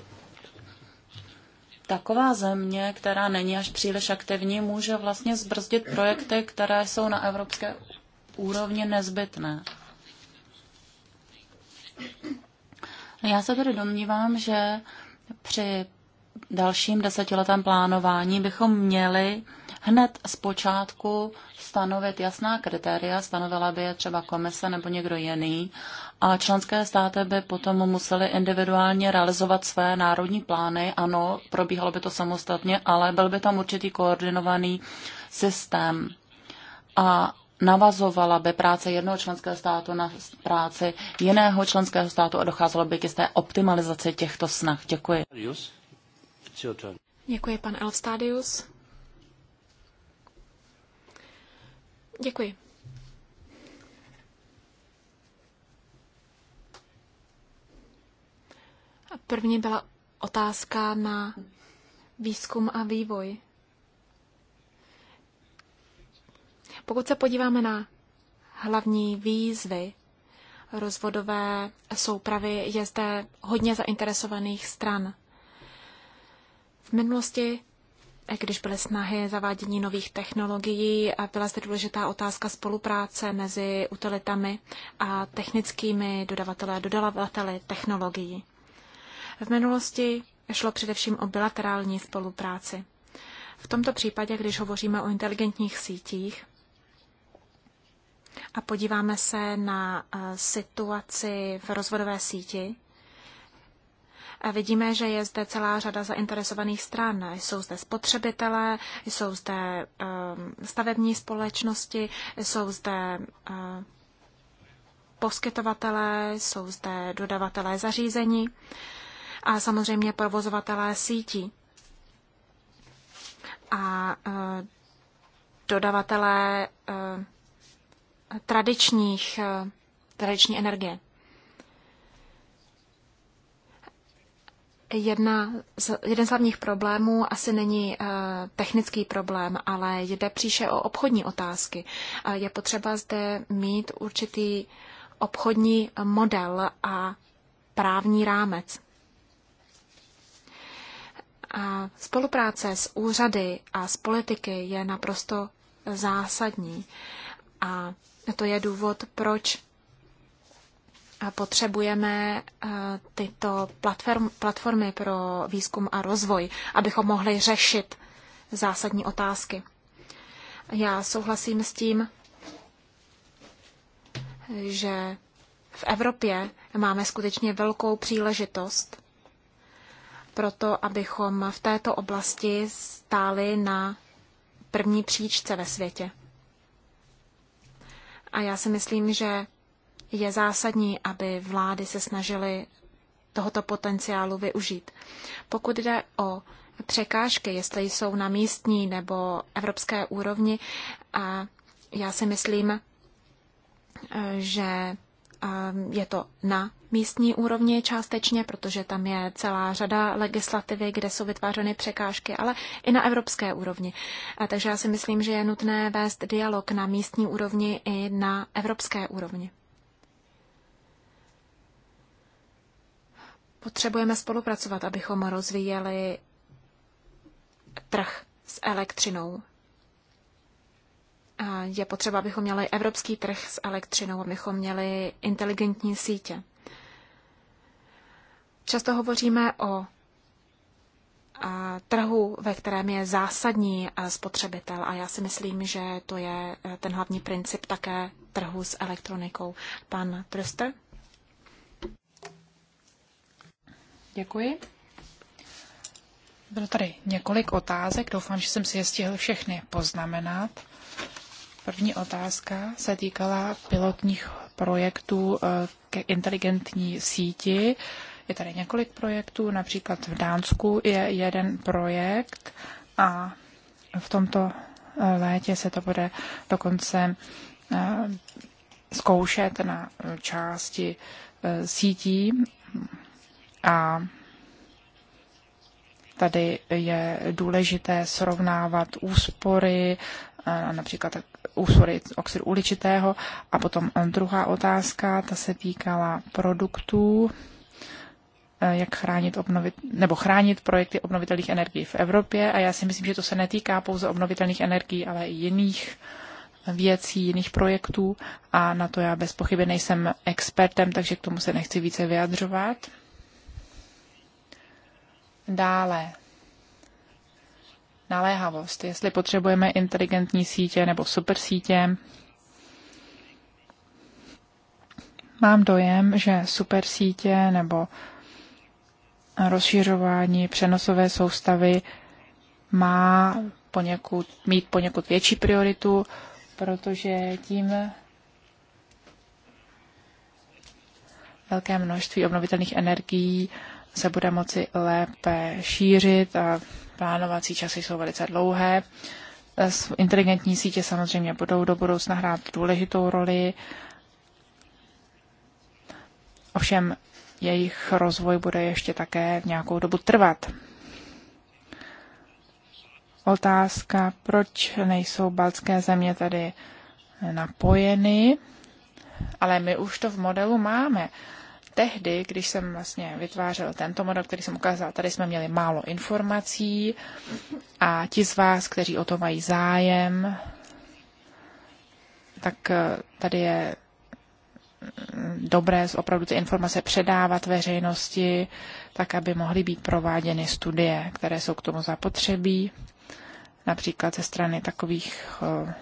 taková země, která není až příliš aktivní, může vlastně zbrzdit projekty, které jsou na evropské úrovně nezbytné. Já se tedy domnívám, že při dalším desetiletém plánování bychom měli hned z počátku stanovit jasná kritéria, stanovila by je třeba komise nebo někdo jiný a členské státy by potom musely individuálně realizovat své národní plány. Ano, probíhalo by to samostatně, ale byl by tam určitý koordinovaný systém. A navazovala by práce jednoho členského státu na práci jiného členského státu a docházelo by k jisté optimalizaci těchto snah. Děkuji. Děkuji, pan Elvstadius. Děkuji. První byla otázka na výzkum a vývoj. Pokud se podíváme na hlavní výzvy rozvodové soupravy, je zde hodně zainteresovaných stran. V minulosti eh, když byly snahy zavádění nových technologií, byla zde důležitá otázka spolupráce mezi utilitami a technickými dodavateli a dodavateli technologií. V minulosti šlo především o bilaterální spolupráci. V tomto případě, když hovoříme o inteligentních sítích, a podíváme se na eh, situaci v rozvodové síti, a vidíme, že je zde celá řada zainteresovaných stran. Jsou zde spotřebitelé, jsou zde ehm, stavební společnosti, jsou zde eh, poskytovatelé, jsou zde dodavatelé zařízení a samozřejmě provozovatelé sítí. A eh, dodavatelé tradičních, eh, tradiční energie. Jedna z, jeden z hlavních problémů asi není uh, technický problém, ale jde příše o obchodní otázky. Uh, je potřeba zde mít určitý obchodní model a právní rámec. A spolupráce s úřady a s politiky je naprosto zásadní. A to je důvod, proč eh, potřebujeme eh, tyto platform, platformy pro výzkum a rozvoj, abychom mohli řešit zásadní otázky. Já souhlasím s tím, že v Evropě máme skutečně velkou příležitost pro to, abychom v této oblasti stáli na první příčce ve světě. A já si myslím, že je zásadní, aby vlády se snažily tohoto potenciálu využít. Pokud jde o překážky, jestli jsou na místní nebo evropské úrovni, a já si myslím, eh, že eh, je to na místní úrovni částečně, protože tam je celá řada legislativy, kde jsou vytvářeny překážky, ale i na evropské úrovni. A takže já si myslím, že je nutné vést dialog na místní úrovni i na evropské úrovni. Potřebujeme spolupracovat, abychom rozvíjeli trh s elektřinou. je potřeba, abychom měli evropský trh s elektřinou, abychom měli inteligentní sítě. Často hovoříme o trhu, ve kterém je zásadní spotřebitel a já si myslím, že to je e, ten hlavní princip také trhu s elektronikou. Pan Tröster? Děkuji. Bylo tady několik otázek, doufám, že jsem si je stihl všechny poznamenat. První otázka se týkala pilotních projektů e, ke inteligentní síti. Je tady několik projektů, například v Dánsku je jeden projekt a v tomto eh, létě se to bude dokonce eh, zkoušet na části eh, sítí a tady je důležité srovnávat úspory, například úspory oxidu uličitého. A potom druhá otázka, ta se týkala produktů Eh, jak chránit, obnovit, nebo chránit projekty obnovitelných energií v Evropě. A já si myslím, že to se netýká pouze obnovitelných energií, ale i jiných věcí, jiných projektů. A na to já bez pochyby nejsem expertem, takže k tomu se nechci více vyjadřovat. Dále. Naléhavost. Jestli potřebujeme inteligentní sítě nebo super sítě, Mám dojem, že super sítě nebo rozšiřování přenosové soustavy má poněkud, mít poněkud větší prioritu, protože tím velké množství obnovitelných energií se bude moci lépe šířit a plánovací časy jsou velice dlouhé. Inteligentní sítě samozřejmě budou do budoucna hrát důležitou roli. Ovšem jejich rozvoj bude ještě také v nějakou dobu trvat. Otázka, proč nejsou baltské země tady napojeny, ale my už to v modelu máme. Tehdy, když jsem vlastně vytvářel tento model, který jsem ukázal, tady jsme měli málo informací a ti z vás, kteří o to mají zájem, tak eh, tady je dobré opravdu ty informace předávat veřejnosti, tak aby mohly být prováděny studie, které jsou k tomu zapotřebí, například ze strany takových eh,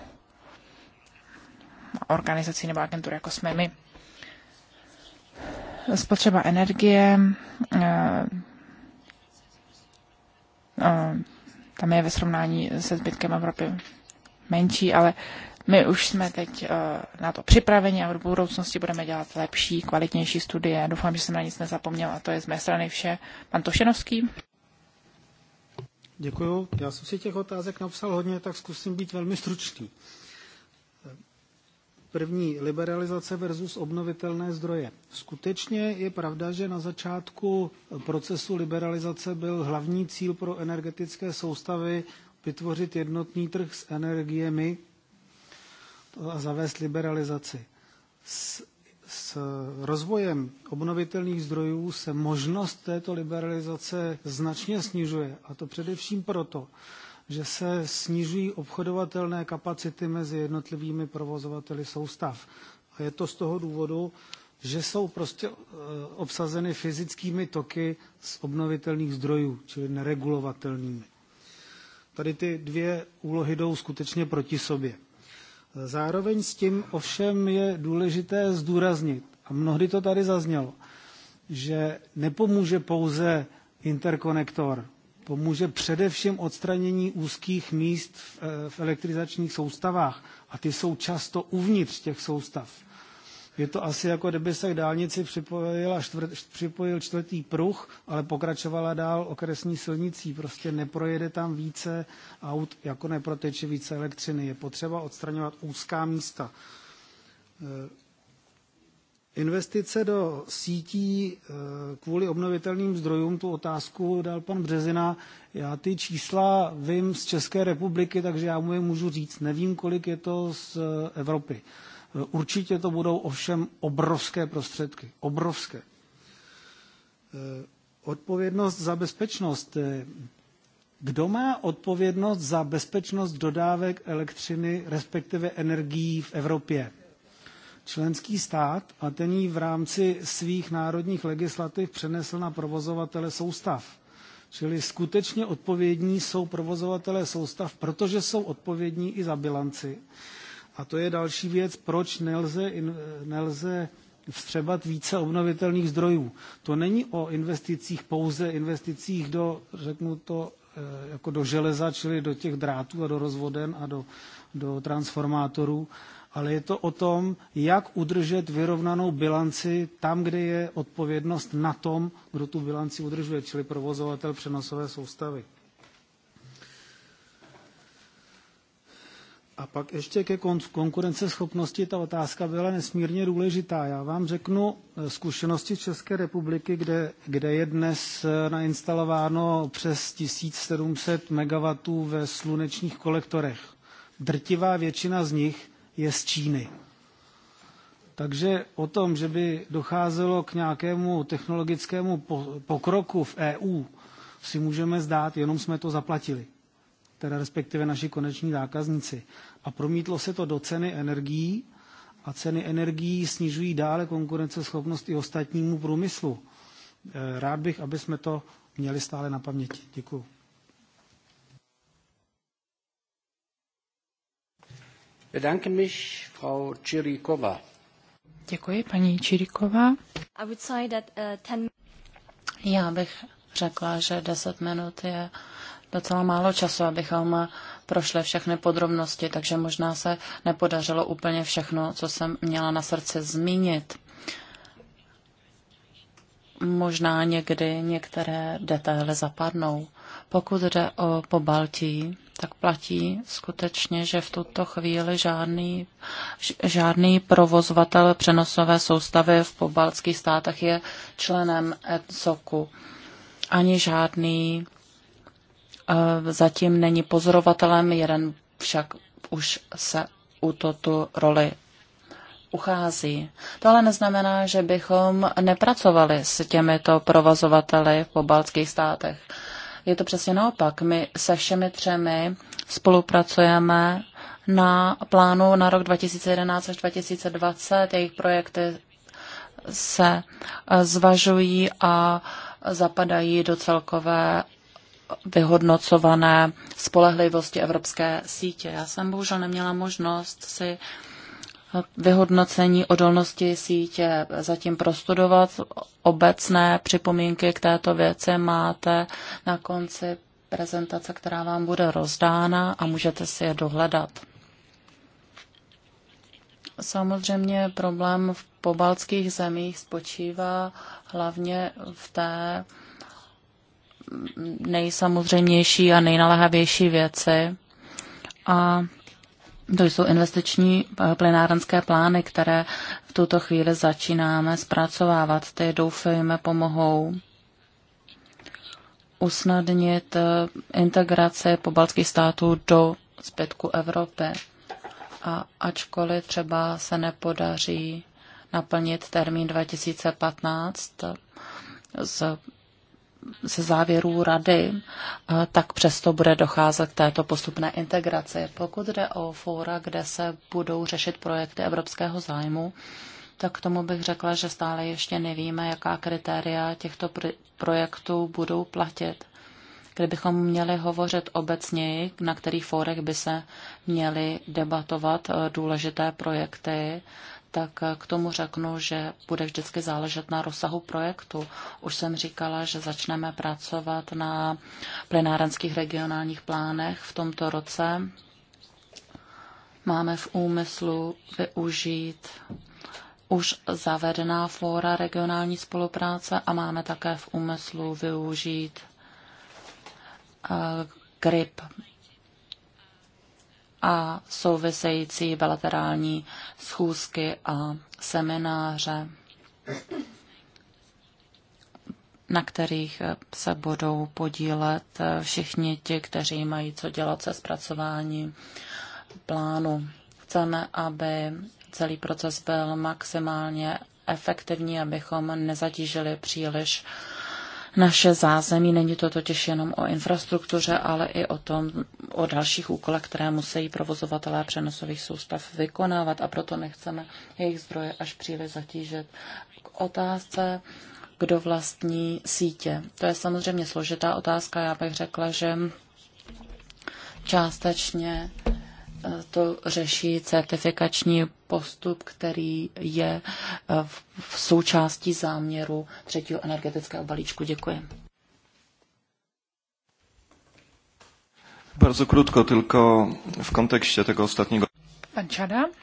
organizací nebo agentur, jako jsme my. Spotřeba energie, eh, eh, tam je ve srovnání se zbytkem Evropy menší, ale my už jsme teď eh, na to připraveni a v budoucnosti budeme dělat lepší, kvalitnější studie. Doufám, že jsem na nic nezapomněl a to je z mé strany vše. Pan Tošenovský. Děkuju. Já jsem si těch otázek napsal hodně, tak zkusím být velmi stručný. První, liberalizace versus obnovitelné zdroje. Skutečně je pravda, že na začátku procesu liberalizace byl hlavní cíl pro energetické soustavy vytvořit jednotný trh s energiemi a zavést liberalizaci. S, s rozvojem obnovitelných zdrojů se možnost této liberalizace značně snižuje, a to především proto, že se snižují obchodovatelné kapacity mezi jednotlivými provozovateli soustav. A je to z toho důvodu, že jsou prostě e, obsazeny fyzickými toky z obnovitelných zdrojů, čili neregulovatelnými. Tady ty dvě úlohy jdou skutečně proti sobě. Zároveň s tím ovšem je důležité zdůraznit, a mnohdy to tady zaznělo, že nepomůže pouze interkonektor, pomůže především odstranění úzkých míst v eh, elektrizačních soustavách. A ty jsou často uvnitř těch soustav. Je to asi jako kdyby se k dálnici připojila čtvrt, připojil čtvrtý pruh, ale pokračovala dál okresní silnicí. Prostě neprojede tam více aut, jako neproteče více elektřiny. Je potřeba odstraňovat úzká místa. E, investice do sítí e, kvůli obnovitelným zdrojům, tu otázku dal pan Březina. Já ty čísla vím z České republiky, takže já mu je můžu říct. Nevím, kolik je to z Evropy. Určitě to budou ovšem obrovské prostředky. Obrovské. E, odpovědnost za bezpečnost. E, kdo má odpovědnost za bezpečnost dodávek elektřiny, respektive energií v Evropě? Členský stát a ten ji v rámci svých národních legislativ přenesl na provozovatele soustav. Čili skutečně odpovědní jsou provozovatele soustav, protože jsou odpovědní i za bilanci. A to je další věc, proč nelze, nelze vstřebat více obnovitelných zdrojů. To není o investicích pouze, investicích do, řeknu to, eh, jako do železa, čili do těch drátů a do rozvoden a do, do transformátorů, ale je to o tom, jak udržet vyrovnanou bilanci tam, kde je odpovědnost na tom, kdo tu bilanci udržuje, čili provozovatel přenosové soustavy. A pak ještě ke konkurenceschopnosti ta otázka byla nesmírně důležitá. Já vám řeknu eh, zkušenosti České republiky, kde, kde je dnes eh, nainstalováno přes 1700 MW ve slunečních kolektorech. Drtivá většina z nich je z Číny. Takže o tom, že by docházelo k nějakému technologickému pokroku v EU, si můžeme zdát, jenom jsme to zaplatili teda respektive naši koneční zákazníci. A promítlo se to do ceny energií a ceny energií snižují dále konkurenceschopnost i ostatnímu průmyslu. Eh, rád bych, aby jsme to měli stále na paměti. Děkuji. Bedanke mich, Frau Děkuji, paní Čiriková. Uh, Já bych řekla, že 10 minut je docela málo času, abychom prošli všechny podrobnosti, takže možná se nepodařilo úplně všechno, co jsem měla na srdci zmínit. Možná někdy některé detaily zapadnou. Pokud jde o pobaltí, tak platí skutečně, že v tuto chvíli žádný, žádný provozovatel přenosové soustavy v pobaltských státech je členem ECOKu. Ani žádný Eh, zatím není pozorovatelem, jeden však už se u toto roli uchází. To ale neznamená, že bychom nepracovali s těmito provozovateli v pobaltských státech. Je to přesně naopak. My se všemi třemi spolupracujeme na plánu na rok 2011 až 2020. Jejich projekty se eh, zvažují a zapadají do celkové vyhodnocované spolehlivosti evropské sítě. Já jsem bohužel neměla možnost si vyhodnocení odolnosti sítě zatím prostudovat. Obecné připomínky k této věci máte na konci prezentace, která vám bude rozdána a můžete si je dohledat. Samozřejmě problém v pobaltských zemích spočívá hlavně v té nejsamozřejmější a nejnalahavější věci. A to jsou investiční eh, plynárenské plány, které v tuto chvíli začínáme zpracovávat. Ty doufejme pomohou usnadnit eh, integraci pobaltských států do zbytku Evropy. A ačkoliv třeba se nepodaří naplnit termín 2015 z ze závěrů rady, eh, tak přesto bude docházet k této postupné integraci. Pokud jde o fóra, kde se budou řešit projekty evropského zájmu, tak k tomu bych řekla, že stále ještě nevíme, jaká kritéria těchto projektů budou platit. Kdybychom měli hovořit obecněji, na kterých fórech by se měly debatovat eh, důležité projekty, tak k tomu řeknu, že bude vždycky záležet na rozsahu projektu. Už jsem říkala, že začneme pracovat na plenárenských regionálních plánech v tomto roce. Máme v úmyslu využít už zavedená fóra regionální spolupráce a máme také v úmyslu využít eh, GRIP, a související bilaterální schůzky a semináře, na kterých se budou podílet všichni ti, kteří mají co dělat se zpracováním plánu. Chceme, aby celý proces byl maximálně efektivní, abychom nezatížili příliš uh, naše zázemí. Není to totiž jenom o infrastruktuře, ale i o tom, o dalších úkolech, které musí provozovatelé přenosových soustav vykonávat a proto nechceme jejich zdroje až příliš zatížit. K otázce kdo vlastní sítě. To je samozřejmě složitá otázka. Já bych řekla, že částečně eh, to řeší certifikační postup, který je eh, v součástí záměru třetího energetického balíčku. Děkuji. Bardzo krótko, tylko w kontekście tego ostatniego. Pan Czada? W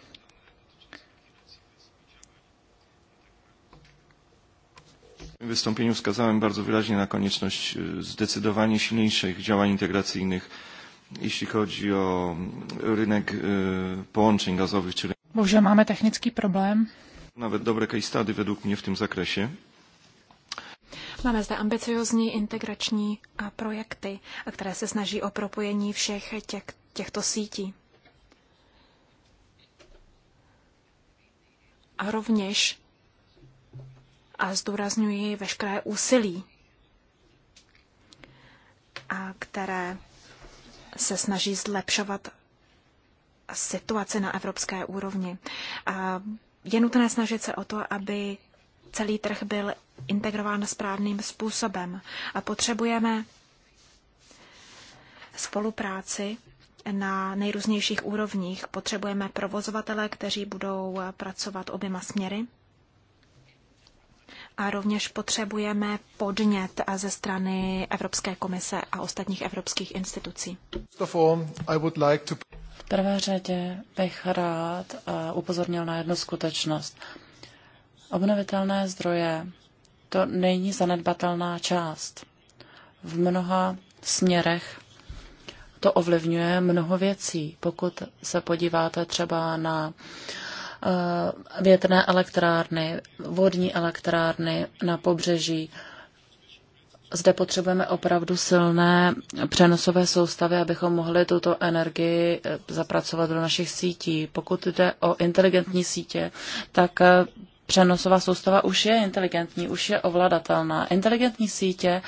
swoim wystąpieniu wskazałem bardzo wyraźnie na konieczność zdecydowanie silniejszych działań integracyjnych, jeśli chodzi o rynek połączeń gazowych czyli. Bohužel máme technický problém. Nawet dobré case study według mě v tom zakresie. Máme zde ambiciozní integrační projekty, které se snaží o propojení všech těch, těchto sítí. A rovněž a zdůrazňuji veškeré úsilí, a které se snaží zlepšovat situace na evropské úrovni. Je nutné snažit se o to, aby celý trh byl integrován správným způsobem. A potřebujeme spolupráci na nejrůznějších úrovních. Potřebujeme provozovatele, kteří budou pracovat oběma směry. A rovněž potřebujeme podnět ze strany Evropské komise a ostatních evropských institucí. V prvé řadě bych rád eh, upozornil na jednu skutečnost. Obnovitelné zdroje to není zanedbatelná část. V mnoha směrech to ovlivňuje mnoho věcí. Pokud se podíváte třeba na eh, větrné elektrárny, vodní elektrárny na pobřeží, zde potřebujeme opravdu silné přenosové soustavy, abychom mohli tuto energii eh, zapracovat do našich sítí. Pokud jde o inteligentní sítě, tak eh, přenosová soustava už je inteligentní, už je ovladatelná. Inteligentní sítě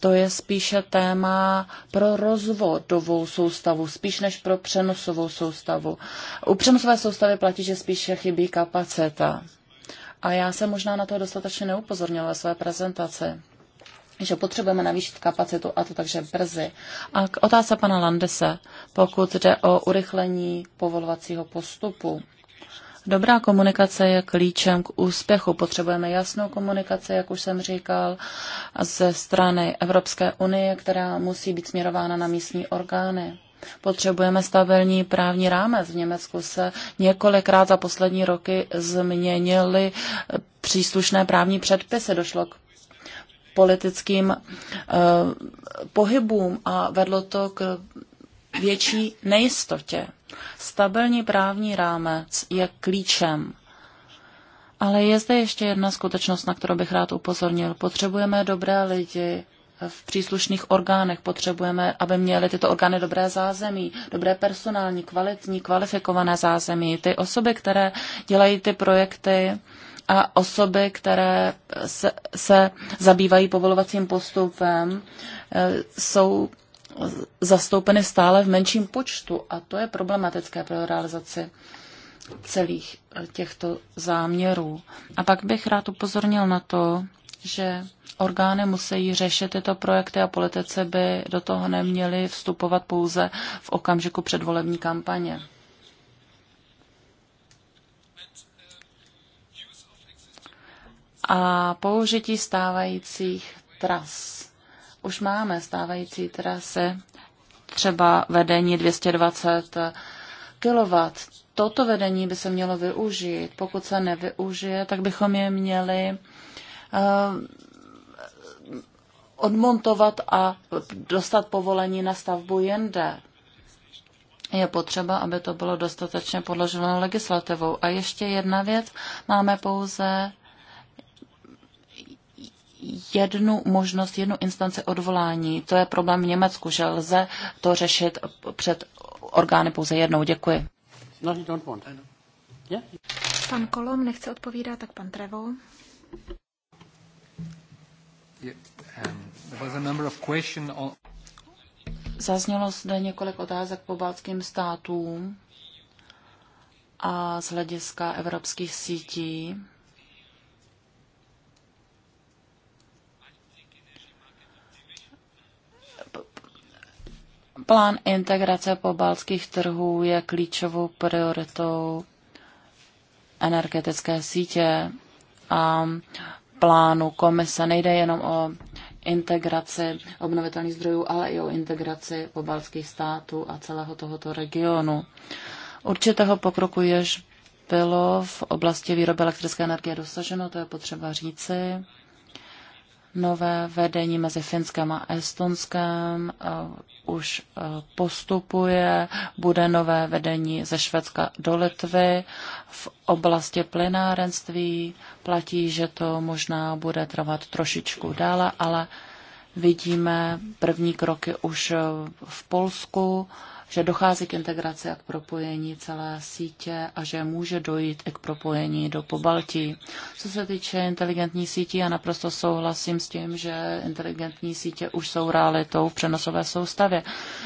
to je spíše téma pro rozvodovou soustavu, spíš než pro přenosovou soustavu. U přenosové soustavy platí, že spíše chybí kapacita. A já jsem možná na to dostatečně neupozornila ve své prezentaci že potřebujeme navýšit kapacitu a to takže brzy. A k otázce pana Landese, pokud jde o urychlení povolovacího postupu. Dobrá komunikace je klíčem k úspěchu. Potřebujeme jasnou komunikaci, jak už jsem říkal, ze strany Evropské unie, která musí být směrována na místní orgány. Potřebujeme stabilní právní rámec. V Německu se několikrát za poslední roky změnily příslušné právní předpisy. Došlo k politickým eh, pohybům a vedlo to k větší nejistotě. Stabilní právní rámec je klíčem. Ale je zde ještě jedna skutečnost, na kterou bych rád upozornil. Potřebujeme dobré lidi v příslušných orgánech. Potřebujeme, aby měly tyto orgány dobré zázemí, dobré personální, kvalitní, kvalifikované zázemí. Ty osoby, které dělají ty projekty, a osoby, které se, se zabývají povolovacím postupem, eh, jsou zastoupeny stále v menším počtu a to je problematické pro realizaci celých eh, těchto záměrů. A pak bych rád upozornil na to, že orgány musí řešit tyto projekty a politici by do toho neměli vstupovat pouze v okamžiku předvolební kampaně. a použití stávajících tras. Už máme stávající trasy, třeba vedení 220 kW. Toto vedení by se mělo využít. Pokud se nevyužije, tak bychom je měli uh, odmontovat a dostat povolení na stavbu jinde. Je potřeba, aby to bylo dostatečně podloženo legislativou. A ještě jedna věc. Máme pouze jednu možnost, jednu instanci odvolání. To je problém v Německu, že lze to řešit před orgány pouze jednou. Děkuji. No, you don't want. Yeah. Pan Kolom nechce odpovídat, tak pan Trevo. Um, Zaznělo zde několik otázek po baltským státům a z hlediska evropských sítí. Plán integrace pobaltských trhů je klíčovou prioritou energetické sítě a plánu komise. Nejde jenom o integraci obnovitelných zdrojů, ale i o integraci pobaltských států a celého tohoto regionu. Určitého pokroku jež bylo v oblasti výroby elektrické energie dosaženo, to je potřeba říci nové vedení mezi Finskem a Estonskem eh, už eh, postupuje, bude nové vedení ze Švédska do Litvy. V oblasti plynárenství platí, že to možná bude trvat trošičku dále, ale vidíme první kroky už eh, v Polsku že dochází k integraci a k propojení celé sítě a že může dojít i k propojení do Pobaltí. Co se týče inteligentní sítí, já naprosto souhlasím s tím, že inteligentní sítě už jsou realitou v přenosové soustavě.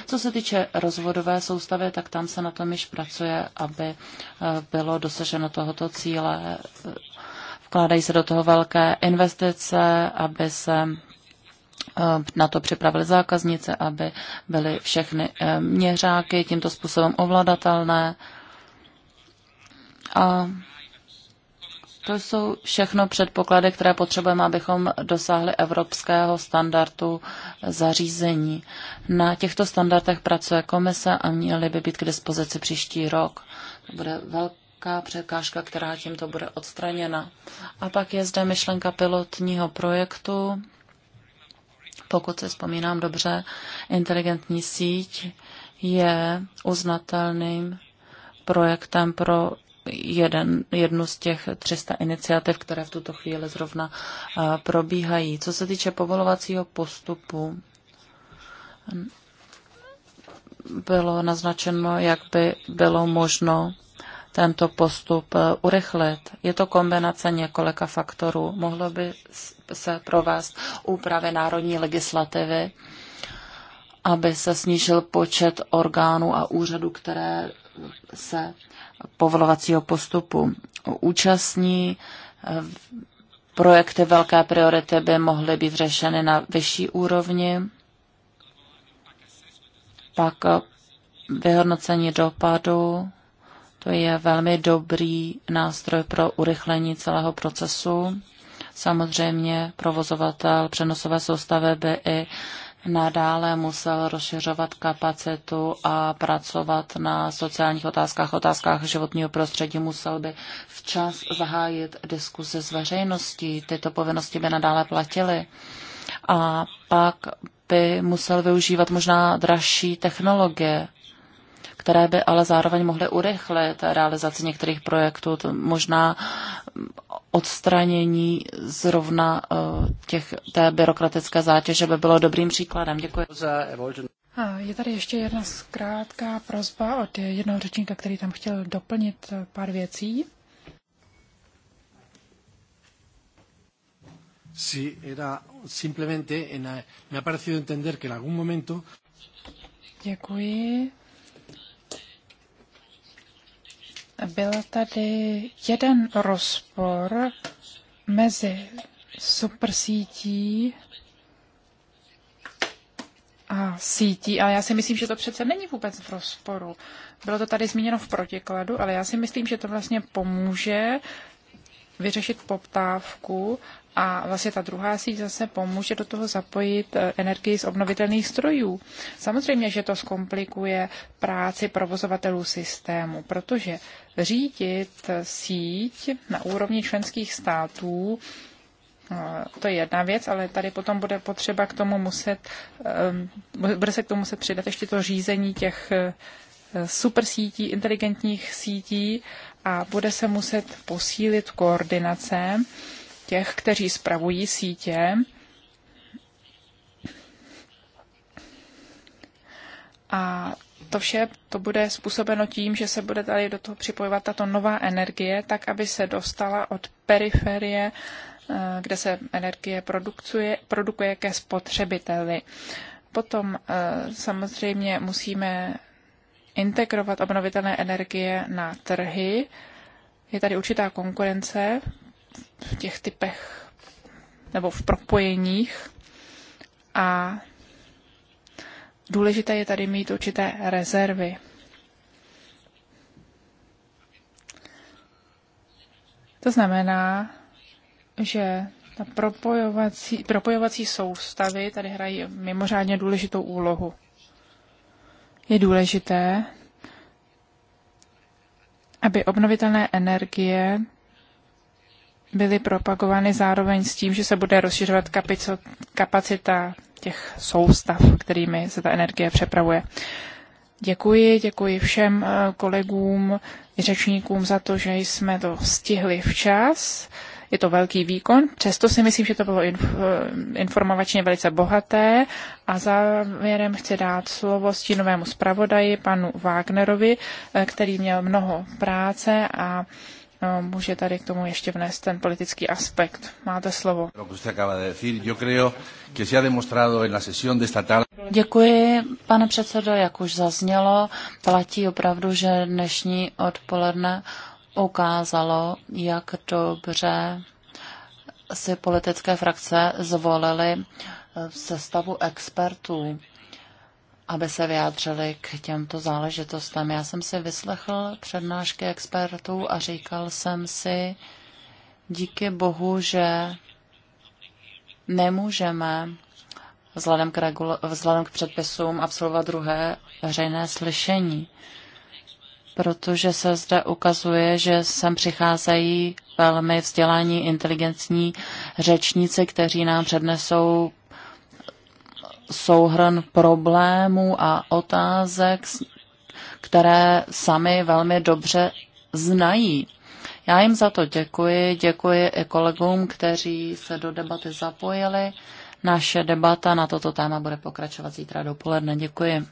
Co se týče rozvodové soustavy, tak tam se na tom již pracuje, aby eh, bylo dosaženo tohoto cíle. Vkládají se do toho velké investice, aby se Eh, na to připravili zákaznice, aby byly všechny eh, měřáky tímto způsobem ovladatelné. A to jsou všechno předpoklady, které potřebujeme, abychom dosáhli evropského standardu zařízení. Na těchto standardech pracuje komise a měly by být k dispozici příští rok. To bude velká překážka, která tímto bude odstraněna. A pak je zde myšlenka pilotního projektu pokud se vzpomínám dobře, inteligentní síť je uznatelným projektem pro jeden, jednu z těch 300 iniciativ, které v tuto chvíli zrovna eh, probíhají. Co se týče povolovacího postupu, bylo naznačeno, jak by bylo možno tento postup eh, urychlit. Je to kombinace několika faktorů. Mohlo by se provést úpravy národní legislativy, aby se snížil počet orgánů a úřadů, které se povolovacího postupu účastní. Eh, projekty velké priority by mohly být řešeny na vyšší úrovni. Pak eh, vyhodnocení dopadu to je velmi dobrý nástroj pro urychlení celého procesu. Samozřejmě provozovatel přenosové soustavy by i nadále musel rozšiřovat kapacitu a pracovat na sociálních otázkách, otázkách životního prostředí. Musel by včas zahájit diskuse s veřejností. Tyto povinnosti by nadále platily. A pak by musel využívat možná dražší technologie, které by ale zároveň mohly urychlit realizaci některých projektů, to možná odstranění zrovna eh, těch, té byrokratické zátěže by bylo dobrým příkladem. Děkuji. Je tady ještě jedna zkrátká prozba od jednoho řečníka, který tam chtěl doplnit eh, pár věcí. Sí, era simplemente, en, eh, me ha parecido entender que en algún momento. Děkuji. byl tady jeden rozpor mezi supersítí a sítí. A já si myslím, že to přece není vůbec v rozporu. Bylo to tady zmíněno v protikladu, ale já si myslím, že to vlastně pomůže vyřešit poptávku a vlastně ta druhá síť zase pomůže do toho zapojit eh, energii z obnovitelných strojů. Samozřejmě, že to zkomplikuje práci provozovatelů systému, protože řídit eh, síť na úrovni členských států eh, to je jedna věc, ale tady potom bude potřeba k tomu muset, ehm, bude se k tomu muset přidat ještě to řízení těch super sítí, inteligentních sítí a bude se muset posílit koordinace těch, kteří spravují sítě, A to vše to bude způsobeno tím, že se bude tady do toho připojovat tato nová energie, tak aby se dostala od periferie, eh, kde se energie produkuje, produkuje ke spotřebiteli. Potom eh, samozřejmě musíme integrovat obnovitelné energie na trhy. Je tady určitá konkurence v těch typech nebo v propojeních a důležité je tady mít určité rezervy. To znamená, že ta propojovací, propojovací soustavy tady hrají mimořádně důležitou úlohu. Je důležité, aby obnovitelné energie byly propagovány zároveň s tím, že se bude rozšiřovat kapacita těch soustav, kterými se ta energie přepravuje. Děkuji, děkuji všem eh, kolegům i řečníkům za to, že jsme to stihli včas. Je to velký výkon, přesto si myslím, že to bylo eh, informačně velice bohaté. A závěrem chci dát slovo stínovému zpravodaji, panu Wagnerovi, eh, který měl mnoho práce a No, může tady k tomu ještě vnést ten politický aspekt. Máte slovo. Děkuji, pane předsedo, jak už zaznělo, platí opravdu, že dnešní odpoledne ukázalo, jak dobře si politické frakce zvolili sestavu expertů aby se vyjádřili k těmto záležitostem. Já jsem si vyslechl přednášky expertů a říkal jsem si, díky bohu, že nemůžeme vzhledem k, regul- vzhledem k předpisům absolvovat druhé veřejné slyšení, protože se zde ukazuje, že sem přicházejí velmi vzdělaní, inteligentní řečníci, kteří nám přednesou souhrn problémů a otázek, které sami velmi dobře znají. Já jim za to děkuji, děkuji i kolegům, kteří se do debaty zapojili. Naše debata na toto téma bude pokračovat zítra dopoledne. Děkuji.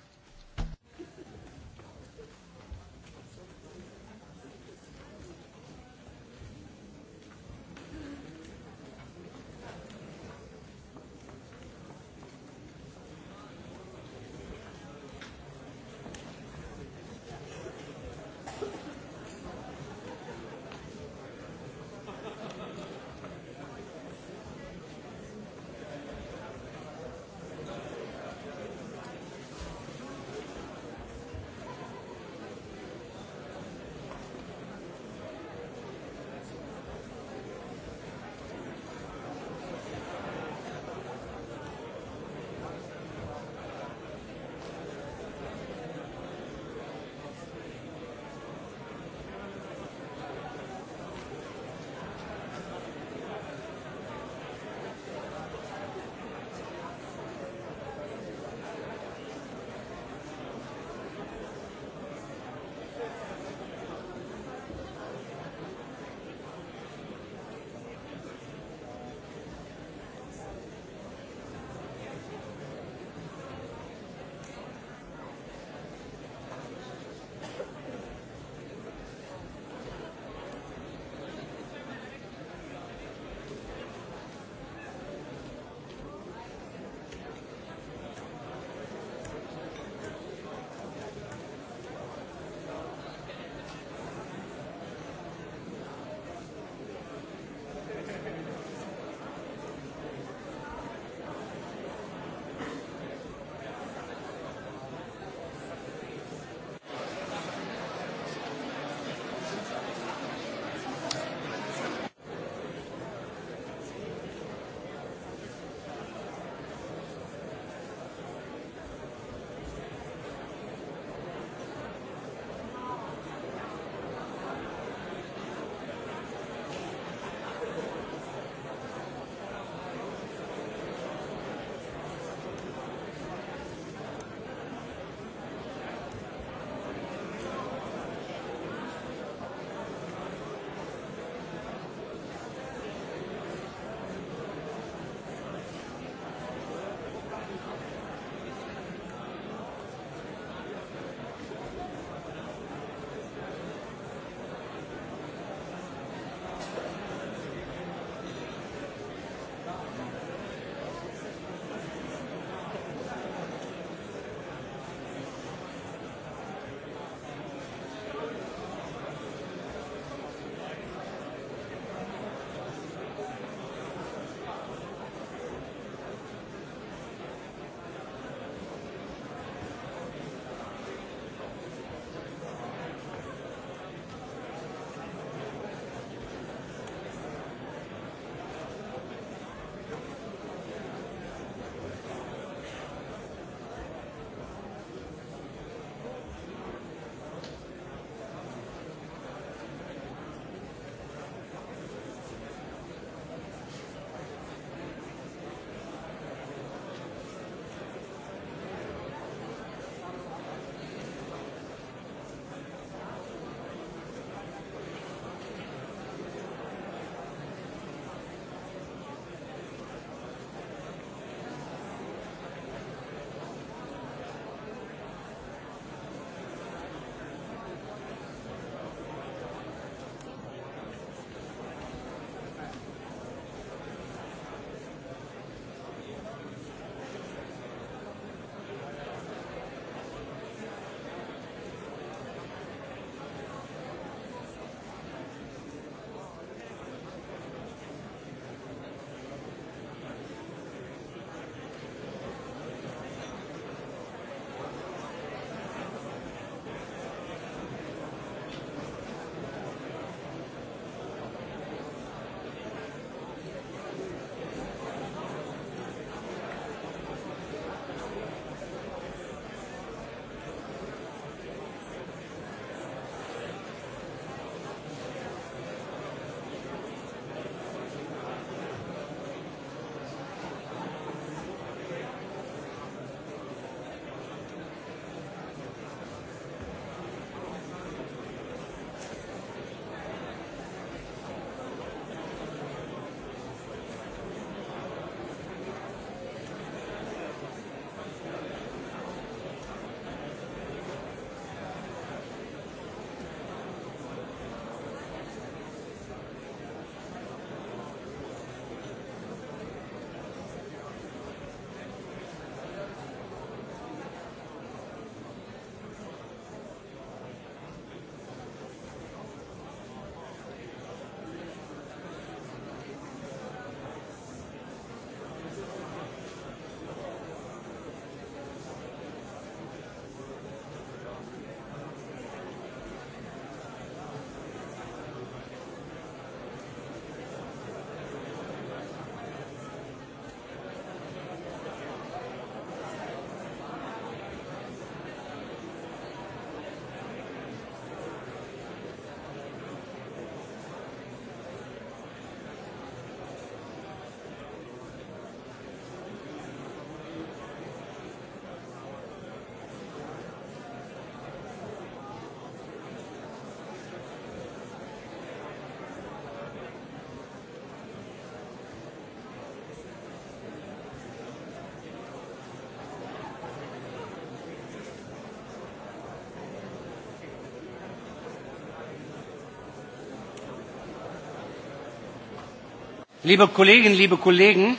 Äh,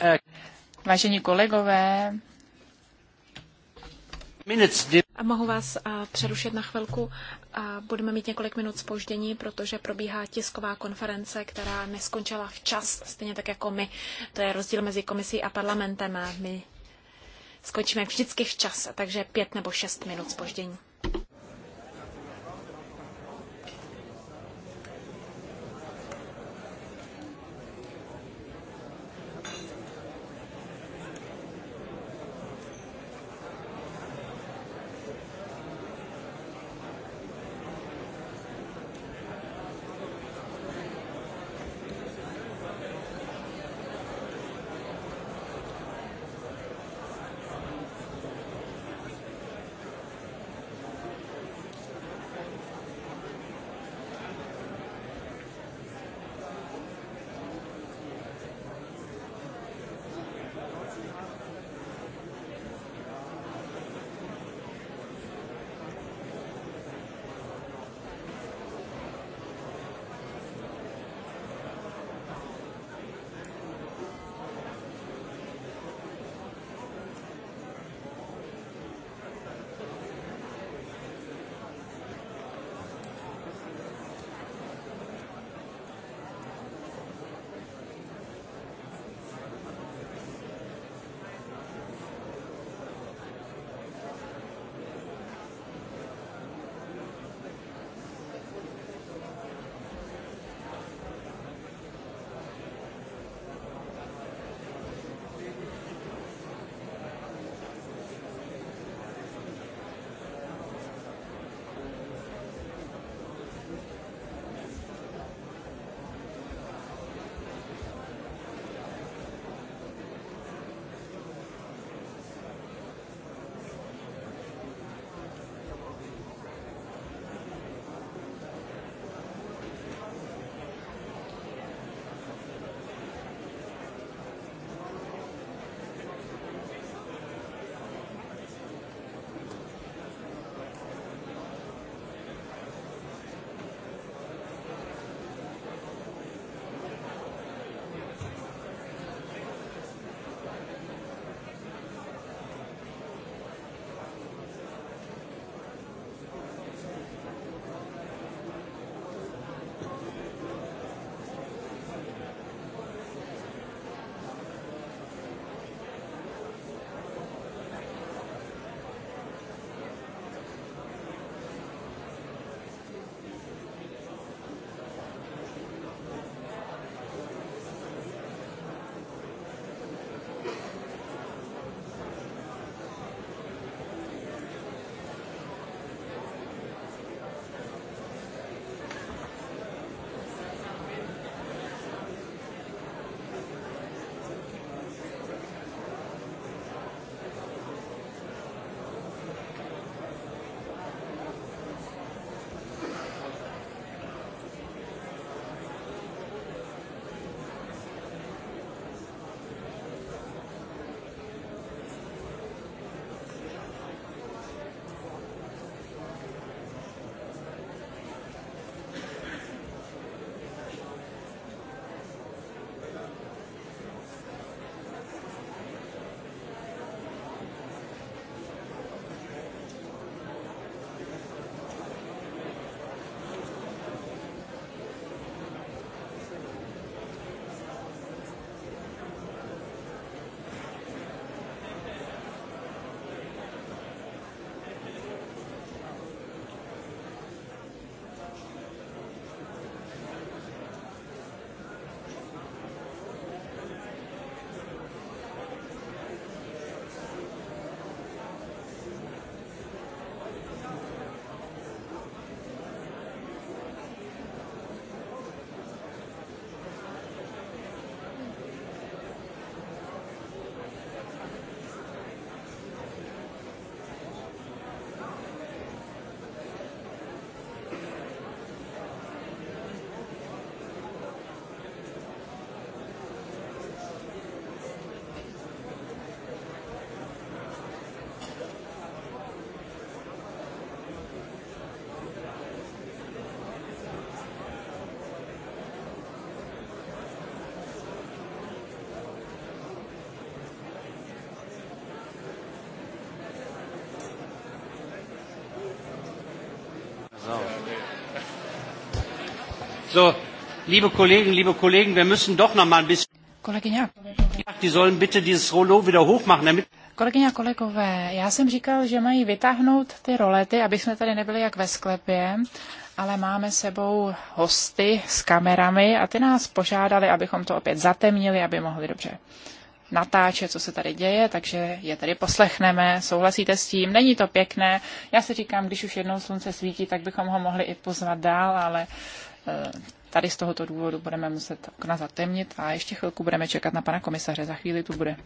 äh, Vážení kolegové, a mohu vás a, přerušit na chvilku. A budeme mít několik minut spoždění, protože probíhá tisková konference, která neskončila včas, stejně tak jako my. To je rozdíl mezi komisí a parlamentem. A my skončíme vždycky včas, takže pět nebo šest minut spoždění. Kolegyně a kolegové. já jsem říkal, že mají vytáhnout ty rolety, aby jsme tady nebyli jak ve sklepě, ale máme sebou hosty s kamerami a ty nás požádali, abychom to opět zatemnili, aby mohli dobře natáčet, co se tady děje, takže je tady poslechneme, souhlasíte s tím, není to pěkné. Já si říkám, když už jednou slunce svítí, tak bychom ho mohli i pozvat dál, ale Eh, tady z tohoto důvodu budeme muset okna zatemnit a ještě chvilku budeme čekat na pana komisaře. Za chvíli tu bude.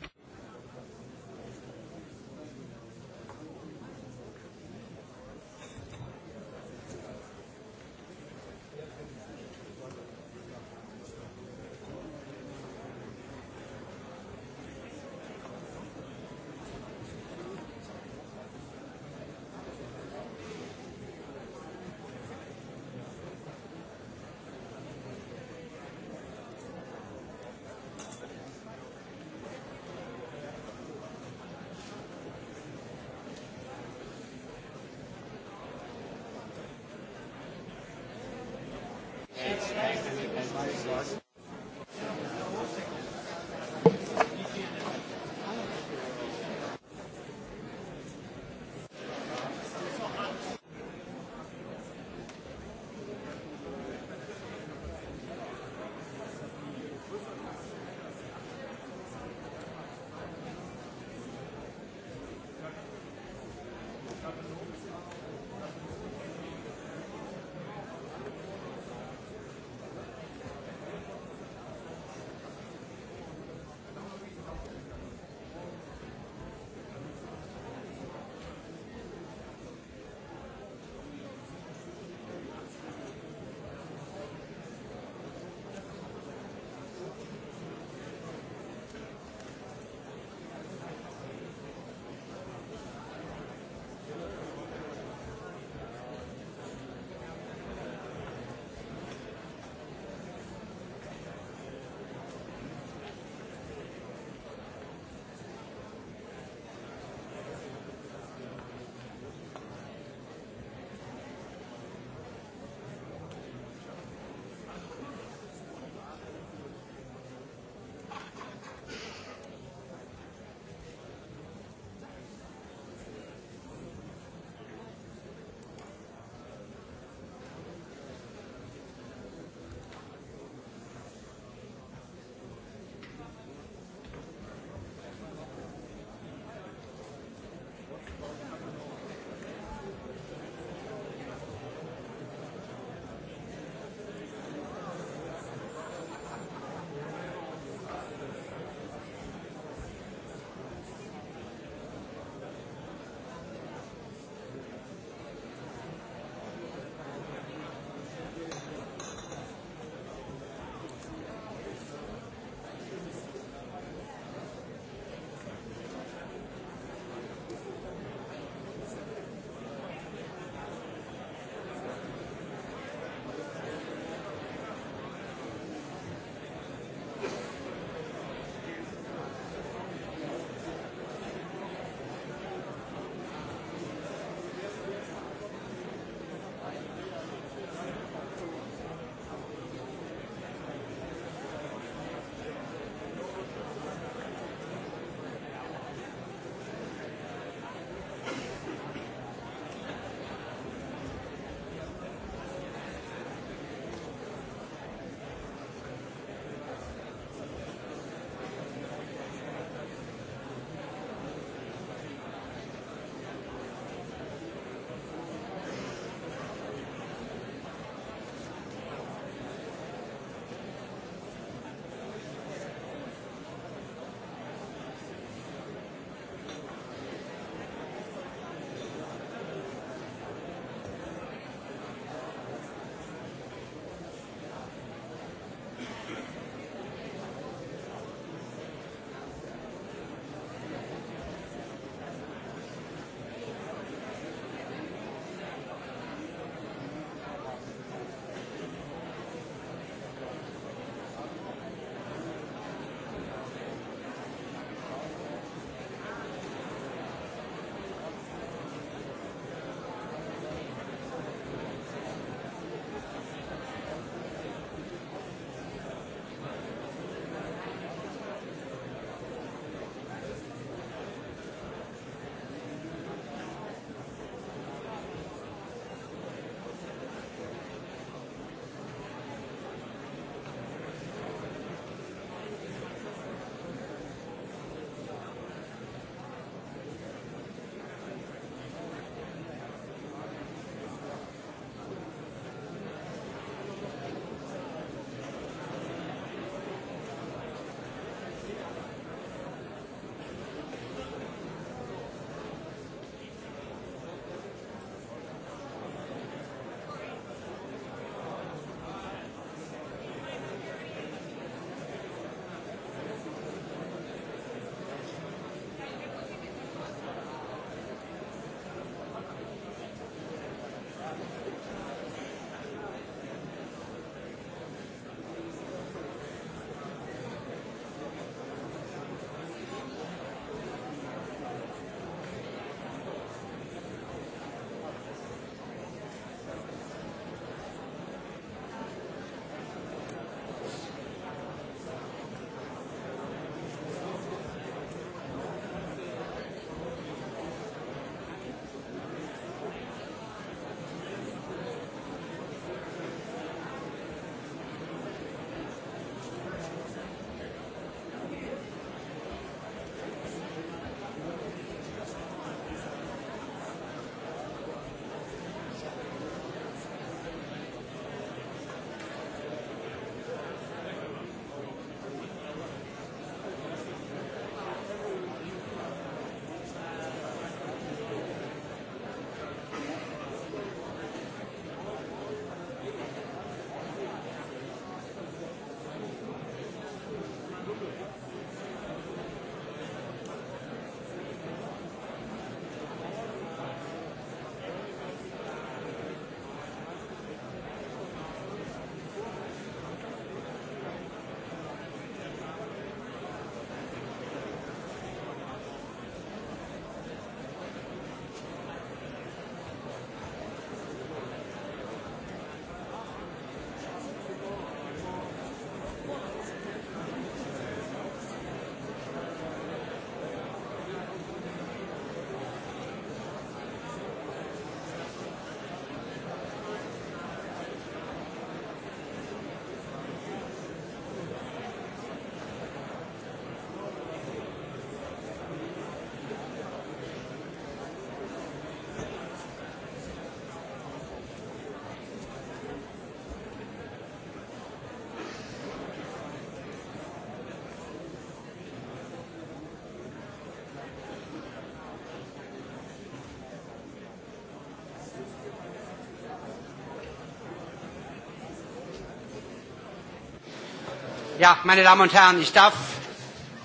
Ja, meine Damen und Herren, ich darf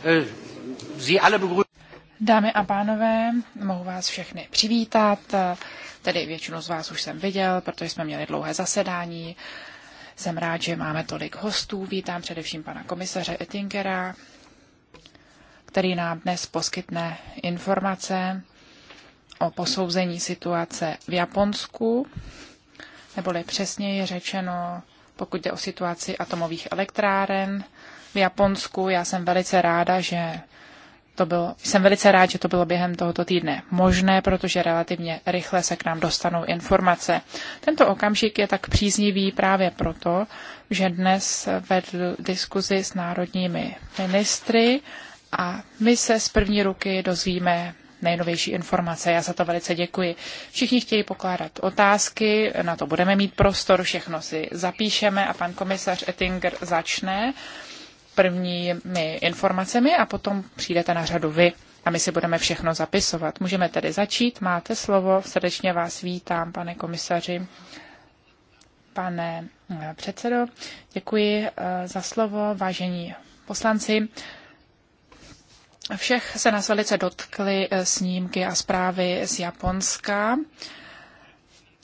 äh, Sie alle begrüßen. Dámy a pánové, mohu vás všechny přivítat. Tedy většinu z vás už jsem viděl, protože jsme měli dlouhé zasedání. Jsem rád, že máme tolik hostů. Vítám především pana komisaře Ettingera, který nám dnes poskytne informace o posouzení situace v Japonsku, neboli přesněji řečeno pokud jde o situaci atomových elektráren v Japonsku. Já jsem velice ráda, že to bylo, jsem velice rád, že to bylo během tohoto týdne možné, protože relativně rychle se k nám dostanou informace. Tento okamžik je tak příznivý právě proto, že dnes vedl diskuzi s národními ministry a my se z první ruky dozvíme nejnovější informace. Já za to velice děkuji. Všichni chtějí pokládat otázky, na to budeme mít prostor, všechno si zapíšeme a pan komisař Ettinger začne prvními informacemi a potom přijdete na řadu vy a my si budeme všechno zapisovat. Můžeme tedy začít, máte slovo, srdečně vás vítám, pane komisaři. Pane eh, předsedo, děkuji eh, za slovo, vážení poslanci. Všech se nás velice dotkly eh, snímky a zprávy z Japonska.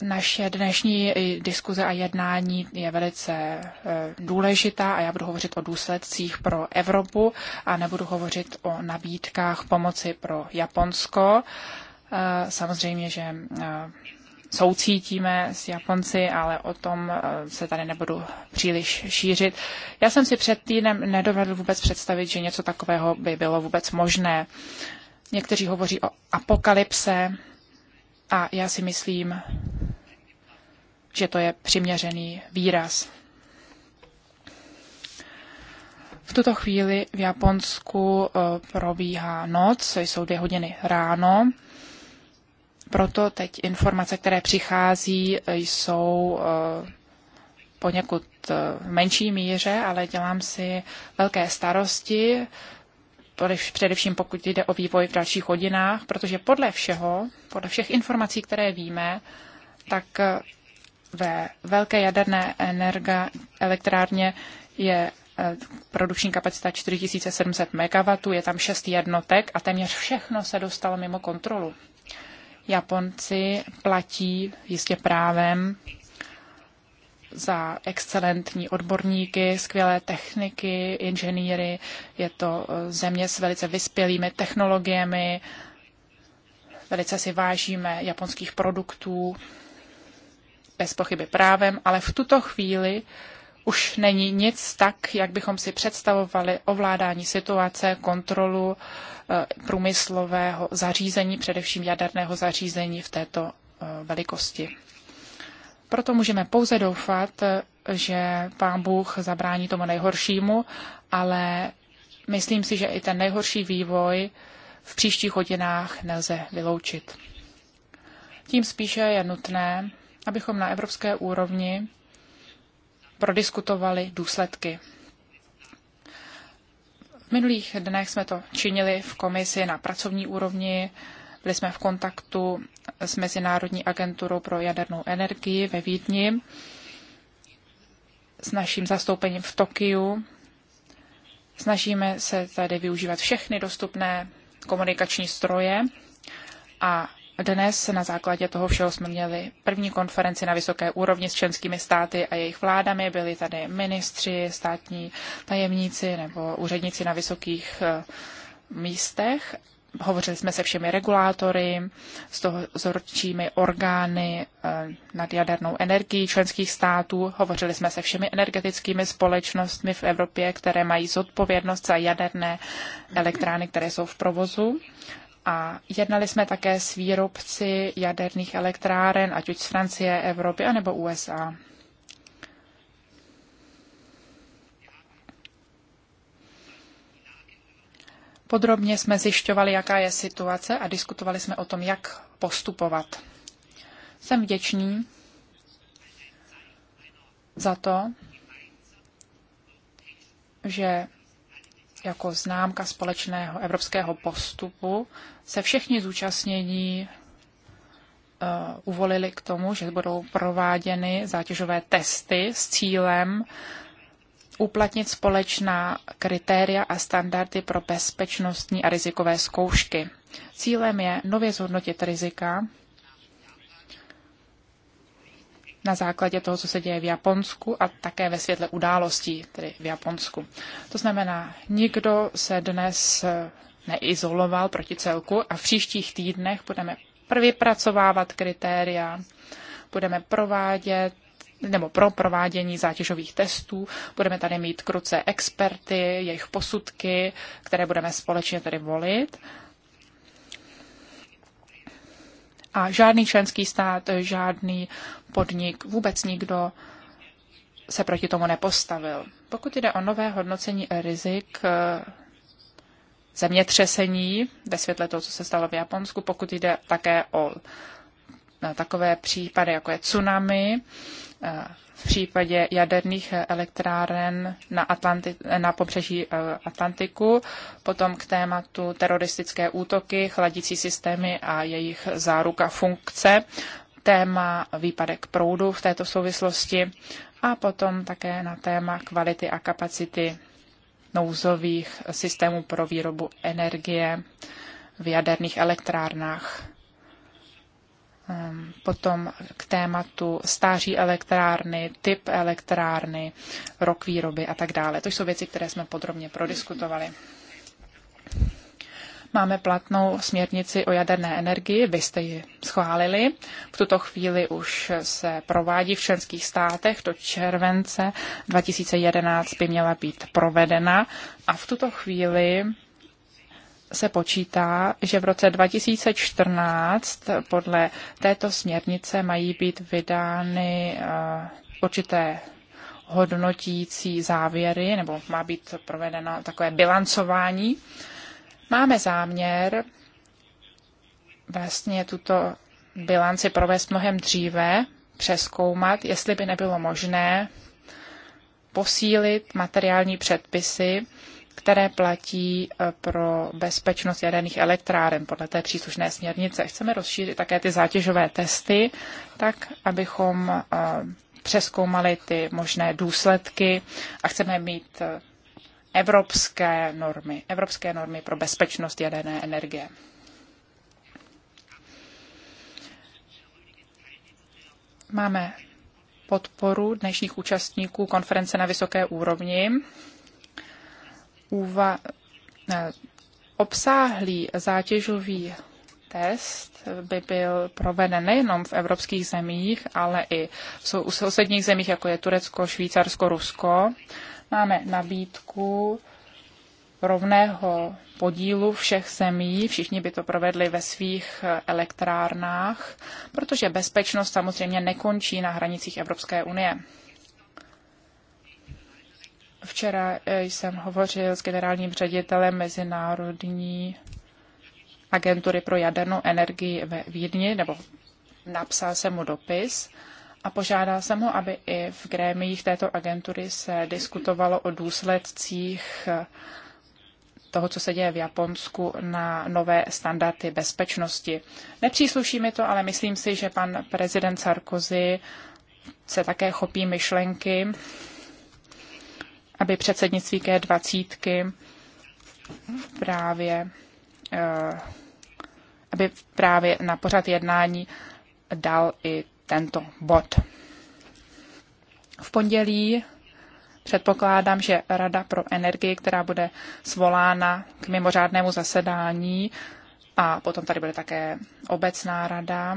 Naše dnešní eh, diskuze a jednání je velice eh, důležitá a já budu hovořit o důsledcích pro Evropu a nebudu hovořit o nabídkách pomoci pro Japonsko. Samozřejmě, že soucítíme s Japonci, ale o tom eh, se tady nebudu příliš šířit. Já jsem si před týdnem nedovedl vůbec představit, že něco takového by bylo vůbec možné. Někteří hovoří o apokalypse a já si myslím, že to je přiměřený výraz. V tuto chvíli v Japonsku eh, probíhá noc, jsou dvě hodiny ráno proto teď informace, které přichází, jsou eh, poněkud eh, v menší míře, ale dělám si velké starosti, především pokud jde o vývoj v dalších hodinách, protože podle všeho, podle všech informací, které víme, tak eh, ve velké jaderné energa, elektrárně je produkční kapacita 4700 MW, je tam šest jednotek a téměř všechno se dostalo mimo kontrolu. Japonci platí jistě právem za excelentní odborníky, skvělé techniky, inženýry. Je to eh, země s velice vyspělými technologiemi. Velice si vážíme japonských produktů, bez pochyby právem, ale v tuto chvíli už není nic tak, jak bychom si představovali ovládání situace, kontrolu Eh, průmyslového zařízení, především jaderného zařízení v této eh, velikosti. Proto můžeme pouze doufat, eh, že pán Bůh zabrání tomu nejhoršímu, ale myslím si, že i ten nejhorší vývoj v příštích hodinách nelze vyloučit. Tím spíše je nutné, abychom na evropské úrovni prodiskutovali důsledky minulých dnech jsme to činili v komisi na pracovní úrovni, byli jsme v kontaktu s Mezinárodní agenturou pro jadernou energii ve Vídni, s naším zastoupením v Tokiu. Snažíme se tady využívat všechny dostupné komunikační stroje a dnes na základě toho všeho jsme měli první konferenci na vysoké úrovni s členskými státy a jejich vládami. Byli tady ministři, státní tajemníci nebo úředníci na vysokých eh, místech. Hovořili jsme se všemi regulátory, s toho zorčími orgány eh, nad jadernou energií členských států. Hovořili jsme se všemi energetickými společnostmi v Evropě, které mají zodpovědnost za jaderné elektrárny, které jsou v provozu a jednali jsme také s výrobci jaderných elektráren, ať už z Francie, Evropy, anebo USA. Podrobně jsme zjišťovali, jaká je situace a diskutovali jsme o tom, jak postupovat. Jsem vděčný za to, že jako známka společného evropského postupu se všichni zúčastnění uh, uvolili k tomu, že budou prováděny zátěžové testy s cílem uplatnit společná kritéria a standardy pro bezpečnostní a rizikové zkoušky. Cílem je nově zhodnotit rizika na základě toho, co se děje v Japonsku a také ve světle událostí, tedy v Japonsku. To znamená, nikdo se dnes neizoloval proti celku a v příštích týdnech budeme vypracovávat kritéria, budeme provádět nebo pro provádění zátěžových testů. Budeme tady mít kruce experty, jejich posudky, které budeme společně tedy volit a žádný členský stát, žádný podnik, vůbec nikdo se proti tomu nepostavil. Pokud jde o nové hodnocení rizik eh, zemětřesení ve světle toho, co se stalo v Japonsku, pokud jde také o eh, takové případy, jako je tsunami, v případě jaderných elektráren na, Atlanti- na pobřeží eh, Atlantiku, potom k tématu teroristické útoky, chladící systémy a jejich záruka funkce, téma výpadek proudu v této souvislosti a potom také na téma kvality a kapacity nouzových systémů pro výrobu energie v jaderných elektrárnách. Ehm, potom k tématu stáří elektrárny, typ elektrárny, rok výroby a tak dále. To jsou věci, které jsme podrobně prodiskutovali. Máme platnou směrnici o jaderné energii, vy jste ji schválili. V tuto chvíli už se provádí v členských státech do července 2011 by měla být provedena a v tuto chvíli se počítá, že v roce 2014 podle této směrnice mají být vydány eh, určité hodnotící závěry, nebo má být provedeno takové bilancování. Máme záměr vlastně tuto bilanci provést mnohem dříve, přeskoumat, jestli by nebylo možné posílit materiální předpisy které platí eh, pro bezpečnost jaderných elektráren podle té příslušné směrnice. Chceme rozšířit také ty zátěžové testy, tak abychom eh, přeskoumali ty možné důsledky a chceme mít eh, evropské normy, evropské normy pro bezpečnost jaderné energie. Máme podporu dnešních účastníků konference na vysoké úrovni úva, obsáhlý zátěžový test by byl proveden nejenom v evropských zemích, ale i v sousedních zemích, jako je Turecko, Švýcarsko, Rusko. Máme nabídku rovného podílu všech zemí, všichni by to provedli ve svých eh, elektrárnách, protože bezpečnost samozřejmě nekončí na hranicích Evropské unie. Včera eh, jsem hovořil s generálním ředitelem Mezinárodní agentury pro jadernou energii ve Vídni, nebo napsal jsem mu dopis a požádal jsem ho, aby i v grémiích této agentury se diskutovalo o důsledcích eh, toho, co se děje v Japonsku na nové standardy bezpečnosti. Nepřísluší mi to, ale myslím si, že pan prezident Sarkozy se také chopí myšlenky, aby předsednictví G20 právě eh, aby právě na pořad jednání dal i tento bod. V pondělí předpokládám, že Rada pro energii, která bude svolána k mimořádnému zasedání, a potom tady bude také obecná rada.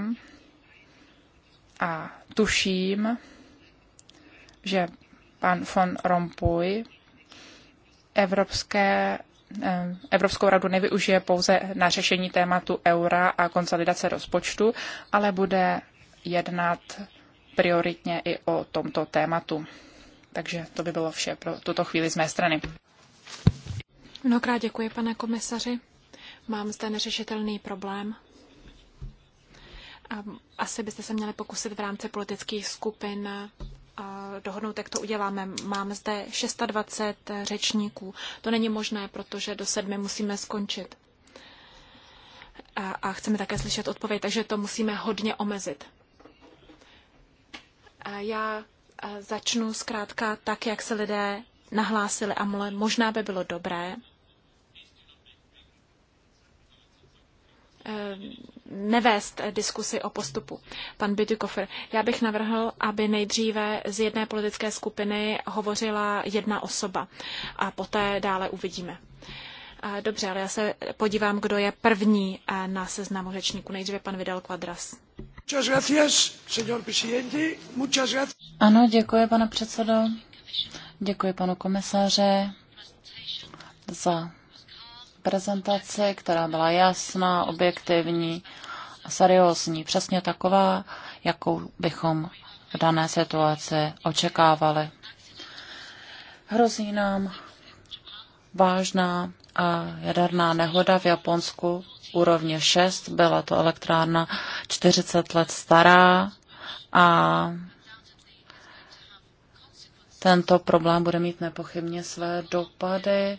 A tuším, že pan von Rompuy Evropské, eh, Evropskou radu nevyužije pouze na řešení tématu eura a konsolidace rozpočtu, ale bude jednat prioritně i o tomto tématu. Takže to by bylo vše pro tuto chvíli z mé strany. Mnohokrát děkuji, pane komisaři. Mám zde neřešitelný problém. Asi byste se měli pokusit v rámci politických skupin dohodnout, jak to uděláme. Mám zde 620 řečníků. To není možné, protože do sedmi musíme skončit. A, a chceme také slyšet odpověď, takže to musíme hodně omezit. A já začnu zkrátka tak, jak se lidé nahlásili a možná by bylo dobré, Eh, nevést diskusy o postupu. Pan Bidukofer, já bych navrhl, aby nejdříve z jedné politické skupiny hovořila jedna osoba a poté dále uvidíme. Dobře, ale já se podívám, kdo je první eh, na seznamu řečníků. Nejdříve pan Vidal Quadras. Ano, děkuji, pane předsedo. Děkuji panu komisaře za prezentaci, která byla jasná, objektivní a seriózní, přesně taková, jakou bychom v dané situaci očekávali. Hrozí nám vážná a jaderná nehoda v Japonsku úrovně 6. Byla to elektrárna 40 let stará a tento problém bude mít nepochybně své dopady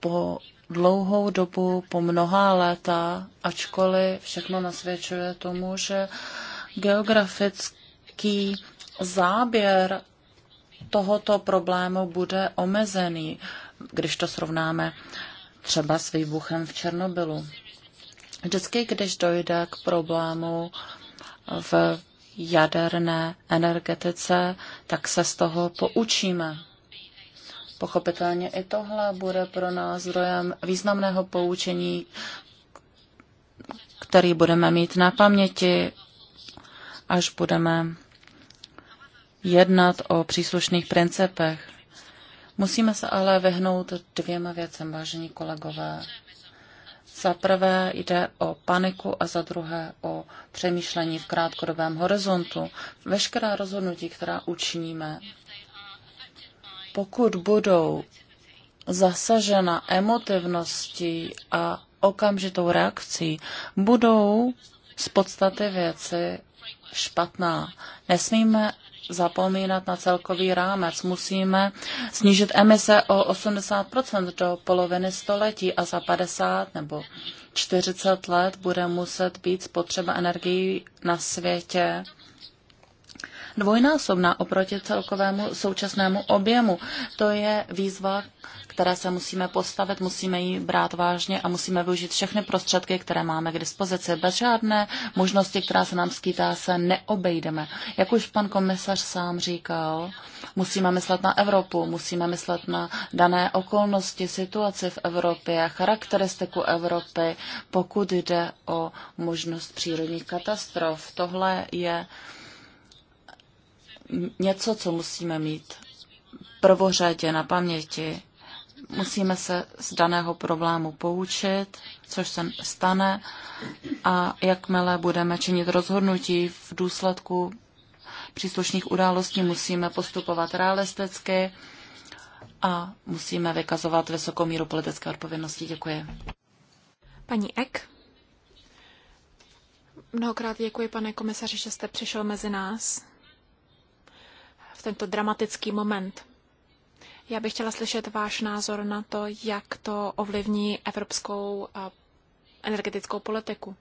po dlouhou dobu, po mnoha léta, ačkoliv všechno nasvědčuje tomu, že geografický záběr tohoto problému bude omezený, když to srovnáme třeba s výbuchem v Černobylu. Vždycky, když dojde k problému v jaderné energetice, tak se z toho poučíme. Pochopitelně i tohle bude pro nás zdrojem významného poučení, který budeme mít na paměti, až budeme jednat o příslušných principech. Musíme se ale vyhnout dvěma věcem, vážení kolegové. Za prvé jde o paniku a za druhé o přemýšlení v krátkodobém horizontu. Veškerá rozhodnutí, která učiníme, pokud budou zasažena emotivností a okamžitou reakcí, budou z podstaty věci špatná. Nesmíme zapomínat na celkový rámec. Musíme snížit emise o 80% do poloviny století a za 50 nebo 40 let bude muset být spotřeba energií na světě dvojnásobná oproti celkovému současnému objemu. To je výzva, které se musíme postavit, musíme ji brát vážně a musíme využít všechny prostředky, které máme k dispozici. Bez žádné možnosti, která se nám skýtá, se neobejdeme. Jak už pan komisař sám říkal, musíme myslet na Evropu, musíme myslet na dané okolnosti, situaci v Evropě, charakteristiku Evropy, pokud jde o možnost přírodních katastrof. Tohle je něco, co musíme mít prvořadě na paměti. Musíme se z daného problému poučit, což se stane a jakmile budeme činit rozhodnutí v důsledku příslušných událostí, musíme postupovat realisticky a musíme vykazovat vysokou míru politické odpovědnosti. Děkuji. Paní Ek. Mnohokrát děkuji, pane komisaři, že jste přišel mezi nás v tento dramatický moment. Já bych chtěla slyšet váš názor na to, jak to ovlivní evropskou eh, energetickou politiku.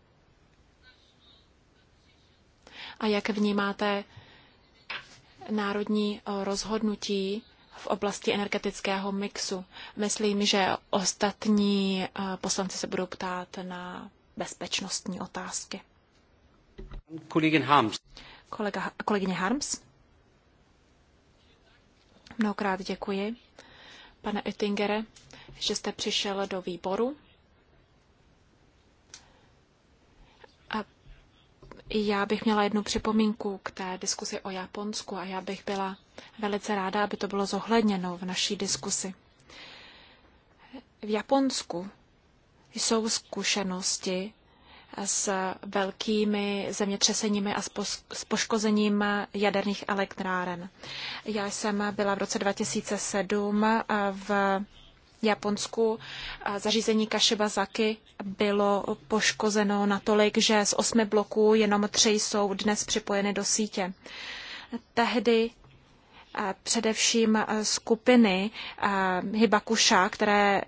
A jak vnímáte národní eh, rozhodnutí v oblasti energetického mixu. Myslím, že ostatní eh, poslanci se budou ptát na bezpečnostní otázky. Kolega, kolegyně Harms. Mnohokrát děkuji, pane Ettingere, že jste přišel do výboru. A já bych měla jednu připomínku k té diskusi o Japonsku a já bych byla velice ráda, aby to bylo zohledněno v naší diskusi. V Japonsku jsou zkušenosti s velkými zemětřeseními a s poškozením jaderných elektráren. Já jsem byla v roce 2007 eh, v Japonsku eh, zařízení Kashibazaki bylo poškozeno natolik, že z osmi bloků jenom tři jsou dnes připojeny do sítě. Tehdy eh, především skupiny Hibakusha, které,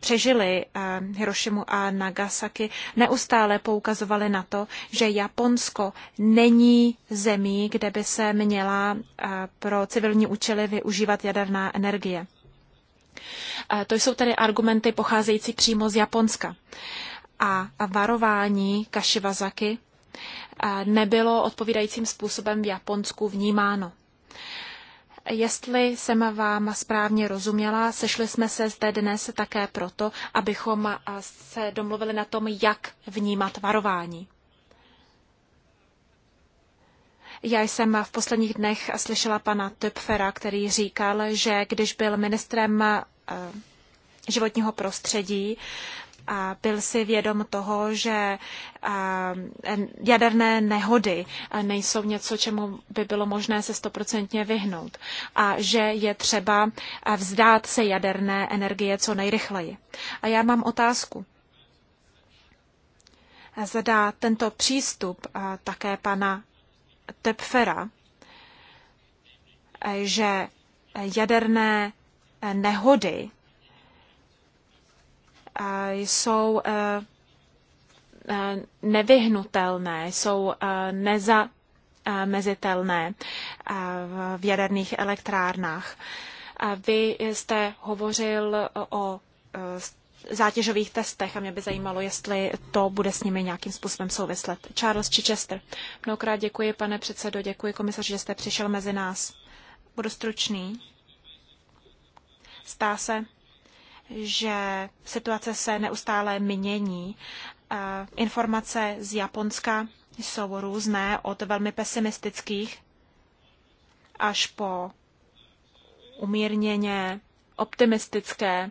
přežili eh, Hirošimu a Nagasaki, neustále poukazovali na to, že Japonsko není zemí, kde by se měla eh, pro civilní účely využívat jaderná energie. Eh, to jsou tedy argumenty pocházející přímo z Japonska. A varování Kashiwazaki nebylo odpovídajícím způsobem v Japonsku vnímáno. Jestli jsem vám správně rozuměla, sešli jsme se zde dnes také proto, abychom se domluvili na tom, jak vnímat varování. Já jsem v posledních dnech slyšela pana Töpfera, který říkal, že když byl ministrem životního prostředí, byl si vědom toho, že jaderné nehody nejsou něco, čemu by bylo možné se stoprocentně vyhnout a že je třeba vzdát se jaderné energie co nejrychleji. A já mám otázku. Zadá tento přístup také pana Tepfera, že jaderné nehody jsou eh, eh, nevyhnutelné, jsou eh, nezamezitelné v jaderných elektrárnách. Vy jste hovořil o zátěžových testech a mě by zajímalo, jestli to bude s nimi nějakým způsobem souvislet. Charles Chichester. Mnohokrát děkuji, pane předsedo, děkuji komisař, že jste přišel mezi nás. Budu stručný. Stá se, že situace se neustále mění. Informace z Japonska jsou různé od velmi pesimistických až po umírněně optimistické,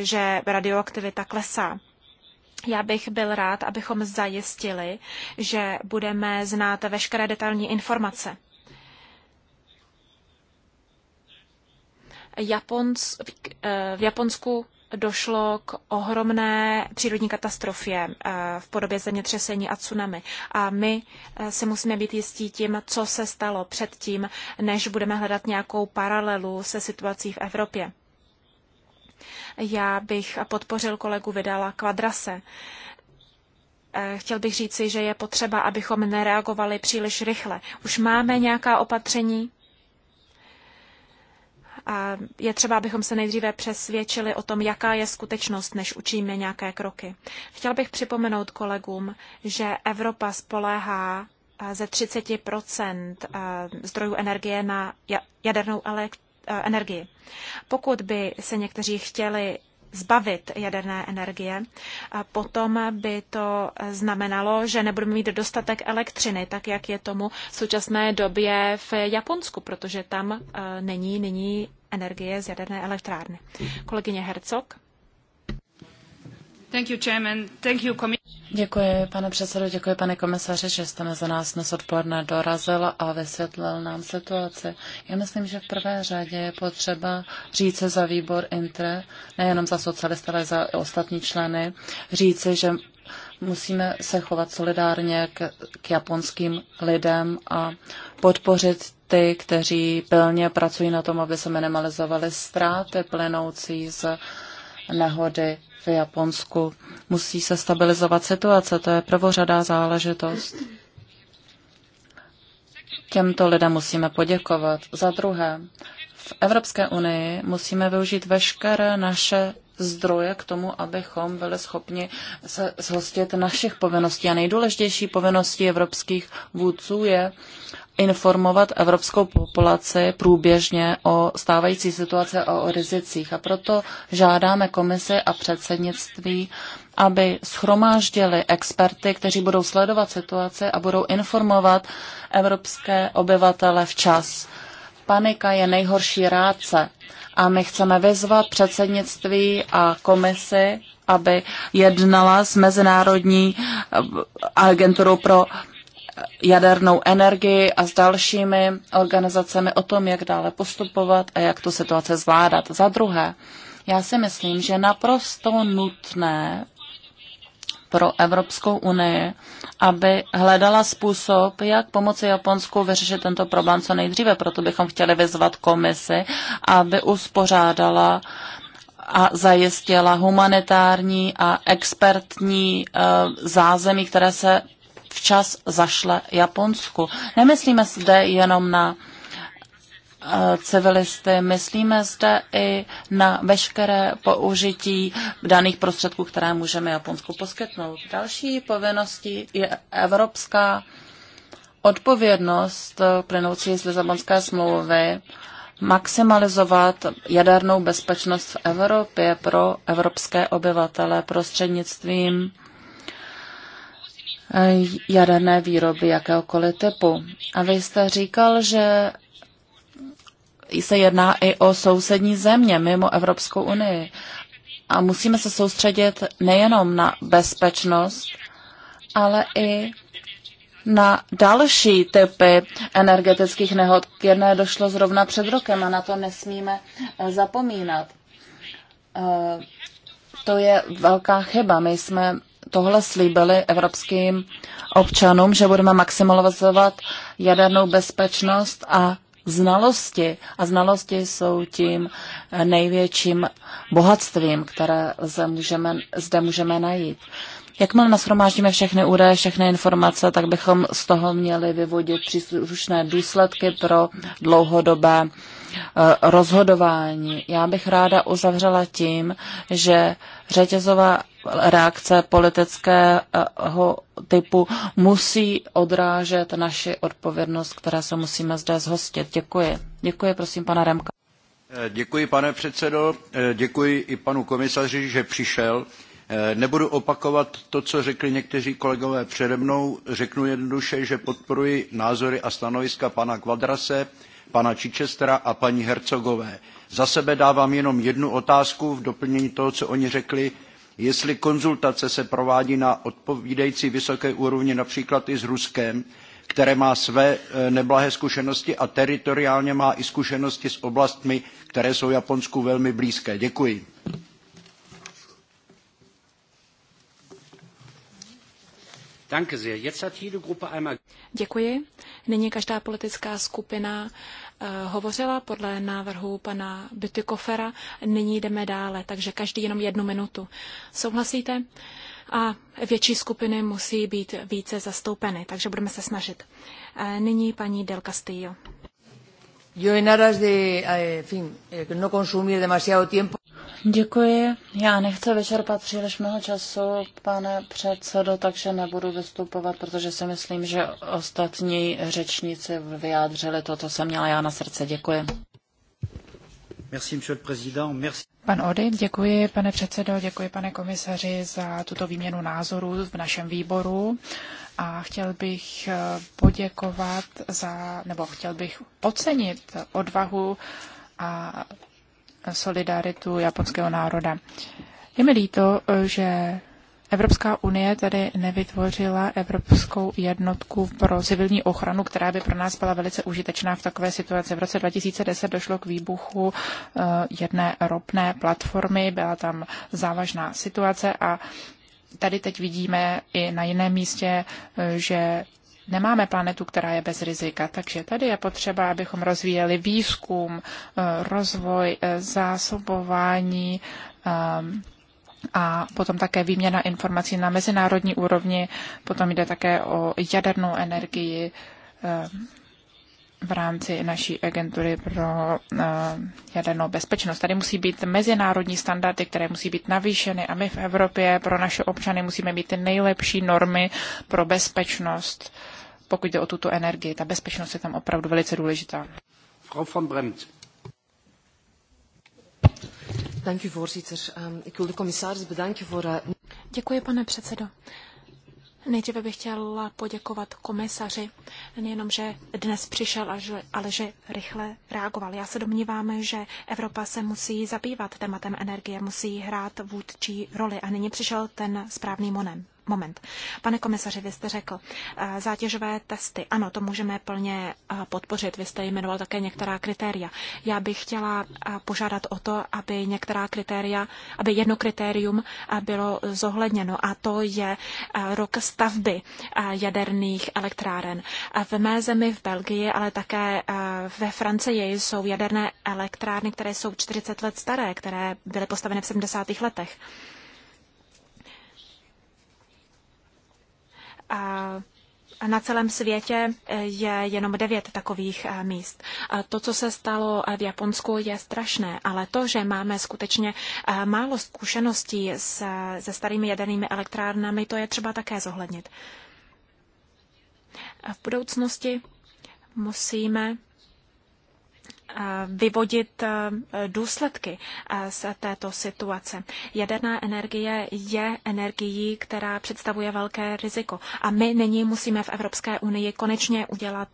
že radioaktivita klesá. Já bych byl rád, abychom zajistili, že budeme znát veškeré detailní informace. Japons, eh, v Japonsku došlo k ohromné přírodní katastrofě eh, v podobě zemětřesení a tsunami. A my eh, se musíme být jistí tím, co se stalo předtím, než budeme hledat nějakou paralelu se situací v Evropě. Já bych podpořil kolegu Vydala Kvadrase. Chtěl bych říci, že je potřeba, abychom nereagovali příliš rychle. Už máme nějaká opatření, je třeba, abychom se nejdříve přesvědčili o tom, jaká je skutečnost, než učíme nějaké kroky. Chtěl bych připomenout kolegům, že Evropa spoléhá eh, ze 30 eh, zdrojů energie na jadernou eh, energii. Pokud by se někteří chtěli zbavit jaderné energie, a potom by to znamenalo, že nebudeme mít dostatek elektřiny, tak jak je tomu v současné době v Japonsku, protože tam není nyní energie z jaderné elektrárny. Mhm. Kolegyně Hercog. Thank you, Chairman. Thank you, Děkuji, pane předsedo, děkuji, pane komisaři, že jste mezi nás dnes odpoledne dorazil a vysvětlil nám situaci. Já myslím, že v prvé řadě je potřeba říci za výbor INTRE, nejenom za socialisty, ale za ostatní členy, říci, že Musíme se chovat solidárně k, k japonským lidem a podpořit ty, kteří plně pracují na tom, aby se minimalizovaly ztráty plynoucí z nehody v Japonsku. Musí se stabilizovat situace, to je prvořadá záležitost. Těmto lidem musíme poděkovat. Za druhé, v Evropské unii musíme využít veškeré naše zdroje k tomu, abychom byli schopni se zhostit našich povinností. A nejdůležitější povinností evropských vůdců je informovat evropskou populaci průběžně o stávající situaci a o rizicích. A proto žádáme komisi a předsednictví, aby schromáždili experty, kteří budou sledovat situaci a budou informovat evropské obyvatele včas. Panika je nejhorší rádce a my chceme vyzvat předsednictví a komisi, aby jednala s Mezinárodní eh, agenturou pro jadernou energii a s dalšími organizacemi o tom, jak dále postupovat a jak tu situaci zvládat. Za druhé, já si myslím, že naprosto nutné pro Evropskou unii, aby hledala způsob, jak pomoci Japonsku vyřešit tento problém co nejdříve. Proto bychom chtěli vyzvat komisi, aby uspořádala a zajistila humanitární a expertní eh, zázemí, které se včas zašle Japonsku. Nemyslíme zde jenom na civilisty. Myslíme zde i na veškeré použití daných prostředků, které můžeme Japonsku poskytnout. Další povinností je evropská odpovědnost plynoucí z Lisabonské smlouvy maximalizovat jadernou bezpečnost v Evropě pro evropské obyvatele prostřednictvím jaderné výroby jakéhokoliv typu. A vy jste říkal, že se jedná i o sousední země mimo Evropskou unii. A musíme se soustředit nejenom na bezpečnost, ale i na další typy energetických nehod. K jedné došlo zrovna před rokem a na to nesmíme eh, zapomínat. Eh, to je velká chyba. My jsme tohle slíbili evropským občanům, že budeme maximalizovat jadernou bezpečnost a znalosti a znalosti jsou tím největším bohatstvím, které zde můžeme, zde můžeme najít. Jakmile nashromáždíme všechny údaje, všechny informace, tak bychom z toho měli vyvodit příslušné důsledky pro dlouhodobé Eh, rozhodování. Já bych ráda uzavřela tím, že řetězová reakce politického typu musí odrážet naši odpovědnost, které se musíme zde zhostit. Děkuji. Děkuji, prosím, pana Remka. Eh, děkuji, pane předsedo. Eh, děkuji i panu komisaři, že přišel. Nebudu opakovat to, co řekli někteří kolegové přede mnou. Řeknu jednoduše, že podporuji názory a stanoviska pana Kvadrase pana Chichestera a paní Hercogové. Za sebe dávám jenom jednu otázku v doplnění toho, co oni řekli, jestli konzultace se provádí na odpovídající vysoké úrovni například i s Ruskem, které má své e, neblahé zkušenosti a teritoriálně má i zkušenosti s oblastmi, které jsou Japonsku velmi blízké. Děkuji. Děkuji. Nyní každá politická skupina eh, hovořila podle návrhu pana Bytykofera. Nyní jdeme dále, takže každý jenom jednu minutu. Souhlasíte? A větší skupiny musí být více zastoupeny, takže budeme se snažit. Eh, nyní paní Del Castillo. Yo en aras de, eh, en fin, eh, no consumir demasiado tiempo. Děkuji. Já nechci vyčerpat příliš mnoho času, pane předsedo, takže nebudu vystupovat, protože si myslím, že ostatní řečníci vyjádřili to, co jsem měla já na srdce. Děkuji. Merci, monsieur le président. Merci. Pan Ody, děkuji, pane předsedo, děkuji, pane komisaři, za tuto výměnu názorů v našem výboru a chtěl bych eh, poděkovat za, nebo chtěl bych ocenit odvahu a solidaritu japonského národa. Je mi líto, eh, že Evropská unie tedy nevytvořila Evropskou jednotku pro civilní ochranu, která by pro nás byla velice užitečná v takové situaci. V roce 2010 došlo k výbuchu eh, jedné ropné platformy, byla tam závažná situace a tady teď vidíme i na jiném místě, eh, že nemáme planetu, která je bez rizika. Takže tady je potřeba, abychom rozvíjeli výzkum, eh, rozvoj, eh, zásobování a potom také výměna informací na mezinárodní úrovni. Potom jde také o jadernou energii v rámci naší agentury pro eh, jadernou bezpečnost. Tady musí být mezinárodní standardy, které musí být navýšeny a my v Evropě pro naše občany musíme mít ty nejlepší normy pro bezpečnost, pokud jde o tuto energii. Ta bezpečnost je tam opravdu velice důležitá. Frau von Bremt. Ehm, eh, Děkuji, pane předsedo. Nejdříve bych chtěla poděkovat komisaři, nejenom, že dnes přišel, ale že rychle reagoval. Já se domnívám, že Evropa se musí zabývat tématem energie, musí hrát vůdčí roli a nyní přišel ten správný moment moment. Pane komisaři, vy jste řekl, eh, zátěžové testy, ano, to můžeme plně eh, podpořit. Vy jste jmenoval také některá kritéria. Já bych chtěla eh, požádat o to, aby některá kritéria, aby jedno kritérium bylo zohledněno a to je rok stavby jaderných elektráren. V mé zemi v Belgii, ale také ve Francii jsou jaderné elektrárny, které jsou 40 let staré, které byly postaveny v 70. letech. A na celém světě e, je jenom devět takových e, míst. To, co se stalo e, v Japonsku, je strašné, ale to, že máme skutečně málo zkušeností se starými jadernými elektrárnami, to je třeba také zohlednit. V budoucnosti musíme vyvodit důsledky z této situace. Jaderná energie je energií, která představuje velké riziko a my nyní musíme v Evropské unii konečně udělat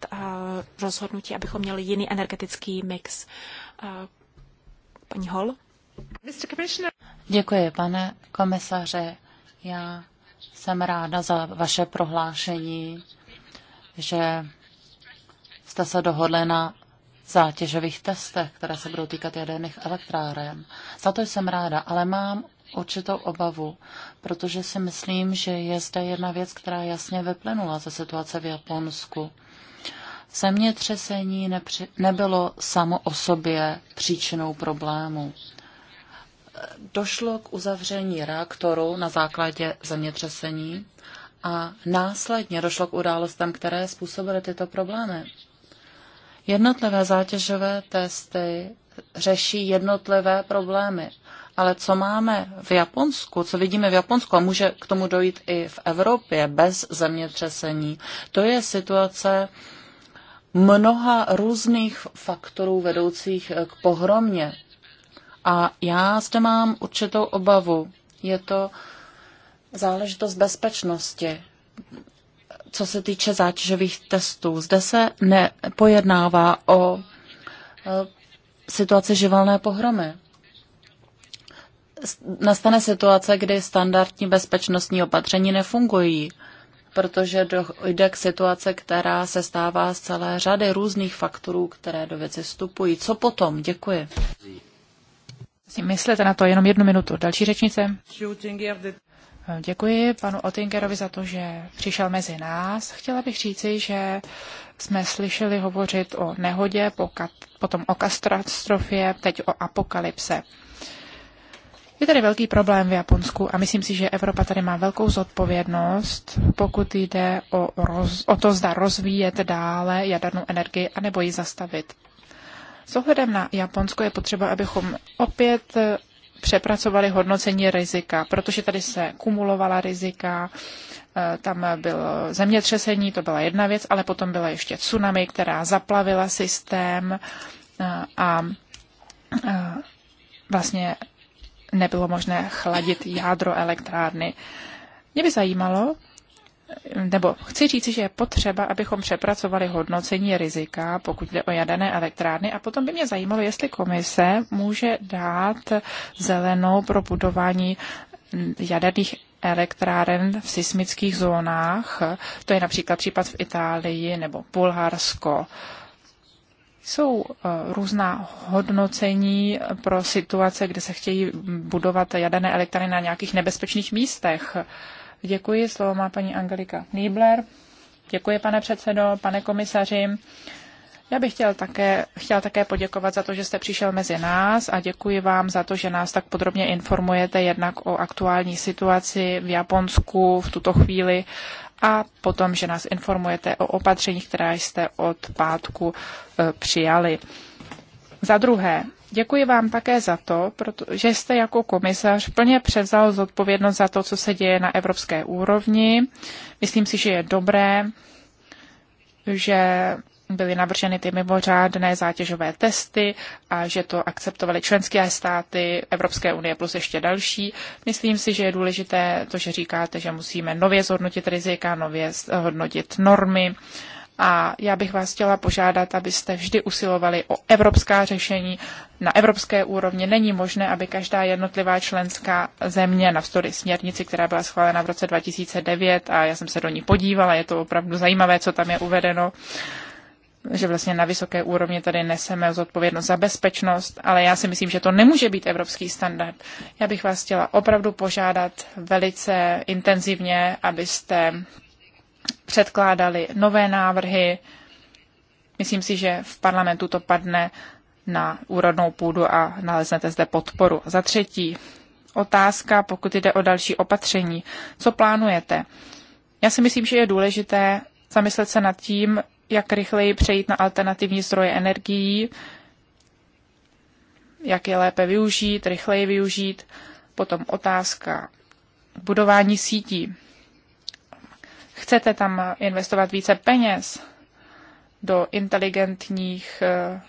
rozhodnutí, abychom měli jiný energetický mix. Paní Hol? Děkuji, pane komisaře. Já jsem ráda za vaše prohlášení, že jste se dohodli na zátěžových testech, které se budou týkat jaderných elektráren. Za to jsem ráda, ale mám určitou obavu, protože si myslím, že je zde jedna věc, která jasně vyplynula ze situace v Japonsku. Zemětřesení nepři- nebylo samo o sobě příčinou problému. Došlo k uzavření reaktoru na základě zemětřesení a následně došlo k událostem, které způsobily tyto problémy. Jednotlivé zátěžové testy řeší jednotlivé problémy. Ale co máme v Japonsku, co vidíme v Japonsku a může k tomu dojít i v Evropě bez zemětřesení, to je situace mnoha různých faktorů vedoucích k pohromě. A já zde mám určitou obavu. Je to záležitost bezpečnosti co se týče zátěžových testů. Zde se nepojednává o e, situaci živelné pohromy. Nastane situace, kdy standardní bezpečnostní opatření nefungují, protože dojde k situace, která se stává z celé řady různých faktorů, které do věci vstupují. Co potom? Děkuji. Myslete na to jenom jednu minutu. Další řečnice. Děkuji panu Otingerovi za to, že přišel mezi nás. Chtěla bych říci, že jsme slyšeli hovořit o nehodě, potom o katastrofě, teď o apokalypse. Je tady velký problém v Japonsku a myslím si, že Evropa tady má velkou zodpovědnost, pokud jde o, roz, o to, zda rozvíjet dále jadernou energii anebo ji zastavit. S ohledem na Japonsko je potřeba, abychom opět přepracovali hodnocení rizika, protože tady se kumulovala rizika, eh, tam bylo zemětřesení, to byla jedna věc, ale potom byla ještě tsunami, která zaplavila systém eh, a eh, vlastně nebylo možné chladit jádro elektrárny. Mě by zajímalo, nebo chci říct, že je potřeba, abychom přepracovali hodnocení rizika, pokud jde o jaderné elektrárny. A potom by mě zajímalo, jestli komise může dát zelenou pro budování jaderných elektráren v sismických zónách. To je například případ v Itálii nebo Bulharsko. Jsou eh, různá hodnocení pro situace, kde se chtějí budovat jaderné elektrárny na nějakých nebezpečných místech. Děkuji, slovo má paní Angelika Niebler. Děkuji, pane předsedo, pane komisaři. Já bych chtěl také, chtěl také poděkovat za to, že jste přišel mezi nás a děkuji vám za to, že nás tak podrobně informujete jednak o aktuální situaci v Japonsku v tuto chvíli a potom, že nás informujete o opatřeních, která jste od pátku eh, přijali. Za druhé, Děkuji vám také za to, že jste jako komisař plně převzal zodpovědnost za to, co se děje na evropské úrovni. Myslím si, že je dobré, že byly navrženy ty mimořádné zátěžové testy a že to akceptovaly členské státy Evropské unie plus ještě další. Myslím si, že je důležité to, že říkáte, že musíme nově zhodnotit rizika, nově zhodnotit normy a já bych vás chtěla požádat, abyste vždy usilovali o evropská řešení na evropské úrovni. Není možné, aby každá jednotlivá členská země navzdory směrnici, která byla schválena v roce 2009 a já jsem se do ní podívala, je to opravdu zajímavé, co tam je uvedeno, že vlastně na vysoké úrovni tady neseme zodpovědnost za bezpečnost, ale já si myslím, že to nemůže být evropský standard. Já bych vás chtěla opravdu požádat velice intenzivně, abyste předkládali nové návrhy. Myslím si, že v parlamentu to padne na úrodnou půdu a naleznete zde podporu. Za třetí, otázka, pokud jde o další opatření. Co plánujete? Já si myslím, že je důležité zamyslet se nad tím, jak rychleji přejít na alternativní zdroje energií, jak je lépe využít, rychleji využít. Potom otázka budování sítí chcete tam investovat více peněz do inteligentních eh,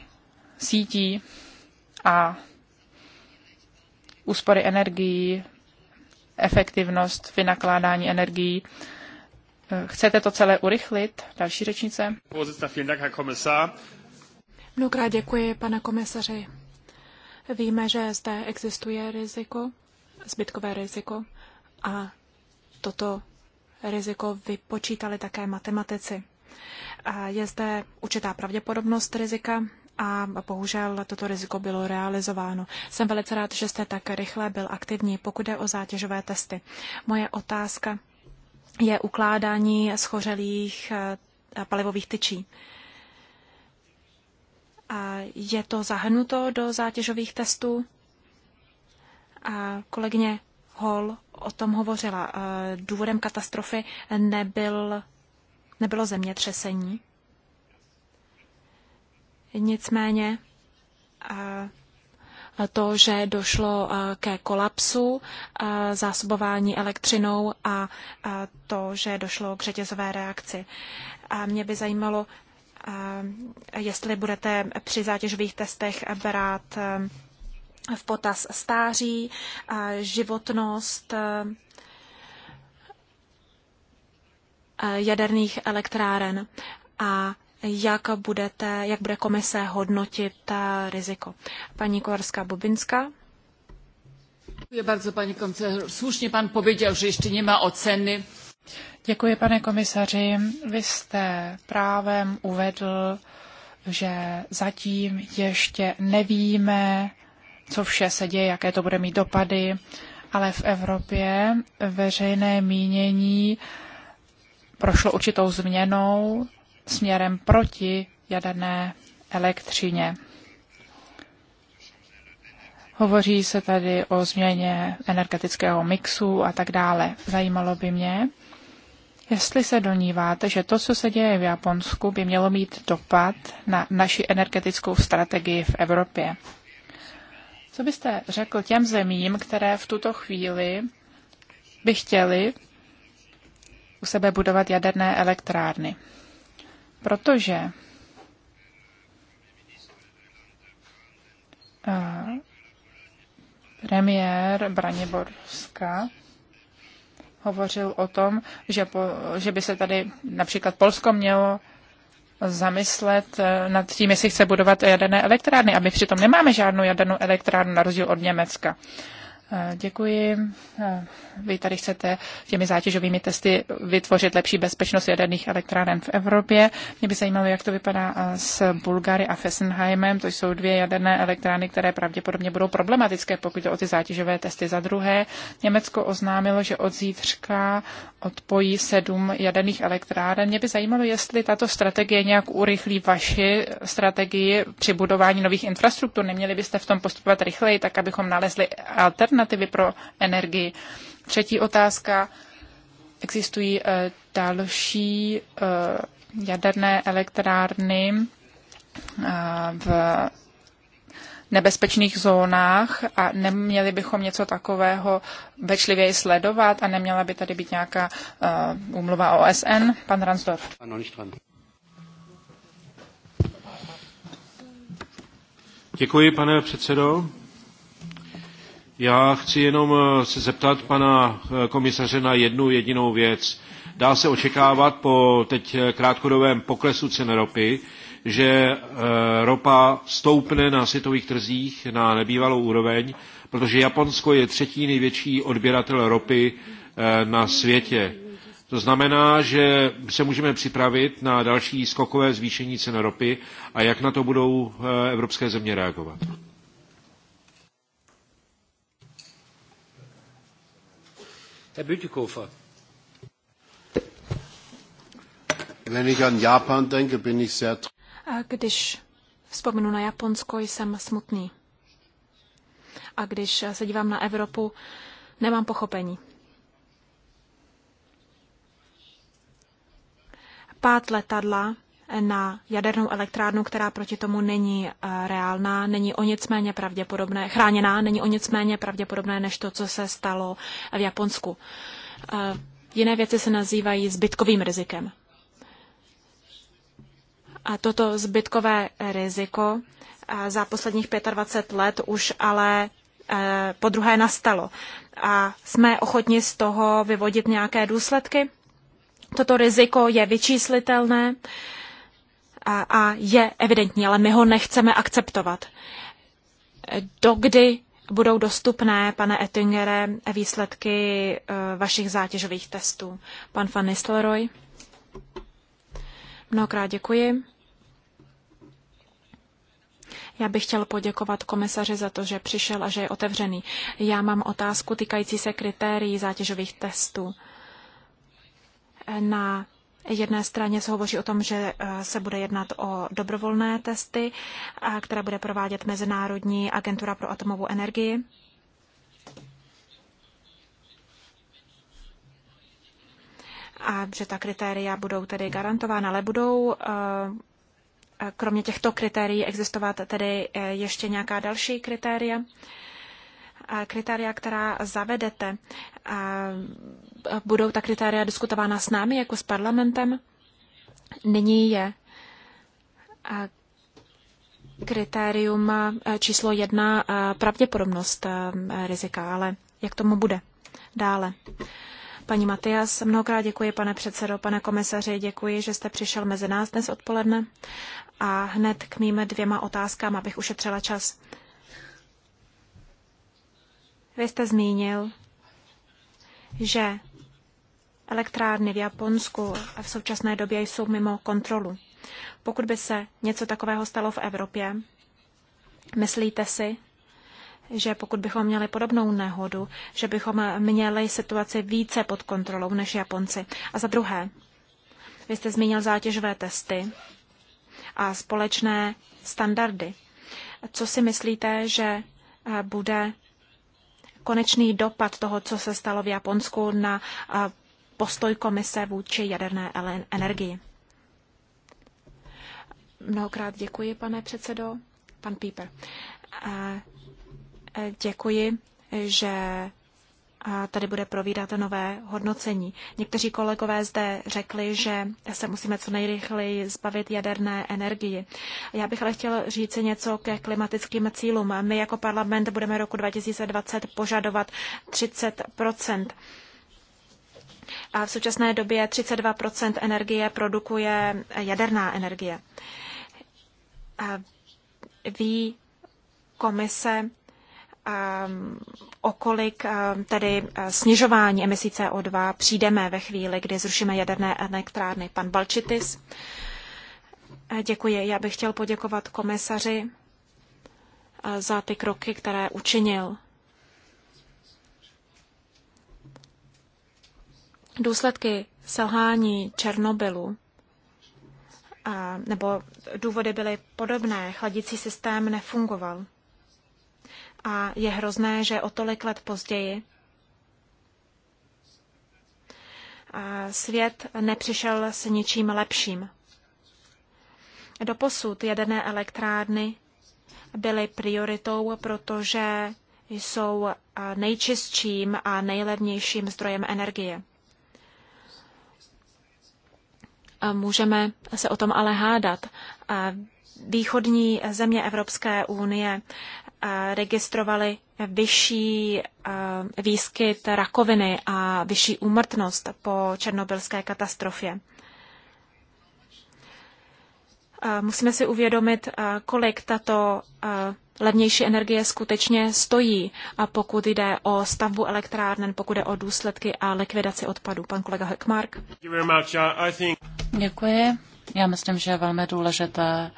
sítí a úspory energií, efektivnost vynakládání energií. Eh, chcete to celé urychlit? Další řečnice. Mnohokrát děkuji, pane komisaři. Víme, že zde existuje riziko, zbytkové riziko a toto riziko vypočítali také matematici. Je zde určitá pravděpodobnost rizika a bohužel toto riziko bylo realizováno. Jsem velice rád, že jste tak rychle byl aktivní, pokud jde o zátěžové testy. Moje otázka je ukládání schořelých eh, palivových tyčí. A je to zahrnuto do zátěžových testů? A kolegyně Hall o tom hovořila. Eh, důvodem katastrofy nebyl, nebylo zemětřesení. Nicméně eh, to, že došlo eh, ke kolapsu zásobování elektřinou a to, že došlo k řetězové reakci. A mě by zajímalo, jestli budete při zátěžových testech brát v potaz stáří, životnost jaderných elektráren a jak, budete, jak bude komise hodnotit riziko. Paní Kovarská-Bobinská. Děkuji bardzo, paní komisař. Slušně pan pověděl, že ještě nemá oceny. Děkuji, pane komisaři. Vy jste právem uvedl, že zatím ještě nevíme, co vše se děje, jaké to bude mít dopady, ale v Evropě veřejné mínění prošlo určitou změnou směrem proti jaderné elektřině. Hovoří se tady o změně energetického mixu a tak dále. Zajímalo by mě, jestli se doníváte, že to, co se děje v Japonsku, by mělo mít dopad na naši energetickou strategii v Evropě. Co byste řekl těm zemím, které v tuto chvíli by chtěli u sebe budovat jaderné elektrárny? Protože eh, premiér Braniborska hovořil o tom, že, po, že by se tady například Polsko mělo zamyslet eh, nad tím, jestli chce budovat jaderné elektrárny. A my přitom nemáme žádnou jadernou elektrárnu na rozdíl od Německa. Eh, děkuji. Eh, vy tady chcete těmi zátěžovými testy vytvořit lepší bezpečnost jaderných elektráren v Evropě. Mě by zajímalo, jak to vypadá eh, s Bulgary a Fessenheimem. To jsou dvě jaderné elektrárny, které pravděpodobně budou problematické, pokud jde o ty zátěžové testy. Za druhé, Německo oznámilo, že od zítřka odpojí sedm jaderných elektráren. Mě by zajímalo, jestli tato strategie nějak urychlí vaši strategii při budování nových infrastruktur. Neměli byste v tom postupovat rychleji, tak abychom nalezli alternativy alternativy pro energii. Třetí otázka. Existují eh, další eh, jaderné elektrárny eh, v nebezpečných zónách a neměli bychom něco takového večlivěji sledovat a neměla by tady být nějaká uh, umluva OSN? Pan Ransdorf. Děkuji, pane předsedo. Já chci jenom eh, se zeptat pana eh, komisaře na jednu jedinou věc. Dá se očekávat po teď eh, krátkodobém poklesu cen ropy, že ropa stoupne na světových trzích na nebývalou úroveň, protože Japonsko je třetí největší odběratel ropy na světě. To znamená, že se můžeme připravit na další skokové zvýšení cen ropy a jak na to budou evropské země reagovat. Herr Bütikofer. Wenn ich an Japan denke, bin ich sehr A když vzpomenu na Japonsko, jsem smutný. A když se dívám na Evropu, nemám pochopení. Pát letadla na jadernou elektrárnu, která proti tomu není eh, reálná, není o nic méně pravděpodobné, chráněná, není o nic méně pravděpodobné, než to, co se stalo v Japonsku. Eh, jiné věci se nazývají zbytkovým rizikem. A toto zbytkové riziko eh, za posledních 25 let už ale po druhé nastalo. A jsme ochotni z toho vyvodit nějaké důsledky? Toto riziko je vyčíslitelné a je evidentní, ale my ho nechceme akceptovat. Dokdy budou dostupné, pane Ettingere, výsledky eh, vašich zátěžových testů? Pan van Nistelrooy? Mnohokrát děkuji. Já bych chtěl poděkovat komisaři za to, že přišel a že je otevřený. Já mám otázku týkající se kritérií zátěžových testů. Na jedné straně se hovoří o tom, že eh, se bude jednat o dobrovolné testy, které bude provádět Mezinárodní agentura pro atomovou energii. A že ta kritéria budou tedy garantována, ale budou eh, kromě těchto kritérií existovat tedy eh, ještě nějaká další kritéria? Kritéria, která zavedete, budou ta kritéria diskutována s námi jako s parlamentem? Nyní je kritérium číslo jedna pravděpodobnost rizika, ale jak tomu bude dále? Paní Matias, mnohokrát děkuji, pane předsedo, pane komisaři, děkuji, že jste přišel mezi nás dnes odpoledne. A hned k mým dvěma otázkám, abych ušetřila čas. Vy jste zmínil, že Elektrárny v Japonsku v současné době jsou mimo kontrolu. Pokud by se něco takového stalo v Evropě, myslíte si, že pokud bychom měli podobnou nehodu, že bychom měli situaci více pod kontrolou než Japonci. A za druhé, vy jste zmínil zátěžové testy a společné standardy. Co si myslíte, že eh, bude konečný dopad toho, co se stalo v Japonsku na eh, postoj komise vůči jaderné energii. Mnohokrát děkuji, pane předsedo. Pan Píper. E, děkuji, že tady bude provídat nové hodnocení. Někteří kolegové zde řekli, že se musíme co nejrychleji zbavit jaderné energii. Já bych ale chtěl říct něco ke klimatickým cílům. My jako parlament budeme roku 2020 požadovat 30 v současné době 32 energie produkuje jaderná energie. Ví komise, ehm, o kolik ehm, tedy eh, snižování emisí CO2 přijdeme ve chvíli, kdy zrušíme jaderné elektrárny. Pan Balčitis. Eh, děkuji. Já bych chtěl poděkovat komisaři eh, za ty kroky, které učinil Důsledky selhání Černobylu a, nebo důvody byly podobné, chladicí systém nefungoval. A je hrozné, že o tolik let později svět nepřišel s ničím lepším. Doposud jedené elektrárny byly prioritou, protože jsou nejčistším a nejlevnějším zdrojem energie. Můžeme se o tom ale hádat. Východní země Evropské unie registrovaly vyšší výskyt rakoviny a vyšší úmrtnost po černobylské katastrofě. Musíme si uvědomit, kolik tato levnější energie skutečně stojí, a pokud jde o stavbu elektrárnen, pokud jde o důsledky a likvidaci odpadů. Pan kolega Heckmark. Uh, Děkuji. Já myslím, že je velmi důležité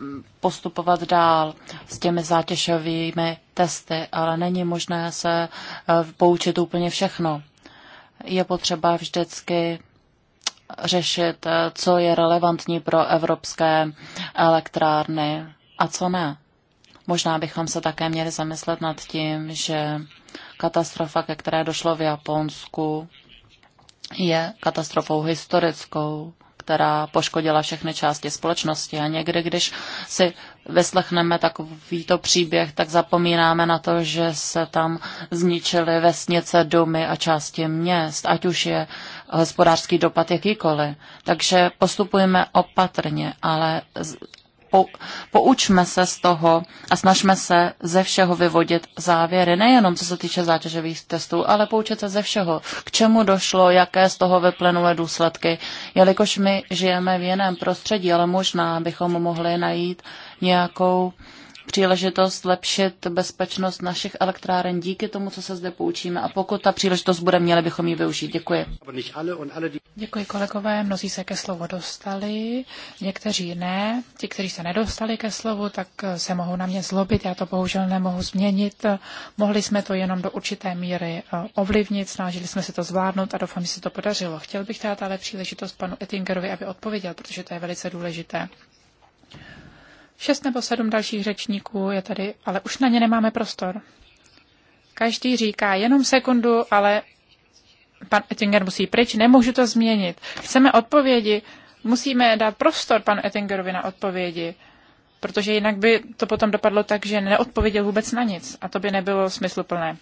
mm, postupovat dál s těmi zátěžovými testy, ale není možné se eh, poučit úplně všechno. Je potřeba vždycky řešit, eh, co je relevantní pro evropské elektrárny a co ne. Možná bychom se také měli zamyslet nad tím, že katastrofa, ke které došlo v Japonsku, je katastrofou historickou, která poškodila všechny části společnosti. A někdy, když si vyslechneme takovýto příběh, tak zapomínáme na to, že se tam zničily vesnice, domy a části měst, ať už je hospodářský dopad jakýkoliv. Takže postupujeme opatrně, ale po, poučme se z toho a snažme se ze všeho vyvodit závěry, nejenom co se týče zátěžových testů, ale poučit se ze všeho, k čemu došlo, jaké z toho vyplynuly důsledky, jelikož my žijeme v jiném prostředí, ale možná bychom mohli najít nějakou příležitost zlepšit bezpečnost našich elektráren díky tomu, co se zde poučíme. A pokud ta příležitost bude, měli bychom ji využít. Děkuji. Děkuji kolegové, mnozí se ke slovu dostali, někteří ne. Ti, kteří se nedostali ke slovu, tak eh, se mohou na mě zlobit, já to bohužel nemohu změnit. Mohli jsme to jenom do určité míry eh, ovlivnit, snažili jsme se to zvládnout a doufám, že se to podařilo. Chtěl bych dát ale příležitost panu Ettingerovi, aby odpověděl, protože to je velice důležité. Šest nebo sedm dalších řečníků je tady, ale už na ně nemáme prostor. Každý říká jenom sekundu, ale pan Ettinger musí pryč, nemůžu to změnit. Chceme odpovědi, musíme dát prostor panu Ettingerovi na odpovědi, protože jinak by to potom dopadlo tak, že neodpověděl vůbec na nic a to by nebylo smysluplné.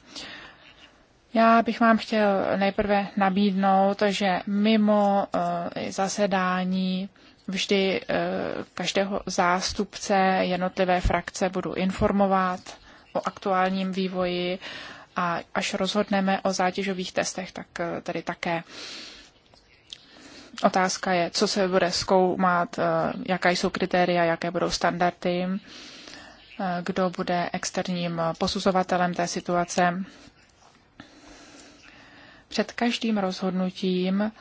Já bych vám chtěl nejprve nabídnout, že mimo eh, zasedání Vždy eh, každého zástupce jednotlivé frakce budu informovat o aktuálním vývoji a až rozhodneme o zátěžových testech, tak eh, tady také otázka je, co se bude zkoumat, eh, jaká jsou kritéria, jaké budou standardy, kdo bude externím posuzovatelem té situace. Před každým rozhodnutím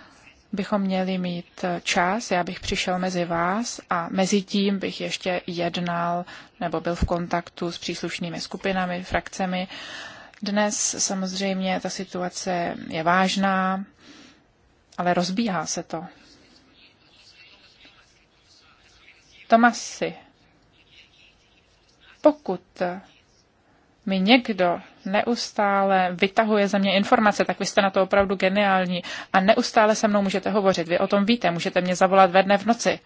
bychom měli mít čas, já bych přišel mezi vás a mezi tím bych ještě jednal nebo byl v kontaktu s příslušnými skupinami, frakcemi. Dnes samozřejmě ta situace je vážná, ale rozbíhá se to. Tomasi, pokud mi někdo neustále vytahuje ze mě informace, tak vy jste na to opravdu geniální a neustále se mnou můžete hovořit. Vy o tom víte, můžete mě zavolat ve dne v noci.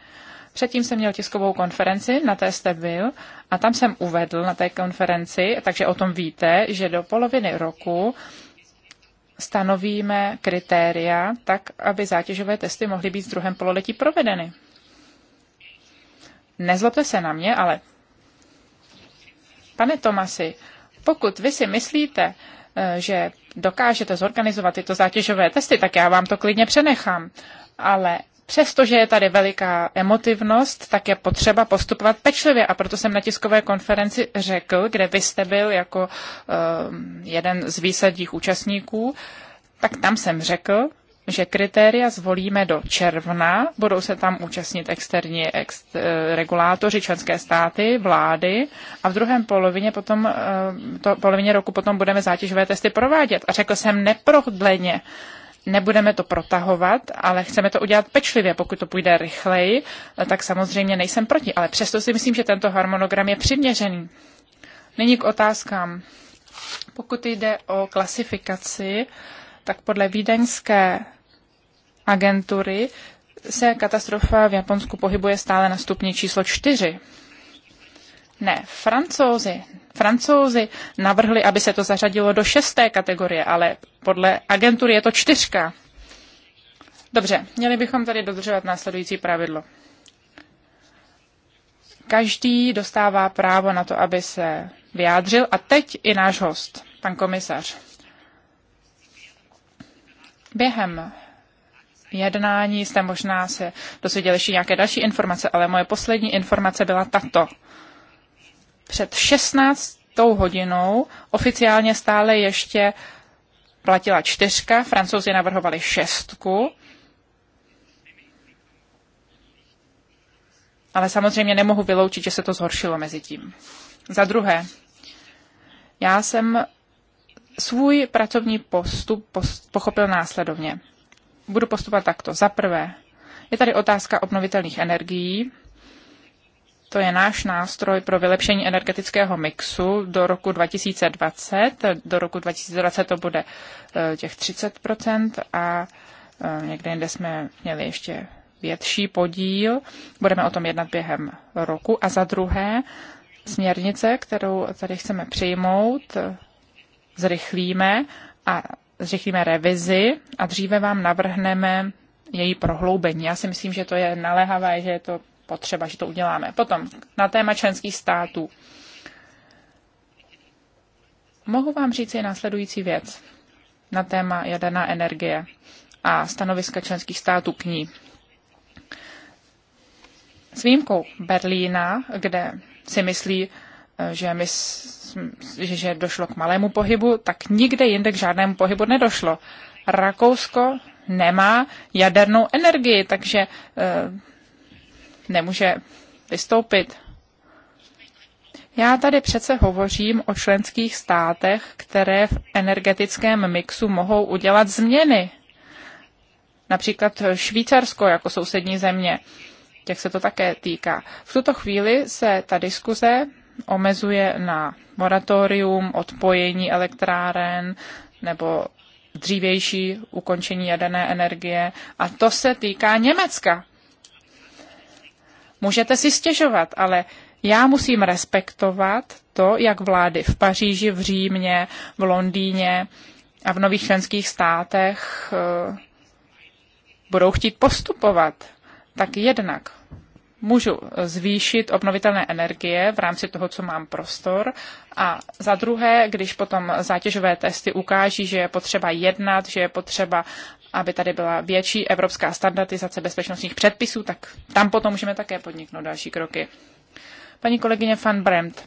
Předtím jsem měl tiskovou konferenci, na té jste byl, a tam jsem uvedl na té konferenci, takže o tom víte, že do poloviny roku stanovíme kritéria tak, aby zátěžové testy mohly být v druhém pololetí provedeny. Nezlobte se na mě, ale pane Tomasi, pokud vy si myslíte, eh, že dokážete zorganizovat tyto zátěžové testy, tak já vám to klidně přenechám. Ale Přestože je tady veliká emotivnost, tak je potřeba postupovat pečlivě a proto jsem na tiskové konferenci řekl, kde vy jste byl jako uh, jeden z výsadních účastníků, tak tam jsem řekl, že kritéria zvolíme do června, budou se tam účastnit externí ex, eh, regulátoři, členské státy, vlády a v druhém polovině, potom, eh, to, polovině roku potom budeme zátěžové testy provádět. A řekl jsem neprohdleně, Nebudeme to protahovat, ale chceme to udělat pečlivě. Pokud to půjde rychleji, eh, tak samozřejmě nejsem proti, ale přesto si myslím, že tento harmonogram je přiměřený. Nyní k otázkám. Pokud jde o klasifikaci, tak podle vídeňské agentury se katastrofa v Japonsku pohybuje stále na stupni číslo 4. Ne, francouzi. Francouzi navrhli, aby se to zařadilo do šesté kategorie, ale podle agentury je to čtyřka. Dobře, měli bychom tady dodržovat následující pravidlo. Každý dostává právo na to, aby se vyjádřil a teď i náš host, pan komisař. Během jednání jste možná se dozvěděli ještě nějaké další informace, ale moje poslední informace byla tato. Před 16. hodinou oficiálně stále ještě platila čtyřka, francouzi navrhovali šestku, ale samozřejmě nemohu vyloučit, že se to zhoršilo mezi tím. Za druhé, já jsem svůj pracovní postup pochopil následovně budu postupovat takto. Za prvé, je tady otázka obnovitelných energií. To je náš nástroj pro vylepšení energetického mixu do roku 2020. Do roku 2020 to bude eh, těch 30 a eh, někde jinde jsme měli ještě větší podíl. Budeme o tom jednat během roku. A za druhé, směrnice, kterou tady chceme přijmout, eh, zrychlíme a zrychlíme revizi a dříve vám navrhneme její prohloubení. Já si myslím, že to je naléhavé, že je to potřeba, že to uděláme. Potom na téma členských států. Mohu vám říct i následující věc na téma jaderná energie a stanoviska členských států k ní. S výjimkou Berlína, kde si myslí, že, my, že došlo k malému pohybu, tak nikde jinde k žádnému pohybu nedošlo. Rakousko nemá jadernou energii, takže eh, nemůže vystoupit. Já tady přece hovořím o členských státech, které v energetickém mixu mohou udělat změny. Například Švýcarsko jako sousední země. Těch se to také týká. V tuto chvíli se ta diskuze omezuje na moratorium, odpojení elektráren nebo dřívější ukončení jaderné energie. A to se týká Německa. Můžete si stěžovat, ale já musím respektovat to, jak vlády v Paříži, v Římě, v Londýně a v nových členských státech eh, budou chtít postupovat. Tak jednak můžu eh, zvýšit obnovitelné energie v rámci toho, co mám prostor. A za druhé, když potom zátěžové testy ukáží, že je potřeba jednat, že je potřeba, aby tady byla větší evropská standardizace bezpečnostních předpisů, tak tam potom můžeme také podniknout další kroky. Paní kolegyně van Bremt,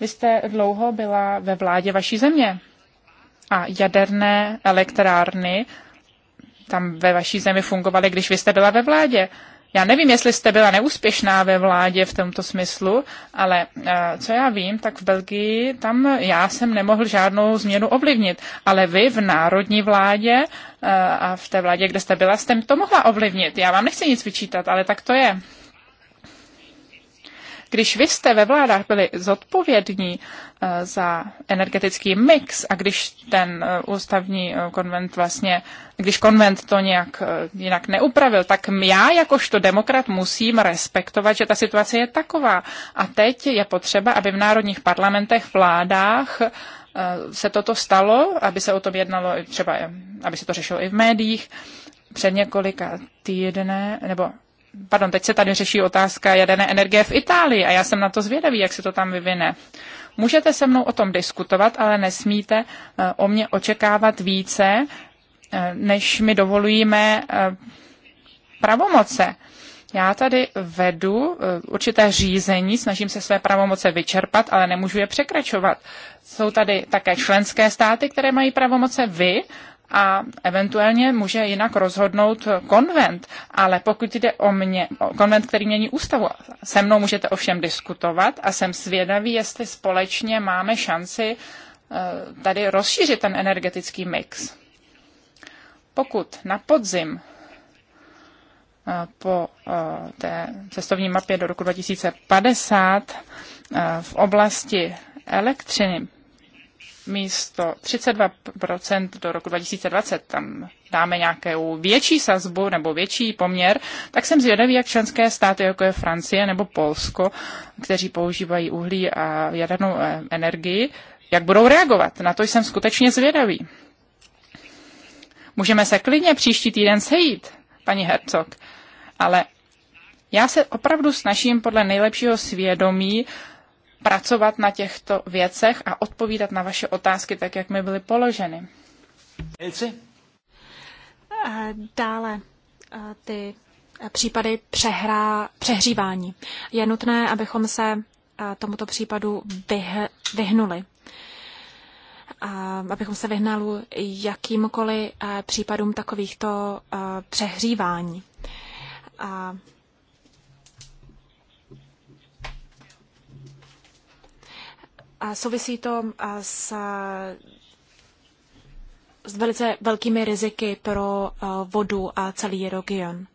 vy jste dlouho byla ve vládě vaší země a jaderné elektrárny tam ve vaší zemi fungovaly, když vy jste byla ve vládě. Já nevím, jestli jste byla neúspěšná ve vládě v tomto smyslu, ale eh, co já vím, tak v Belgii tam já jsem nemohl žádnou změnu ovlivnit. Ale vy v národní vládě eh, a v té vládě, kde jste byla, jste to mohla ovlivnit. Já vám nechci nic vyčítat, ale tak to je. Když vy jste ve vládách byli zodpovědní eh, za energetický mix a když ten eh, ústavní eh, konvent vlastně, když konvent to nějak jinak neupravil, tak já jakožto demokrat musím respektovat, že ta situace je taková. A teď je potřeba, aby v národních parlamentech, vládách se toto stalo, aby se o tom jednalo třeba, aby se to řešilo i v médiích. Před několika týdne, nebo pardon, teď se tady řeší otázka jaderné energie v Itálii a já jsem na to zvědavý, jak se to tam vyvine. Můžete se mnou o tom diskutovat, ale nesmíte eh, o mě očekávat více, eh, než mi dovolujeme eh, pravomoce. Já tady vedu určité řízení, snažím se své pravomoce vyčerpat, ale nemůžu je překračovat. Jsou tady také členské státy, které mají pravomoce vy a eventuálně může jinak rozhodnout konvent, ale pokud jde o mě, o konvent, který mění ústavu, se mnou můžete ovšem diskutovat a jsem svědavý, jestli společně máme šanci eh, tady rozšířit ten energetický mix. Pokud na podzim eh, po eh, té cestovní mapě do roku 2050 v oblasti elektřiny místo 32% do roku 2020, tam dáme nějakou větší sazbu nebo větší poměr, tak jsem zvědavý, jak členské státy, jako je Francie nebo Polsko, kteří používají uhlí a jadernou eh, energii, jak budou reagovat. Na to jsem skutečně zvědavý. Můžeme se klidně příští týden sejít, paní Hercog, ale já se opravdu snažím podle nejlepšího svědomí uh, pracovat na těchto věcech a odpovídat na vaše otázky tak, jak mi byly položeny. Elci? Dále ty případy přehrá přehřívání. Je nutné, abychom se tomuto případu vyh, vyhnuli. A abychom se vyhnali jakýmkoliv případům takovýchto přehřívání. A A souvisí to s, s velice velkými riziky pro vodu a celý region.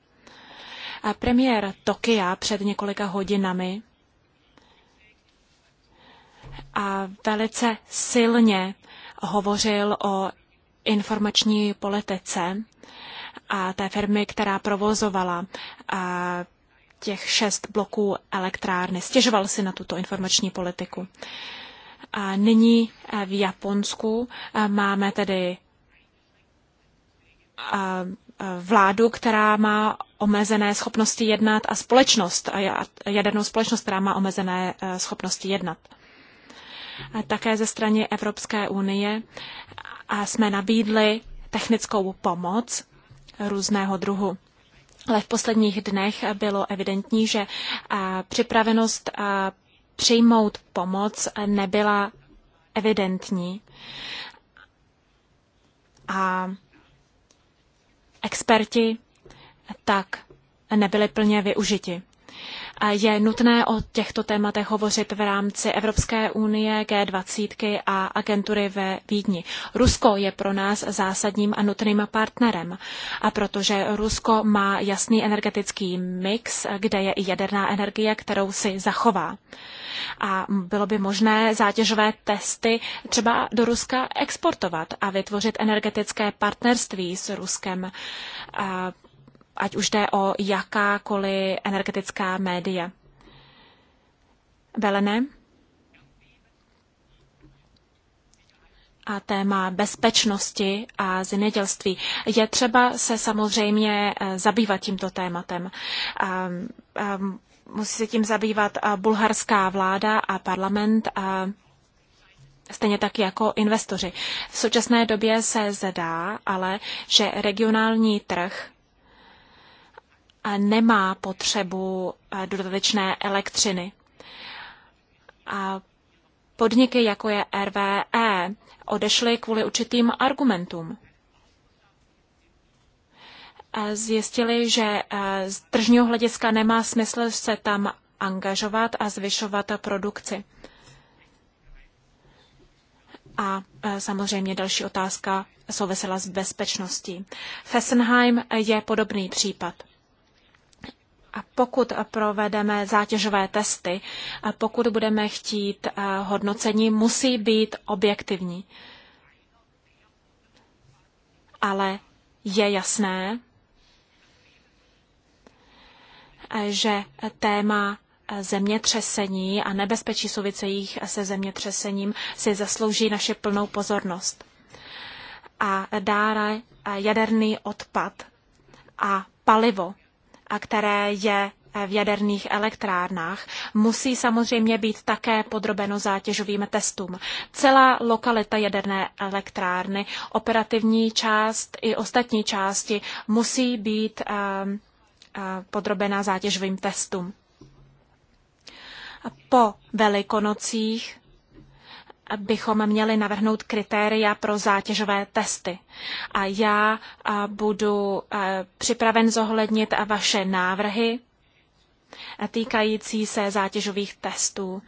A premiér Tokia před několika hodinami a velice silně hovořil o informační politice a té firmy, která provozovala a těch šest bloků elektrárny. Stěžoval si na tuto informační politiku. Nyní eh, v Japonsku eh, máme tedy eh, vládu, která má omezené schopnosti jednat a společnost, jadernou společnost, která má omezené schopnosti jednat. také ze strany Evropské unie a jsme nabídli technickou pomoc různého druhu. Ale v posledních dnech bylo evidentní, že připravenost přijmout pomoc nebyla evidentní. A experti tak nebyli plně využiti. Je nutné o těchto tématech hovořit v rámci Evropské unie, G20 a agentury ve Vídni. Rusko je pro nás zásadním a nutným partnerem, a protože Rusko má jasný energetický mix, kde je i jaderná energie, kterou si zachová. A bylo by možné zátěžové testy třeba do Ruska exportovat a vytvořit energetické partnerství s Ruskem ať už jde o jakákoliv energetická média. velené a téma bezpečnosti a zemědělství. Je třeba se samozřejmě eh, zabývat tímto tématem. Ehm, ehm, musí se tím zabývat eh, bulharská vláda a parlament, a eh, stejně tak jako investoři. V současné době se zdá ale, že regionální trh nemá potřebu eh, dodatečné elektřiny. A podniky, jako je RVE, odešly kvůli určitým argumentům. Eh, zjistili, že eh, z tržního hlediska nemá smysl se tam angažovat a zvyšovat produkci. A samozřejmě další otázka souvisela s bezpečností. Fessenheim je podobný případ. A pokud provedeme zátěžové testy, a pokud budeme chtít eh, hodnocení, musí být objektivní. Ale je jasné, eh, že téma eh, zemětřesení a nebezpečí souvisejících se zemětřesením si zaslouží naše plnou pozornost. A dále jaderný odpad a palivo a které je v jaderných elektrárnách, musí samozřejmě být také podrobeno zátěžovým testům. Celá lokalita jaderné elektrárny, operativní část i ostatní části musí být eh, eh, podrobená zátěžovým testům. Po Velikonocích bychom měli navrhnout kritéria pro zátěžové testy. A já budu připraven zohlednit vaše návrhy týkající se zátěžových testů.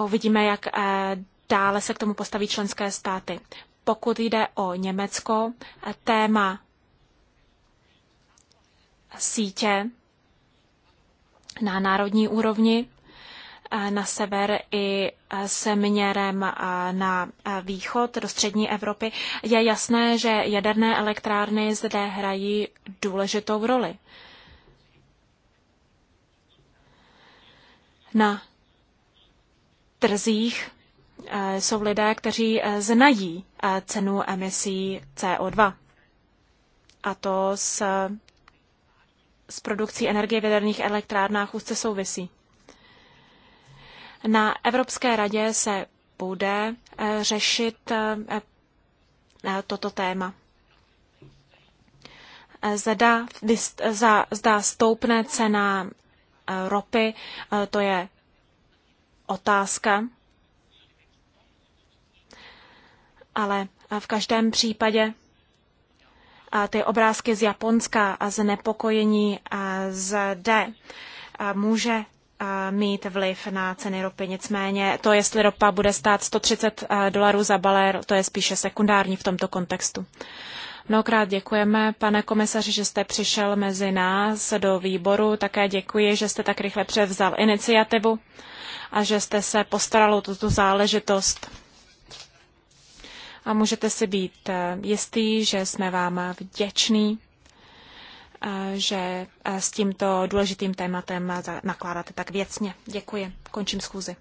Uvidíme, jak dále se k tomu postaví členské státy. Pokud jde o Německo, téma sítě na národní úrovni na sever i e, směrem e, na e, východ do střední Evropy, je jasné, že jaderné elektrárny zde hrají důležitou roli. Na trzích jsou lidé, kteří znají cenu emisí CO2. A to s, s produkcí energie v jaderných elektrárnách úzce souvisí. Na Evropské radě se bude eh, řešit eh, eh, toto téma. Zda, zda, zda stoupne cena ropy, to je otázka. Ale v každém případě ty obrázky z Japonska a znepokojení zde může mít vliv na ceny ropy. Nicméně to, jestli ropa bude stát 130 eh, dolarů za balér, to je spíše sekundární v tomto kontextu. Mnohokrát děkujeme, pane komisaři, že jste přišel mezi nás do výboru. Také děkuji, že jste tak rychle převzal iniciativu a že jste se postaral o tuto záležitost. A můžete si být eh, jistý, že jsme vám vděční že s tímto důležitým tématem nakládáte tak věcně. Děkuji. Končím schůzi.